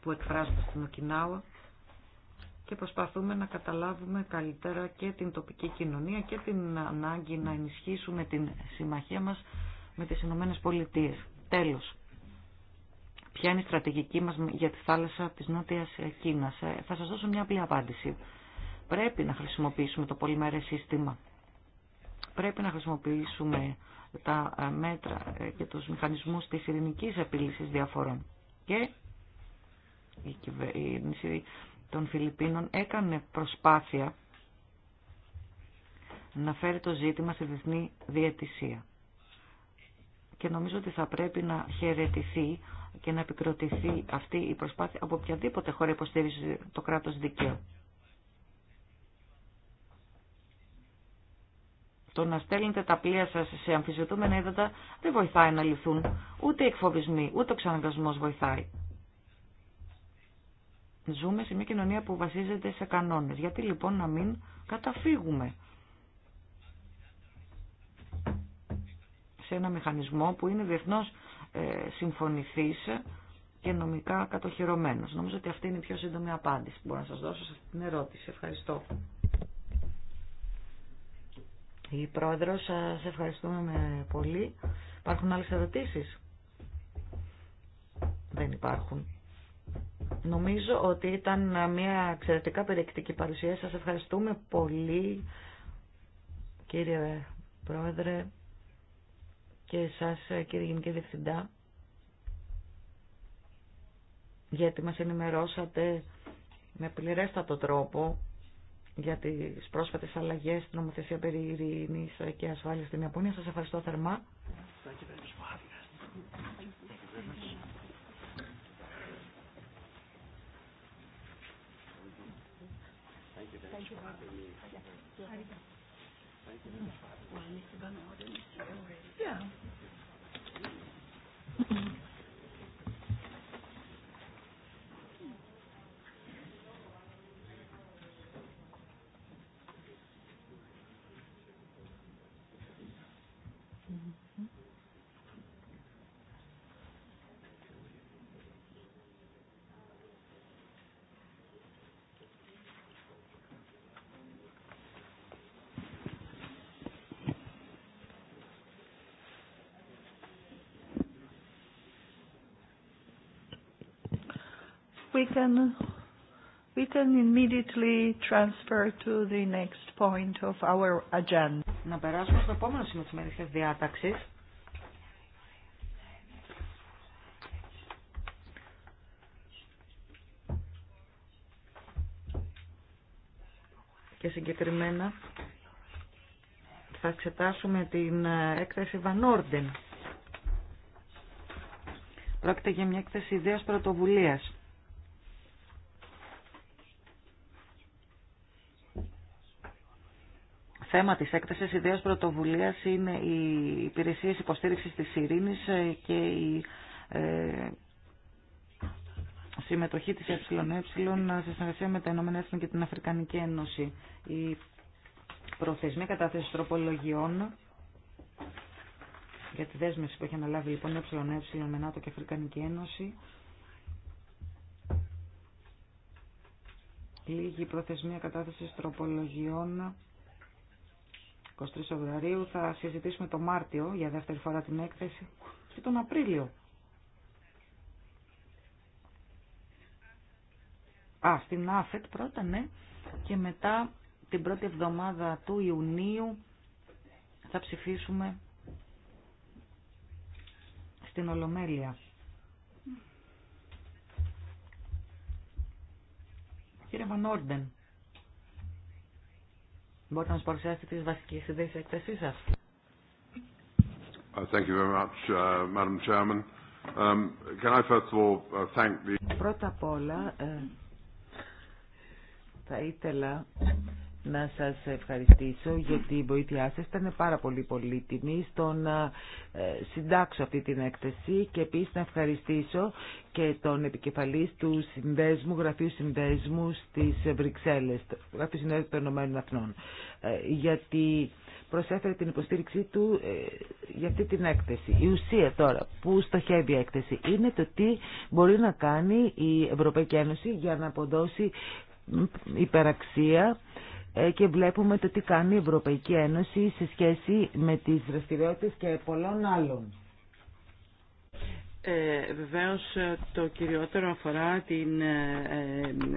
που εκφράζονται στην Οκινάουα και προσπαθούμε να καταλάβουμε καλύτερα και την τοπική κοινωνία και την ανάγκη να ενισχύσουμε την συμμαχία μας με τις Ηνωμένες Πολιτείες. Τέλος, ποια είναι η στρατηγική μας για τη θάλασσα της Νότιας Κίνας. Ε, θα σας δώσω μια απλή απάντηση. Πρέπει να χρησιμοποιήσουμε το πολυμερές σύστημα. Πρέπει να χρησιμοποιήσουμε τα μέτρα και τους μηχανισμούς της ειρηνικής επίλυσης διαφορών. Και η κυβέρνηση των Φιλιππίνων έκανε προσπάθεια να φέρει το ζήτημα σε διεθνή διαιτησία. Και νομίζω ότι θα πρέπει να χαιρετηθεί και να επικροτηθεί αυτή η προσπάθεια από οποιαδήποτε χώρα υποστηρίζει το κράτος δικαίου. Το να στέλνετε τα πλοία σας σε αμφισβητούμενα είδατα δεν βοηθάει να λυθούν. Ούτε οι εκφοβισμοί, ούτε ο ξαναγκασμός βοηθάει. Ζούμε σε μια κοινωνία που βασίζεται σε κανόνες. Γιατί λοιπόν να μην καταφύγουμε σε ένα μηχανισμό που είναι διεθνώς ε, και νομικά κατοχυρωμένος. Νομίζω ότι αυτή είναι η πιο σύντομη απάντηση που μπορώ να σας δώσω σε αυτή την ερώτηση. Ευχαριστώ. Η Πρόεδρος, σας ευχαριστούμε πολύ. Υπάρχουν άλλες ερωτήσεις? Δεν υπάρχουν. Νομίζω ότι ήταν μια εξαιρετικά περιεκτική παρουσία. Σας ευχαριστούμε πολύ, κύριε Πρόεδρε, και εσάς, κύριε Γενική Διευθυντά, γιατί μας ενημερώσατε με πληρέστατο τρόπο για τι πρόσφατες αλλαγέ, στην νομοθεσία περί ειρήνη και ασφάλεια στην Ιαπωνία. Σας ευχαριστώ θερμά. we can immediately transfer to the next point of our agenda. Να περάσουμε στο επόμενο σημείο της μερικής διάταξης. Και συγκεκριμένα θα εξετάσουμε την ε, έκθεση Van Orden. Πρόκειται για μια έκθεση ιδέας πρωτοβουλίας θέμα της έκτασης ιδέας πρωτοβουλίας είναι οι υπηρεσίες υποστήριξης της ειρήνης ε, και η ε, συμμετοχή της ΕΕ σε συνεργασία με τα ΗΕ και την Αφρικανική Ένωση. Η προθεσμία κατάθεση τροπολογιών για τη δέσμευση που έχει αναλάβει λοιπόν ΕΕ με ΝΑΤΟ και Αφρικανική Ένωση λίγη προθεσμία κατάθεσης τροπολογιών 23 Φεβρουαρίου, θα συζητήσουμε το Μάρτιο για δεύτερη φορά την έκθεση και τον Απρίλιο. Α, στην ΑΦΕΤ πρώτα, ναι, και μετά την πρώτη εβδομάδα του Ιουνίου θα ψηφίσουμε στην Ολομέλεια. Κύριε Βανόρντεν, Μπορείτε να μας παρουσιάσετε τις βασικές ιδέες της έκθεσής σας. Πρώτα απ' όλα, ε, θα ήθελα να σας ευχαριστήσω γιατί η βοήθειά σας. Ήταν πάρα πολύ πολύτιμη στο να ε, συντάξω αυτή την έκθεση και επίσης να ευχαριστήσω και τον επικεφαλής του συνδέσμου, γραφείου συνδέσμου στις Βρυξέλλες, γραφείου συνδέσμου των Ηνωμένων Αθνών, ε, γιατί προσέφερε την υποστήριξή του ε, για αυτή την έκθεση. Η ουσία τώρα που στοχεύει η έκθεση είναι το τι μπορεί να κάνει η Ευρωπαϊκή Ένωση για να αποδώσει υπεραξία ε, και βλέπουμε το τι κάνει η Ευρωπαϊκή Ένωση σε σχέση με τις δραστηριότητες και πολλών άλλων. Ε, το κυριότερο αφορά την ε,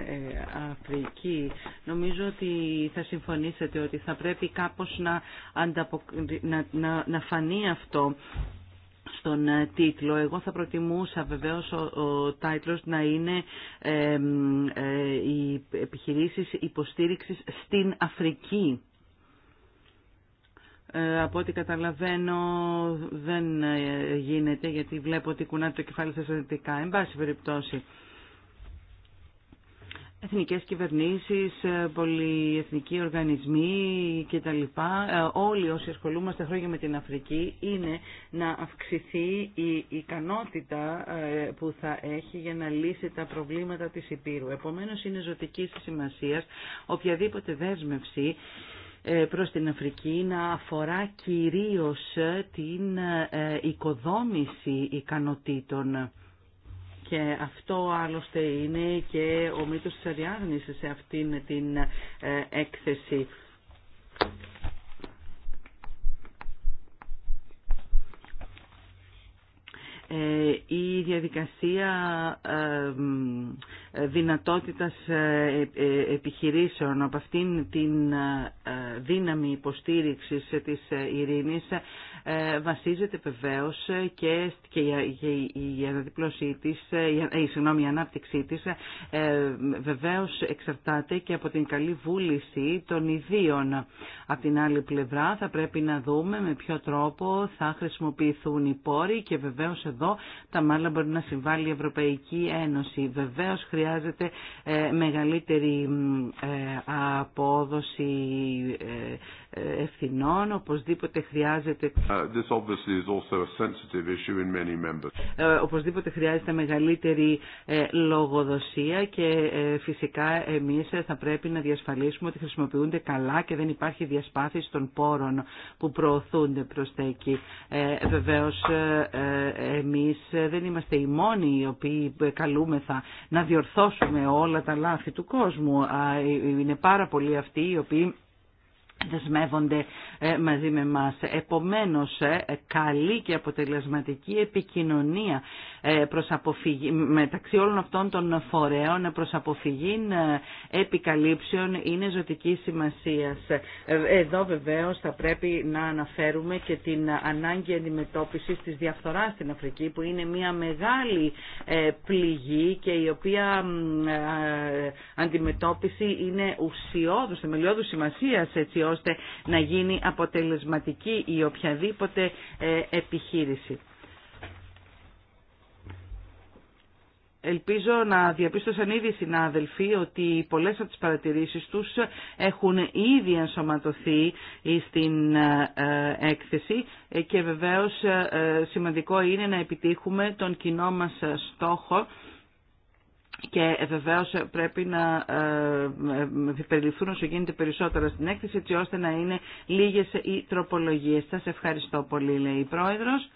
ε, Αφρική. Νομίζω ότι θα συμφωνήσετε ότι θα πρέπει κάπως να, να, να, να φανεί αυτό στον ε, τίτλο. Εγώ θα προτιμούσα βεβαίως ο, ο τίτλος να είναι ε, ε, οι επιχειρήσεις υποστήριξης στην Αφρική. Ε, από ό,τι καταλαβαίνω δεν ε, γίνεται γιατί βλέπω ότι κουνάτε το κεφάλι σας αρνητικά. Εν πάση περιπτώσει. Εθνικές κυβερνήσεις, ε, πολυεθνικοί οργανισμοί κτλ. Ε, όλοι όσοι ασχολούμαστε χρόνια με την Αφρική είναι να αυξηθεί η ικανότητα ε, που θα έχει για να λύσει τα προβλήματα της Υπήρου. Επομένως είναι ζωτική σημασία οποιαδήποτε δέσμευση προς την Αφρική να αφορά κυρίως την οικοδόμηση ικανοτήτων. Και αυτό άλλωστε είναι και ο μύθος της αδιάγνησης σε αυτήν την ε, έκθεση. Ε, η διαδικασία ε, δυνατότητας ε, ε, επιχειρήσεων, από αυτήν την ε, δύναμη υποστήριξης της ειρήνης βασίζεται βεβαίως και η αναδιπλώσή της, η, συγγνώμη, η ανάπτυξή της βεβαίως εξαρτάται και από την καλή βούληση των ιδίων. Από την άλλη πλευρά θα πρέπει να δούμε με ποιο τρόπο θα χρησιμοποιηθούν οι πόροι και βεβαίως εδώ τα μάλλα μπορεί να συμβάλλει η Ευρωπαϊκή Ένωση. Βεβαίως χρειάζεται ε, μεγαλύτερη ε, απόδοση ε, ευθυνών, οπωσδήποτε χρειάζεται... Uh, this obviously is also ε, Οπωσδήποτε χρειάζεται μεγαλύτερη ε, λογοδοσία και ε, φυσικά εμείς θα πρέπει να διασφαλίσουμε ότι χρησιμοποιούνται καλά και δεν υπάρχει διασπάθηση των πόρων που προωθούνται προς τα εκεί. Βεβαίως εμείς δεν είμαστε οι μόνοι οι οποίοι καλούμεθα να διορθώσουμε όλα τα λάθη του κόσμου. Είναι πάρα πολλοί αυτοί οι οποίοι δεσμεύονται ε, μαζί με μας. Επομένως, ε, καλή και αποτελεσματική επικοινωνία ε, προς μεταξύ όλων αυτών των φορέων προς αποφυγή επικαλύψεων είναι ζωτική σημασίας. Εδώ βεβαίως θα πρέπει να αναφέρουμε και την ανάγκη αντιμετώπισης της διαφθοράς στην Αφρική που είναι μια μεγάλη πληγή και η οποία αντιμετώπιση είναι ουσιώδους, θεμελιώδους σημασίας έτσι ώστε να γίνει αποτελεσματική η οποιαδήποτε ε, επιχείρηση. Ελπίζω να διαπίστωσαν ήδη οι συνάδελφοι ότι πολλές από τις παρατηρήσεις τους έχουν ήδη ενσωματωθεί στην ε, έκθεση και βεβαίως ε, σημαντικό είναι να επιτύχουμε τον κοινό μας στόχο και ε, βεβαίω πρέπει να ε, περιληφθούν όσο γίνεται περισσότερα στην έκθεση έτσι ώστε να είναι λίγες οι τροπολογίες. Σας ευχαριστώ πολύ λέει η Πρόεδρος.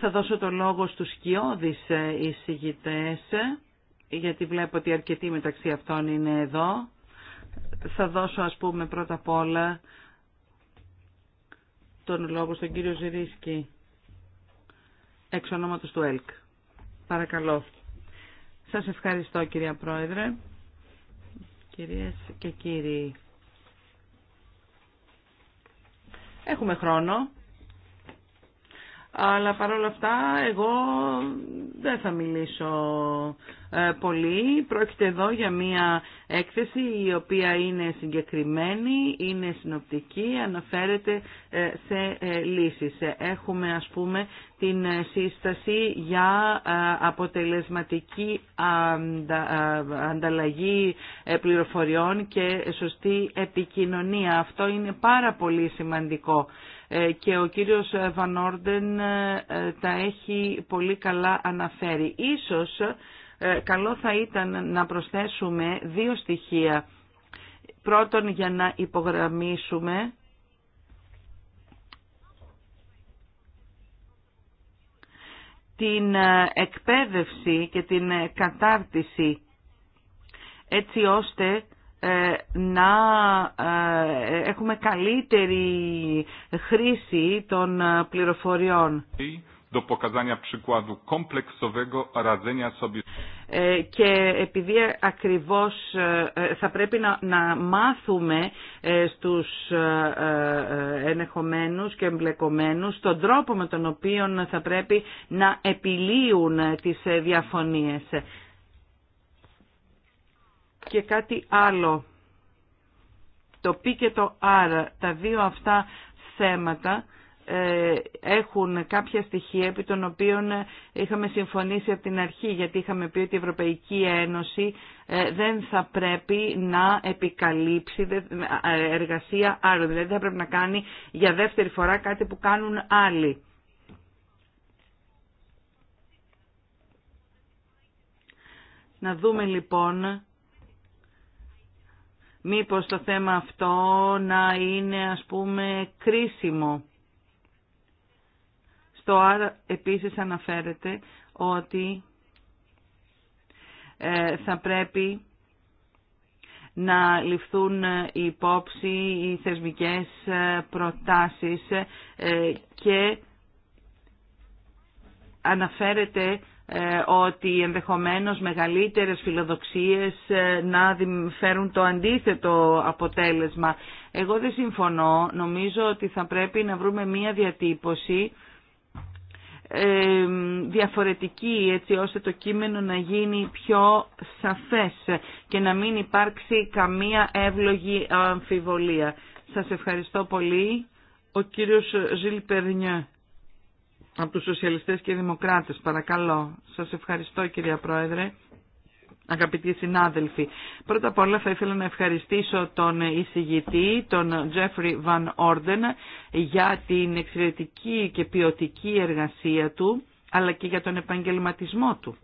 Θα δώσω το λόγο στους σκιώδεις ε, εισηγητές γιατί βλέπω ότι αρκετοί μεταξύ αυτών είναι εδώ. Θα δώσω ας πούμε πρώτα απ' όλα τον λόγο στον κύριο Ζηρίσκη εξ του ΕΛΚ. Παρακαλώ. Σας ευχαριστώ κυρία Πρόεδρε. Κυρίες και κύριοι. Έχουμε χρόνο. Αλλά παρόλα αυτά εγώ δεν θα μιλήσω ε, πολύ. Πρόκειται εδώ για μια έκθεση η οποία είναι συγκεκριμένη, είναι συνοπτική, αναφέρεται ε, σε ε, λύσεις. Έχουμε ας πούμε την σύσταση για αποτελεσματική ανταλλαγή πληροφοριών και σωστή επικοινωνία. Αυτό είναι πάρα πολύ σημαντικό και ο κύριος Βανόρντεν τα έχει πολύ καλά αναφέρει. Ίσως ε, καλό θα ήταν να προσθέσουμε δύο στοιχεία. Πρώτον, για να υπογραμμίσουμε την ε, εκπαίδευση και την ε, κατάρτιση έτσι ώστε να έχουμε καλύτερη χρήση των πληροφοριών do pokazania przykładu kompleksowego radzenia sobie. Και e, επειδή ακριβώς e, e, θα πρέπει να, να μάθουμε στους ενεχομένους και εμπλεκομένους τον τρόπο με τον οποίο θα πρέπει να επιλύουν ε, τις ε, διαφωνίες. Και κάτι άλλο. Το πί και το R, τα δύο αυτά θέματα ε, έχουν κάποια στοιχεία επί των οποίων είχαμε συμφωνήσει από την αρχή γιατί είχαμε πει ότι η Ευρωπαϊκή Ένωση ε, δεν θα πρέπει να επικαλύψει ε, εργασία άλλων. Δηλαδή θα πρέπει να κάνει για δεύτερη φορά κάτι που κάνουν άλλοι. Να δούμε λοιπόν μήπως το θέμα αυτό να είναι ας πούμε κρίσιμο. Στο άρα επίσης αναφέρεται ότι ε, θα πρέπει να ληφθούν υπόψη οι θεσμικές ε, προτάσεις ε, και αναφέρεται ότι ενδεχομένως μεγαλύτερες φιλοδοξίες να φέρουν το αντίθετο αποτέλεσμα. Εγώ δεν συμφωνώ. Νομίζω ότι θα πρέπει να βρούμε μία διατύπωση διαφορετική έτσι ώστε το κείμενο να γίνει πιο σαφές και να μην υπάρξει καμία εύλογη αμφιβολία. Σας ευχαριστώ πολύ. Ο κύριος Ζιλ Περνιέ από τους Σοσιαλιστές και Δημοκράτες, παρακαλώ. Σας ευχαριστώ κυρία Πρόεδρε. Αγαπητοί συνάδελφοι, πρώτα απ' όλα θα ήθελα να ευχαριστήσω τον εισηγητή, τον Τζέφρι Βαν Όρντεν, για την εξαιρετική και ποιοτική εργασία του, αλλά και για τον επαγγελματισμό του.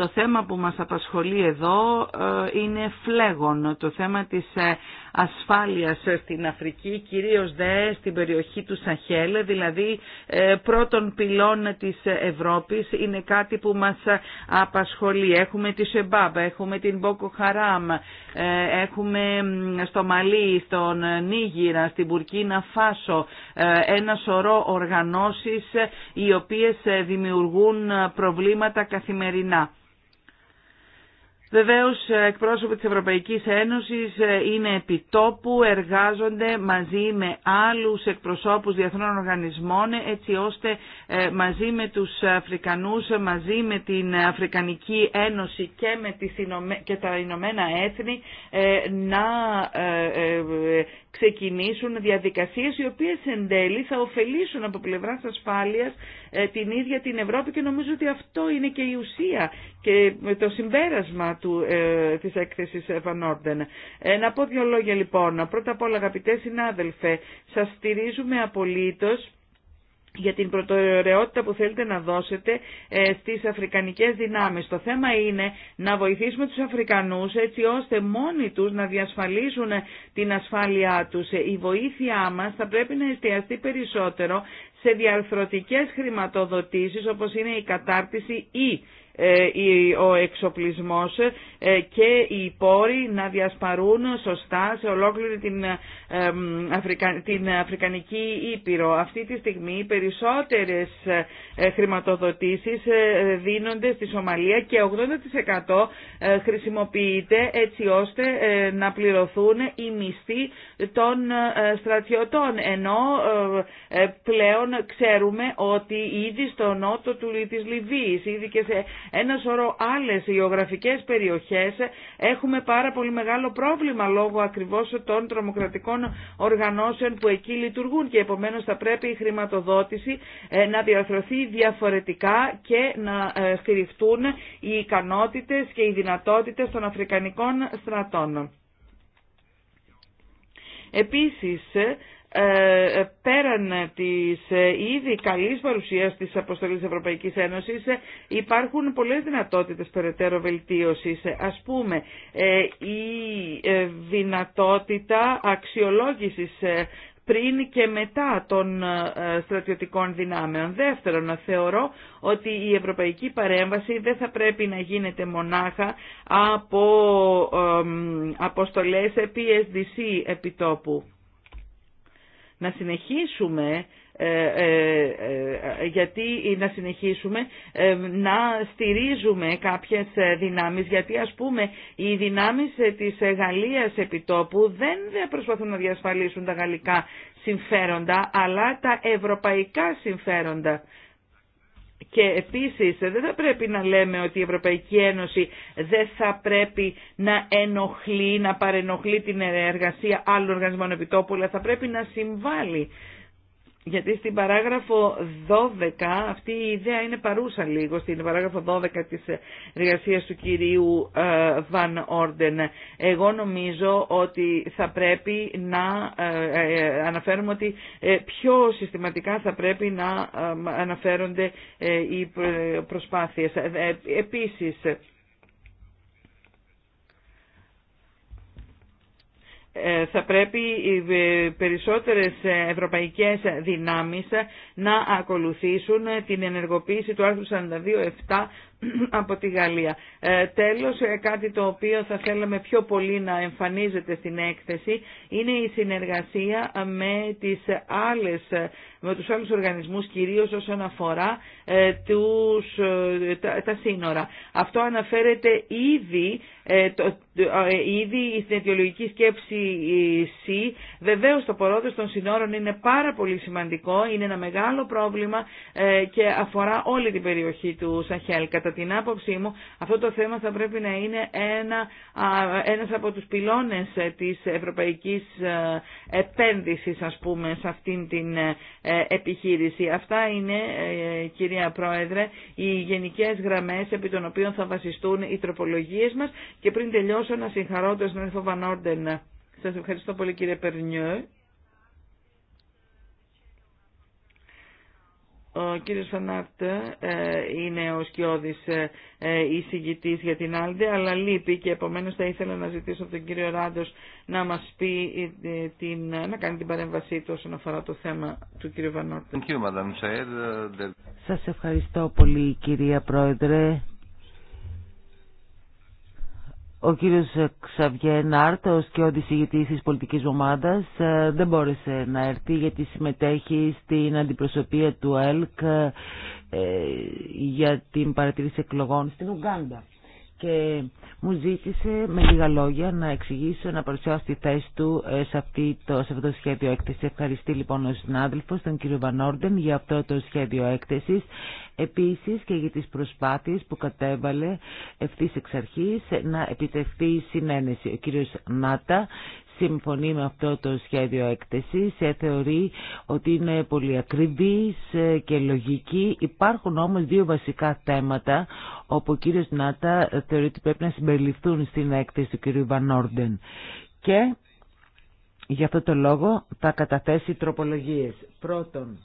Το θέμα που μας απασχολεί εδώ ε, είναι φλέγον. Το θέμα της ε, ασφάλειας στην Αφρική, κυρίως δε στην περιοχή του Σαχέλ, δηλαδή ε, πρώτων πυλών της Ευρώπης, είναι κάτι που μας απασχολεί. Έχουμε τη Σεμπάμπ, έχουμε την Μπόκο Χαράμ, έχουμε στο Μαλί, στον Νίγηρα, στην Πουρκίνα, Φάσο, ένα σωρό οργανώσεις οι οποίες δημιουργούν προβλήματα καθημερινά. Βεβαίως ε, εκπρόσωποι της Ευρωπαϊκής Ένωσης ε, είναι επιτόπου, εργάζονται μαζί με άλλους εκπροσώπους διεθνών οργανισμών έτσι ώστε ε, μαζί με τους Αφρικανούς, μαζί με την Αφρικανική Ένωση και με τα Ηνωμένα Έθνη να ξεκινήσουν διαδικασίες οι οποίες εν τέλει θα ωφελήσουν από πλευράς ασφάλειας ε, την ίδια την Ευρώπη και νομίζω ότι αυτό είναι και η ουσία και το συμπέρασμα του, ε, της έκθεσης Βανόρντεν. Ε, να πω δύο λόγια λοιπόν. Πρώτα απ' όλα αγαπητέ συνάδελφε, σας στηρίζουμε απολύτως για την προτεραιότητα που θέλετε να δώσετε στις αφρικανικές δυνάμεις. Το θέμα είναι να βοηθήσουμε τους Αφρικανούς έτσι ώστε μόνοι τους να διασφαλίσουν την ασφάλειά τους. Η βοήθειά μας θα πρέπει να εστιαστεί περισσότερο σε διαρθρωτικές χρηματοδοτήσεις όπως είναι η κατάρτιση ή ε, ο εξοπλισμός ε, και οι πόροι να διασπαρούν σωστά σε ολόκληρη την, ε, την Αφρικανική Ήπειρο. Αυτή τη στιγμή περισσότερες χρηματοδοτήσεις δίνονται στη Σομαλία και 80% χρησιμοποιείται έτσι ώστε να πληρωθούν οι μισθοί των στρατιωτών. Ενώ πλέον ξέρουμε ότι ήδη στο νότο του, της Λιβύης, ήδη ένα σωρό άλλες γεωγραφικές περιοχές έχουμε πάρα πολύ μεγάλο πρόβλημα λόγω ακριβώς των τρομοκρατικών οργανώσεων που εκεί λειτουργούν και επομένως θα πρέπει η χρηματοδότηση ε, να διαρθρωθεί διαφορετικά και να ε, στηριχτούν οι ικανότητες και οι δυνατότητες των Αφρικανικών στρατών. Επίσης, ε, ε, πέραν της ε, ήδη καλής παρουσίας της Αποστολής Ευρωπαϊκής Ένωσης υπάρχουν πολλές δυνατότητες περαιτέρω βελτίωσης. Ας πούμε, η δυνατότητα αξιολόγησης πριν και μετά των στρατιωτικών δυνάμεων. Δεύτερον, θεωρώ ότι η ευρωπαϊκή παρέμβαση δεν θα πρέπει να γίνεται μονάχα από αποστολές PSDC επιτόπου να συνεχίσουμε ε, ε, ε, γιατί να συνεχίσουμε να στηρίζουμε κάποιες δυνάμεις γιατί ας πούμε οι δυνάμεις της Γαλλίας επιτόπου δεν προσπαθούν να διασφαλίσουν τα γαλλικά συμφέροντα αλλά τα ευρωπαϊκά συμφέροντα και επίσης δεν θα πρέπει να λέμε ότι η Ευρωπαϊκή Ένωση δεν θα πρέπει να ενοχλεί, να παρενοχλεί την εργασία άλλων οργανισμών επιτόπου, αλλά θα πρέπει να συμβάλλει γιατί στην παράγραφο 12, αυτή η ιδέα είναι παρούσα λίγο, στην παράγραφο 12 της εργασίας του κυρίου ε, Βαν Όρντεν. Εγώ νομίζω ότι θα πρέπει να ε, ε, αναφέρουμε ότι πιο συστηματικά θα πρέπει να αναφέρονται οι προσπάθειες. Επίσης, Ε, θα πρέπει οι ε, περισσότερες ευρωπαϊκές δυνάμεις να ακολουθήσουν ε, την ενεργοποίηση του άρθρου 42-7 από τη Γαλλία. Τέλος, κάτι το οποίο θα θέλαμε πιο πολύ να εμφανίζεται στην έκθεση είναι η συνεργασία με, τις άλλες, με τους άλλους οργανισμούς, κυρίως όσον αφορά τους, τα, τα σύνορα. Αυτό αναφέρεται ήδη ε, ε, ήδη στην αιτιολογική σκέψη C, βεβαίως το πορότες των συνόρων είναι πάρα πολύ σημαντικό, είναι ένα μεγάλο πρόβλημα ε, και αφορά όλη την περιοχή του Σαχέλ. Κατά την άποψή μου αυτό το θέμα θα πρέπει να είναι ένα, ένας από τους πυλώνες της ευρωπαϊκής επένδυσης ας πούμε σε αυτήν την επιχείρηση. Αυτά είναι κυρία Πρόεδρε οι γενικές γραμμές επί των οποίων θα βασιστούν οι τροπολογίες μας και πριν τελειώσω να συγχαρώ τον συνάδελφο Όρντεν. Σας ευχαριστώ πολύ κύριε Περνιό. Ο κύριος Φανάρτ ε, είναι ο σκιώδης ε, ε, εισηγητής για την Άλντε, αλλά λείπει και επομένως θα ήθελα να ζητήσω από τον κύριο Ράντος να μας πει, την, να κάνει την παρέμβασή του όσον αφορά το θέμα του κύριου Βανόρτ. Σας ευχαριστώ πολύ κυρία Πρόεδρε. Ο κύριος Ξαβιέ Νάρτος και ο δισηγητής της πολιτικής ομάδας ε, δεν μπόρεσε να έρθει γιατί συμμετέχει στην αντιπροσωπεία του ΕΛΚ ε, για την παρατήρηση εκλογών στην Ουγγάντα και μου ζήτησε με λίγα λόγια να εξηγήσω, να παρουσιάσω τη θέση του ε, σε, αυτή το, σε αυτό το σχέδιο έκθεση. Ευχαριστεί λοιπόν ο συνάδελφο, τον κύριο Βανόρντεν, για αυτό το σχέδιο έκθεση. Επίση και για τι προσπάθειε που κατέβαλε ευθύ εξ αρχή να επιτευχθεί η συνένεση. Ο κύριο Νάτα συμφωνεί με αυτό το σχέδιο έκθεσης, ε, θεωρεί ότι είναι πολύ ακριβής ε, και λογική. Υπάρχουν όμως δύο βασικά θέματα όπου ο κύριος Νάτα ε, θεωρεί ότι πρέπει να συμπεριληφθούν στην έκθεση του κύριου Βανόρντεν. Και γι' αυτό το λόγο θα καταθέσει τροπολογίες. Πρώτον,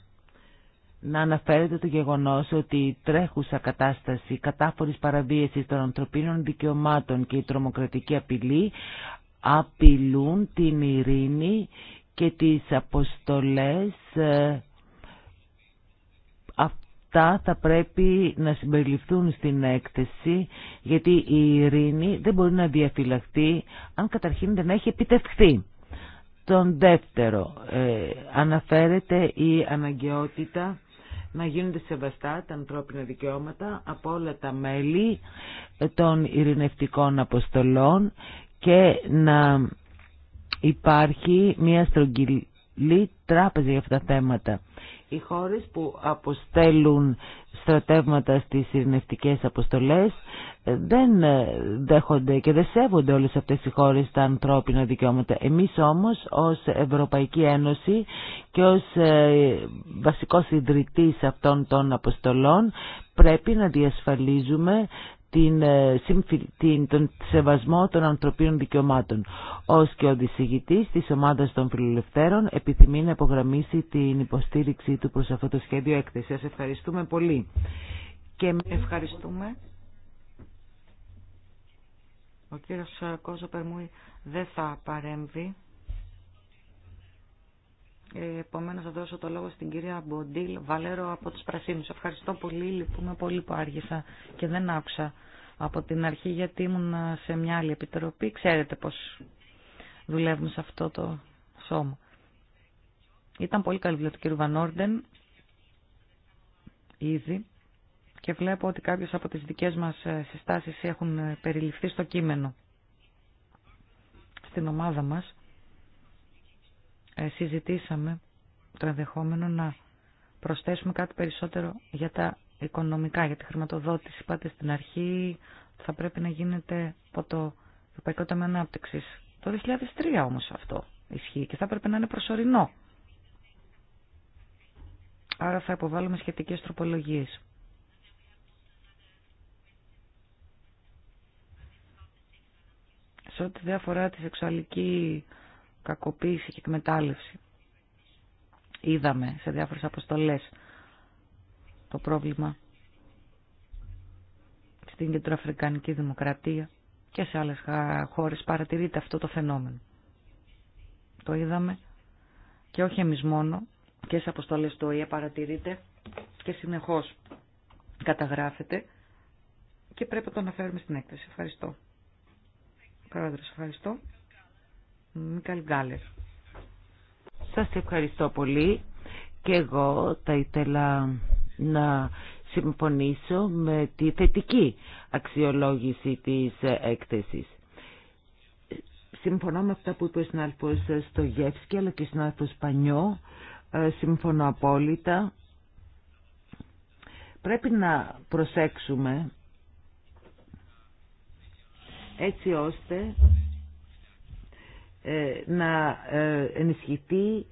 να αναφέρεται το γεγονός ότι η τρέχουσα κατάσταση κατάφορης παραβίασης των ανθρωπίνων δικαιωμάτων και η τρομοκρατική απειλή απειλούν την ειρήνη και τις αποστολές ε, αυτά θα πρέπει να συμπεριληφθούν στην έκθεση γιατί η ειρήνη δεν μπορεί να διαφυλαχθεί αν καταρχήν δεν έχει επιτευχθεί. Τον δεύτερο ε, αναφέρεται η αναγκαιότητα να γίνονται σεβαστά τα ανθρώπινα δικαιώματα από όλα τα μέλη των ειρηνευτικών αποστολών και να υπάρχει μια στρογγυλή τράπεζα για αυτά τα θέματα. Οι χώρες που αποστέλουν στρατεύματα στις ειρηνευτικές αποστολές ε, δεν ε, δέχονται και δεν σέβονται όλες αυτές οι χώρες τα ανθρώπινα δικαιώματα. Εμείς όμως ως Ευρωπαϊκή Ένωση και ως ε, βασικός ιδρυτής αυτών των αποστολών πρέπει να διασφαλίζουμε την, ε, την, τον σεβασμό των ανθρωπίνων δικαιωμάτων. Ως και ο δισηγητής της ομάδας των φιλελευθέρων επιθυμεί να υπογραμμίσει την υποστήριξή του προς αυτό το σχέδιο έκθεση. ευχαριστούμε πολύ. Και... Ευχαριστούμε. Ο κύριος ε, Κόζο Περμούη δεν θα παρέμβει. Ε, επομένως θα δώσω το λόγο στην κυρία Μποντίλ Βαλέρο από του Πρασίνους. Ευχαριστώ πολύ, λυπούμε πολύ που άργησα και δεν άκουσα από την αρχή γιατί ήμουν σε μια άλλη επιτροπή. Ξέρετε πώς δουλεύουμε σε αυτό το σώμα. Ήταν πολύ καλή βιβλία του κ. Βανόρντεν ήδη και βλέπω ότι κάποιες από τις δικές μας ε, συστάσεις έχουν ε, περιληφθεί στο κείμενο στην ομάδα μας. Ε, συζητήσαμε το ενδεχόμενο να προσθέσουμε κάτι περισσότερο για τα οικονομικά για τη χρηματοδότηση. Πάτε στην αρχή θα πρέπει να γίνεται από το Ευρωπαϊκό Ταμείο Ανάπτυξη. Το 2003 όμως αυτό ισχύει και θα πρέπει να είναι προσωρινό. Άρα θα υποβάλουμε σχετικέ τροπολογίες. Σε ό,τι διάφορα αφορά τη σεξουαλική κακοποίηση και εκμετάλλευση. Είδαμε σε διάφορες αποστολές το πρόβλημα στην κεντροαφρικανική δημοκρατία και σε άλλες χώρες παρατηρείται αυτό το φαινόμενο. Το είδαμε και όχι εμείς μόνο και σε αποστολές το ΟΗΕ παρατηρείται και συνεχώς καταγράφεται και πρέπει να το αναφέρουμε στην έκθεση. Ευχαριστώ. Πρόεδρος, ευχαριστώ. Μικαλ Γκάλερ. Σας ευχαριστώ πολύ και εγώ τα ήθελα να συμφωνήσω με τη θετική αξιολόγηση της έκθεσης. Συμφωνώ με αυτά που είπε ο συνάδελφος στο Γεύσκι αλλά και ο συνάδελφος Πανιό. Ε, συμφωνώ απόλυτα. Πρέπει να προσέξουμε έτσι ώστε ε, να ε, ενισχυθεί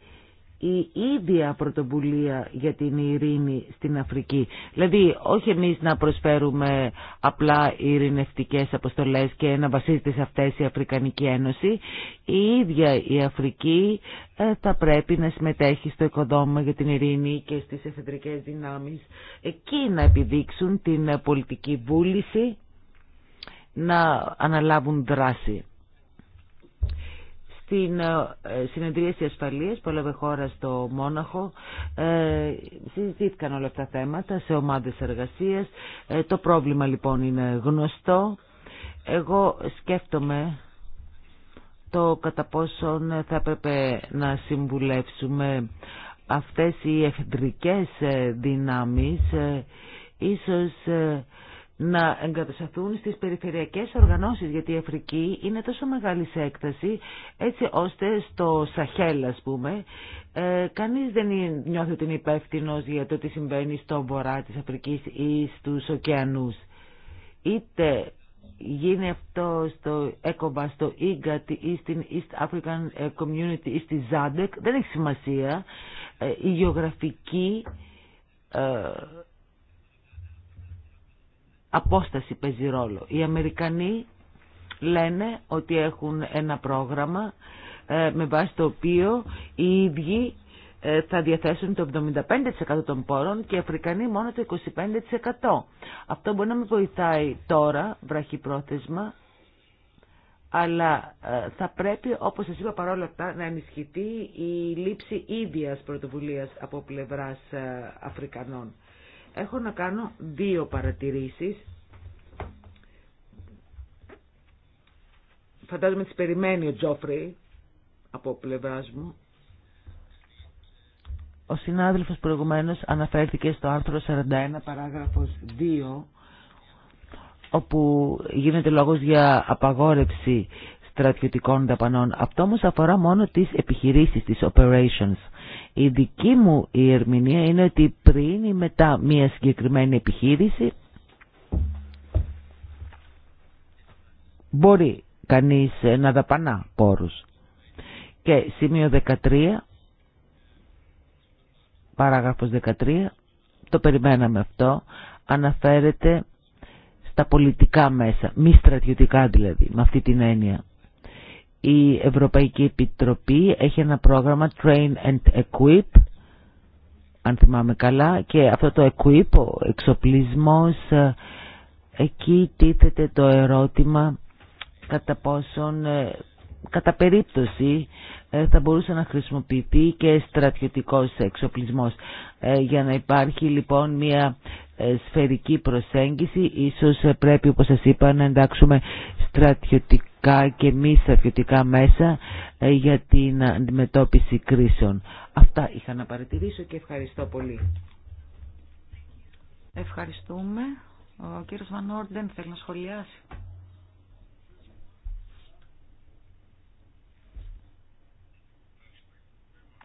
η ίδια πρωτοβουλία για την ειρήνη στην Αφρική. Δηλαδή, όχι εμείς να προσφέρουμε απλά ειρηνευτικές αποστολές και να βασίζεται σε αυτές η Αφρικανική Ένωση. Η ίδια η Αφρική ε, θα πρέπει να συμμετέχει στο οικοδόμημα για την ειρήνη και στις εφεδρικές δυνάμεις. Εκεί να επιδείξουν την πολιτική βούληση να αναλάβουν δράση στην ε, συνεδρίαση ασφαλείας που έλαβε χώρα στο Μόναχο ε, συζητήθηκαν όλα αυτά τα θέματα σε ομάδες εργασίας. Ε, το πρόβλημα λοιπόν είναι γνωστό. Εγώ σκέφτομαι το κατά πόσον θα έπρεπε να συμβουλεύσουμε αυτές οι εχθρικές δυνάμεις ίσως να εγκατασταθούν στις περιφερειακές οργανώσεις γιατί η Αφρική είναι τόσο μεγάλη σε έκταση έτσι ώστε στο Σαχέλ ας πούμε ε, κανείς δεν νιώθει ότι είναι υπεύθυνο για το τι συμβαίνει στο βορρά της Αφρικής ή στους ωκεανούς είτε γίνει αυτό στο ΕΚΟΜΠΑ, στο ΙΓΑΤ ή στην East African ε, Community ή στη ΖΑΝΤΕΚ δεν έχει σημασία ε, η γεωγραφική ε, απόσταση παίζει ρόλο. Οι Αμερικανοί λένε ότι έχουν ένα πρόγραμμα ε, με βάση το οποίο οι ίδιοι ε, θα διαθέσουν το 75% των πόρων και οι Αφρικανοί μόνο το 25%. Αυτό μπορεί να με βοηθάει τώρα, βραχυπρόθεσμα, αλλά ε, θα πρέπει, όπως σας είπα παρόλα αυτά, να ενισχυθεί η λήψη ίδιας πρωτοβουλίας από πλευράς Αφρικανών. Έχω να κάνω δύο παρατηρήσεις. Φαντάζομαι τις περιμένει ο Τζόφρι από πλευράς μου. Ο συνάδελφος προηγουμένως αναφέρθηκε στο άρθρο 41 παράγραφος 2 όπου γίνεται λόγος για απαγόρευση στρατιωτικών δαπανών. Αυτό όμως αφορά μόνο τις επιχειρήσεις, τις operations. Η δική μου η ερμηνεία είναι ότι πριν ή μετά μια συγκεκριμένη επιχείρηση μπορεί κανείς ε, να δαπανά πόρους. Και σημείο 13, παράγραφος 13, το περιμέναμε αυτό, αναφέρεται στα πολιτικά μέσα, μη στρατιωτικά δηλαδή, με αυτή την έννοια η Ευρωπαϊκή Επιτροπή έχει ένα πρόγραμμα Train and Equip αν θυμάμαι καλά και αυτό το Equip, ο εξοπλισμός ε, εκεί τίθεται το ερώτημα κατά πόσον ε, κατά περίπτωση ε, θα μπορούσε να χρησιμοποιηθεί και στρατιωτικός εξοπλισμός για να υπάρχει λοιπόν μια ε, σφαιρική προσέγγιση. Ίσως ε, πρέπει, όπως σας είπα, να εντάξουμε στρατιωτικά και μη στρατιωτικά μέσα ε, για την αντιμετώπιση κρίσεων. Αυτά είχα να παρατηρήσω και ευχαριστώ πολύ. Ευχαριστούμε. Ο κύριος Βανόρ δεν θέλει να σχολιάσει.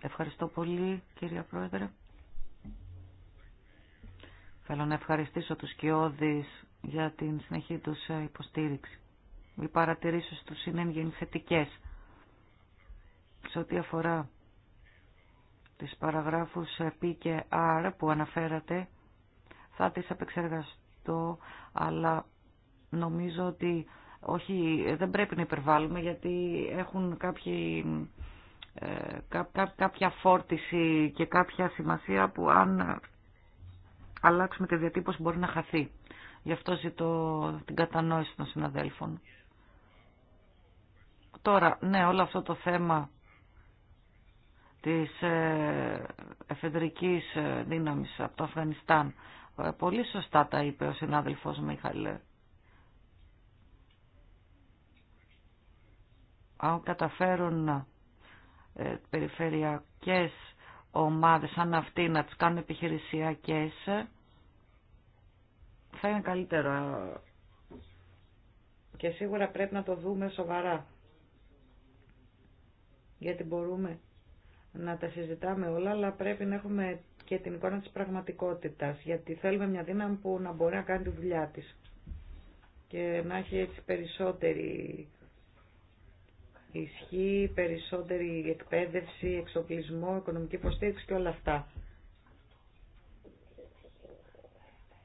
Ευχαριστώ πολύ, κυρία Πρόεδρε. Θέλω να ευχαριστήσω τους Κιώδης για την συνεχή τους ε, υποστήριξη. Οι παρατηρήσεις τους είναι θετικέ. Σε ό,τι αφορά τις παραγράφους P και R που αναφέρατε, θα τις απεξεργαστώ, αλλά νομίζω ότι όχι, δεν πρέπει να υπερβάλλουμε γιατί έχουν ε, κάποια φόρτιση και κάποια σημασία που αν αλλάξουμε και διατύπωση που μπορεί να χαθεί. Γι' αυτό ζητώ την κατανόηση των συναδέλφων. Τώρα, ναι, όλο αυτό το θέμα της ε, εφεδρικής ε, δύναμης από το Αφγανιστάν. Ε, πολύ σωστά τα είπε ο συνάδελφος Μίχαλε. Αν καταφέρουν περιφερειακές ομάδες σαν αυτή να τις κάνουν επιχειρησιακές θα είναι καλύτερα και σίγουρα πρέπει να το δούμε σοβαρά γιατί μπορούμε να τα συζητάμε όλα αλλά πρέπει να έχουμε και την εικόνα της πραγματικότητας γιατί θέλουμε μια δύναμη που να μπορεί να κάνει τη δουλειά της και να έχει έτσι περισσότερη ισχύει, περισσότερη εκπαίδευση, εξοπλισμό, οικονομική υποστήριξη και όλα αυτά.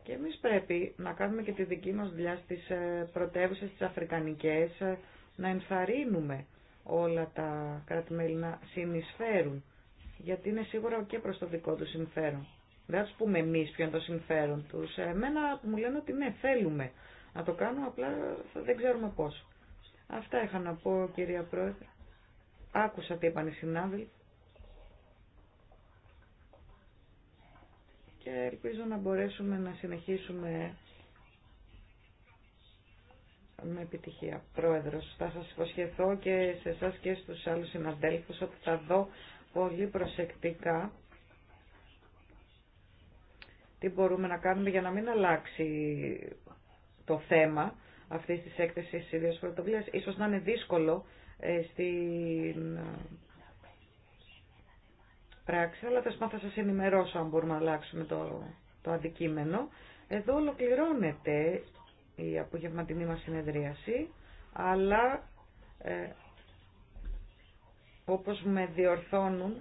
Και εμείς πρέπει να κάνουμε και τη δική μας δουλειά στις ε, πρωτεύουσες στις αφρικανικές, ε, να ενθαρρύνουμε όλα τα κράτη-μέλη να συνεισφέρουν, γιατί είναι σίγουρα και προς το δικό του συμφέρον. Δεν θα πούμε εμείς ποιο είναι το συμφέρον τους. Εμένα μου λένε ότι ναι, θέλουμε να το κάνουμε, απλά δεν ξέρουμε πώς. Αυτά είχα να πω, κυρία Πρόεδρε. Άκουσα τι είπαν οι συνάδελφοι. Και ελπίζω να μπορέσουμε να συνεχίσουμε με επιτυχία. Πρόεδρος, θα σας υποσχεθώ και σε εσά και στους άλλους συναδέλφους ότι θα δω πολύ προσεκτικά τι μπορούμε να κάνουμε για να μην αλλάξει το θέμα αυτής της έκθεσης ιδίως πρωτοβουλίας. Ίσως να είναι δύσκολο ε, στην ε, πράξη, αλλά θα, θα σας ενημερώσω αν μπορούμε να αλλάξουμε το, το αντικείμενο. Εδώ ολοκληρώνεται η απογευματινή μας συνεδρίαση, αλλά ε, όπως με διορθώνουν,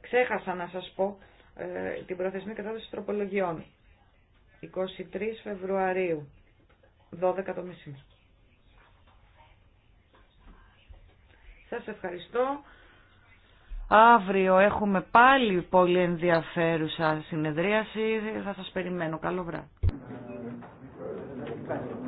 ξέχασα να σας πω ε, την προθεσμή κατάσταση τροπολογιών. 23 Φεβρουαρίου. 12 το μισή. Σας ευχαριστώ. Αύριο έχουμε πάλι πολύ ενδιαφέρουσα συνεδρίαση. Θα σας περιμένω. Καλό βράδυ.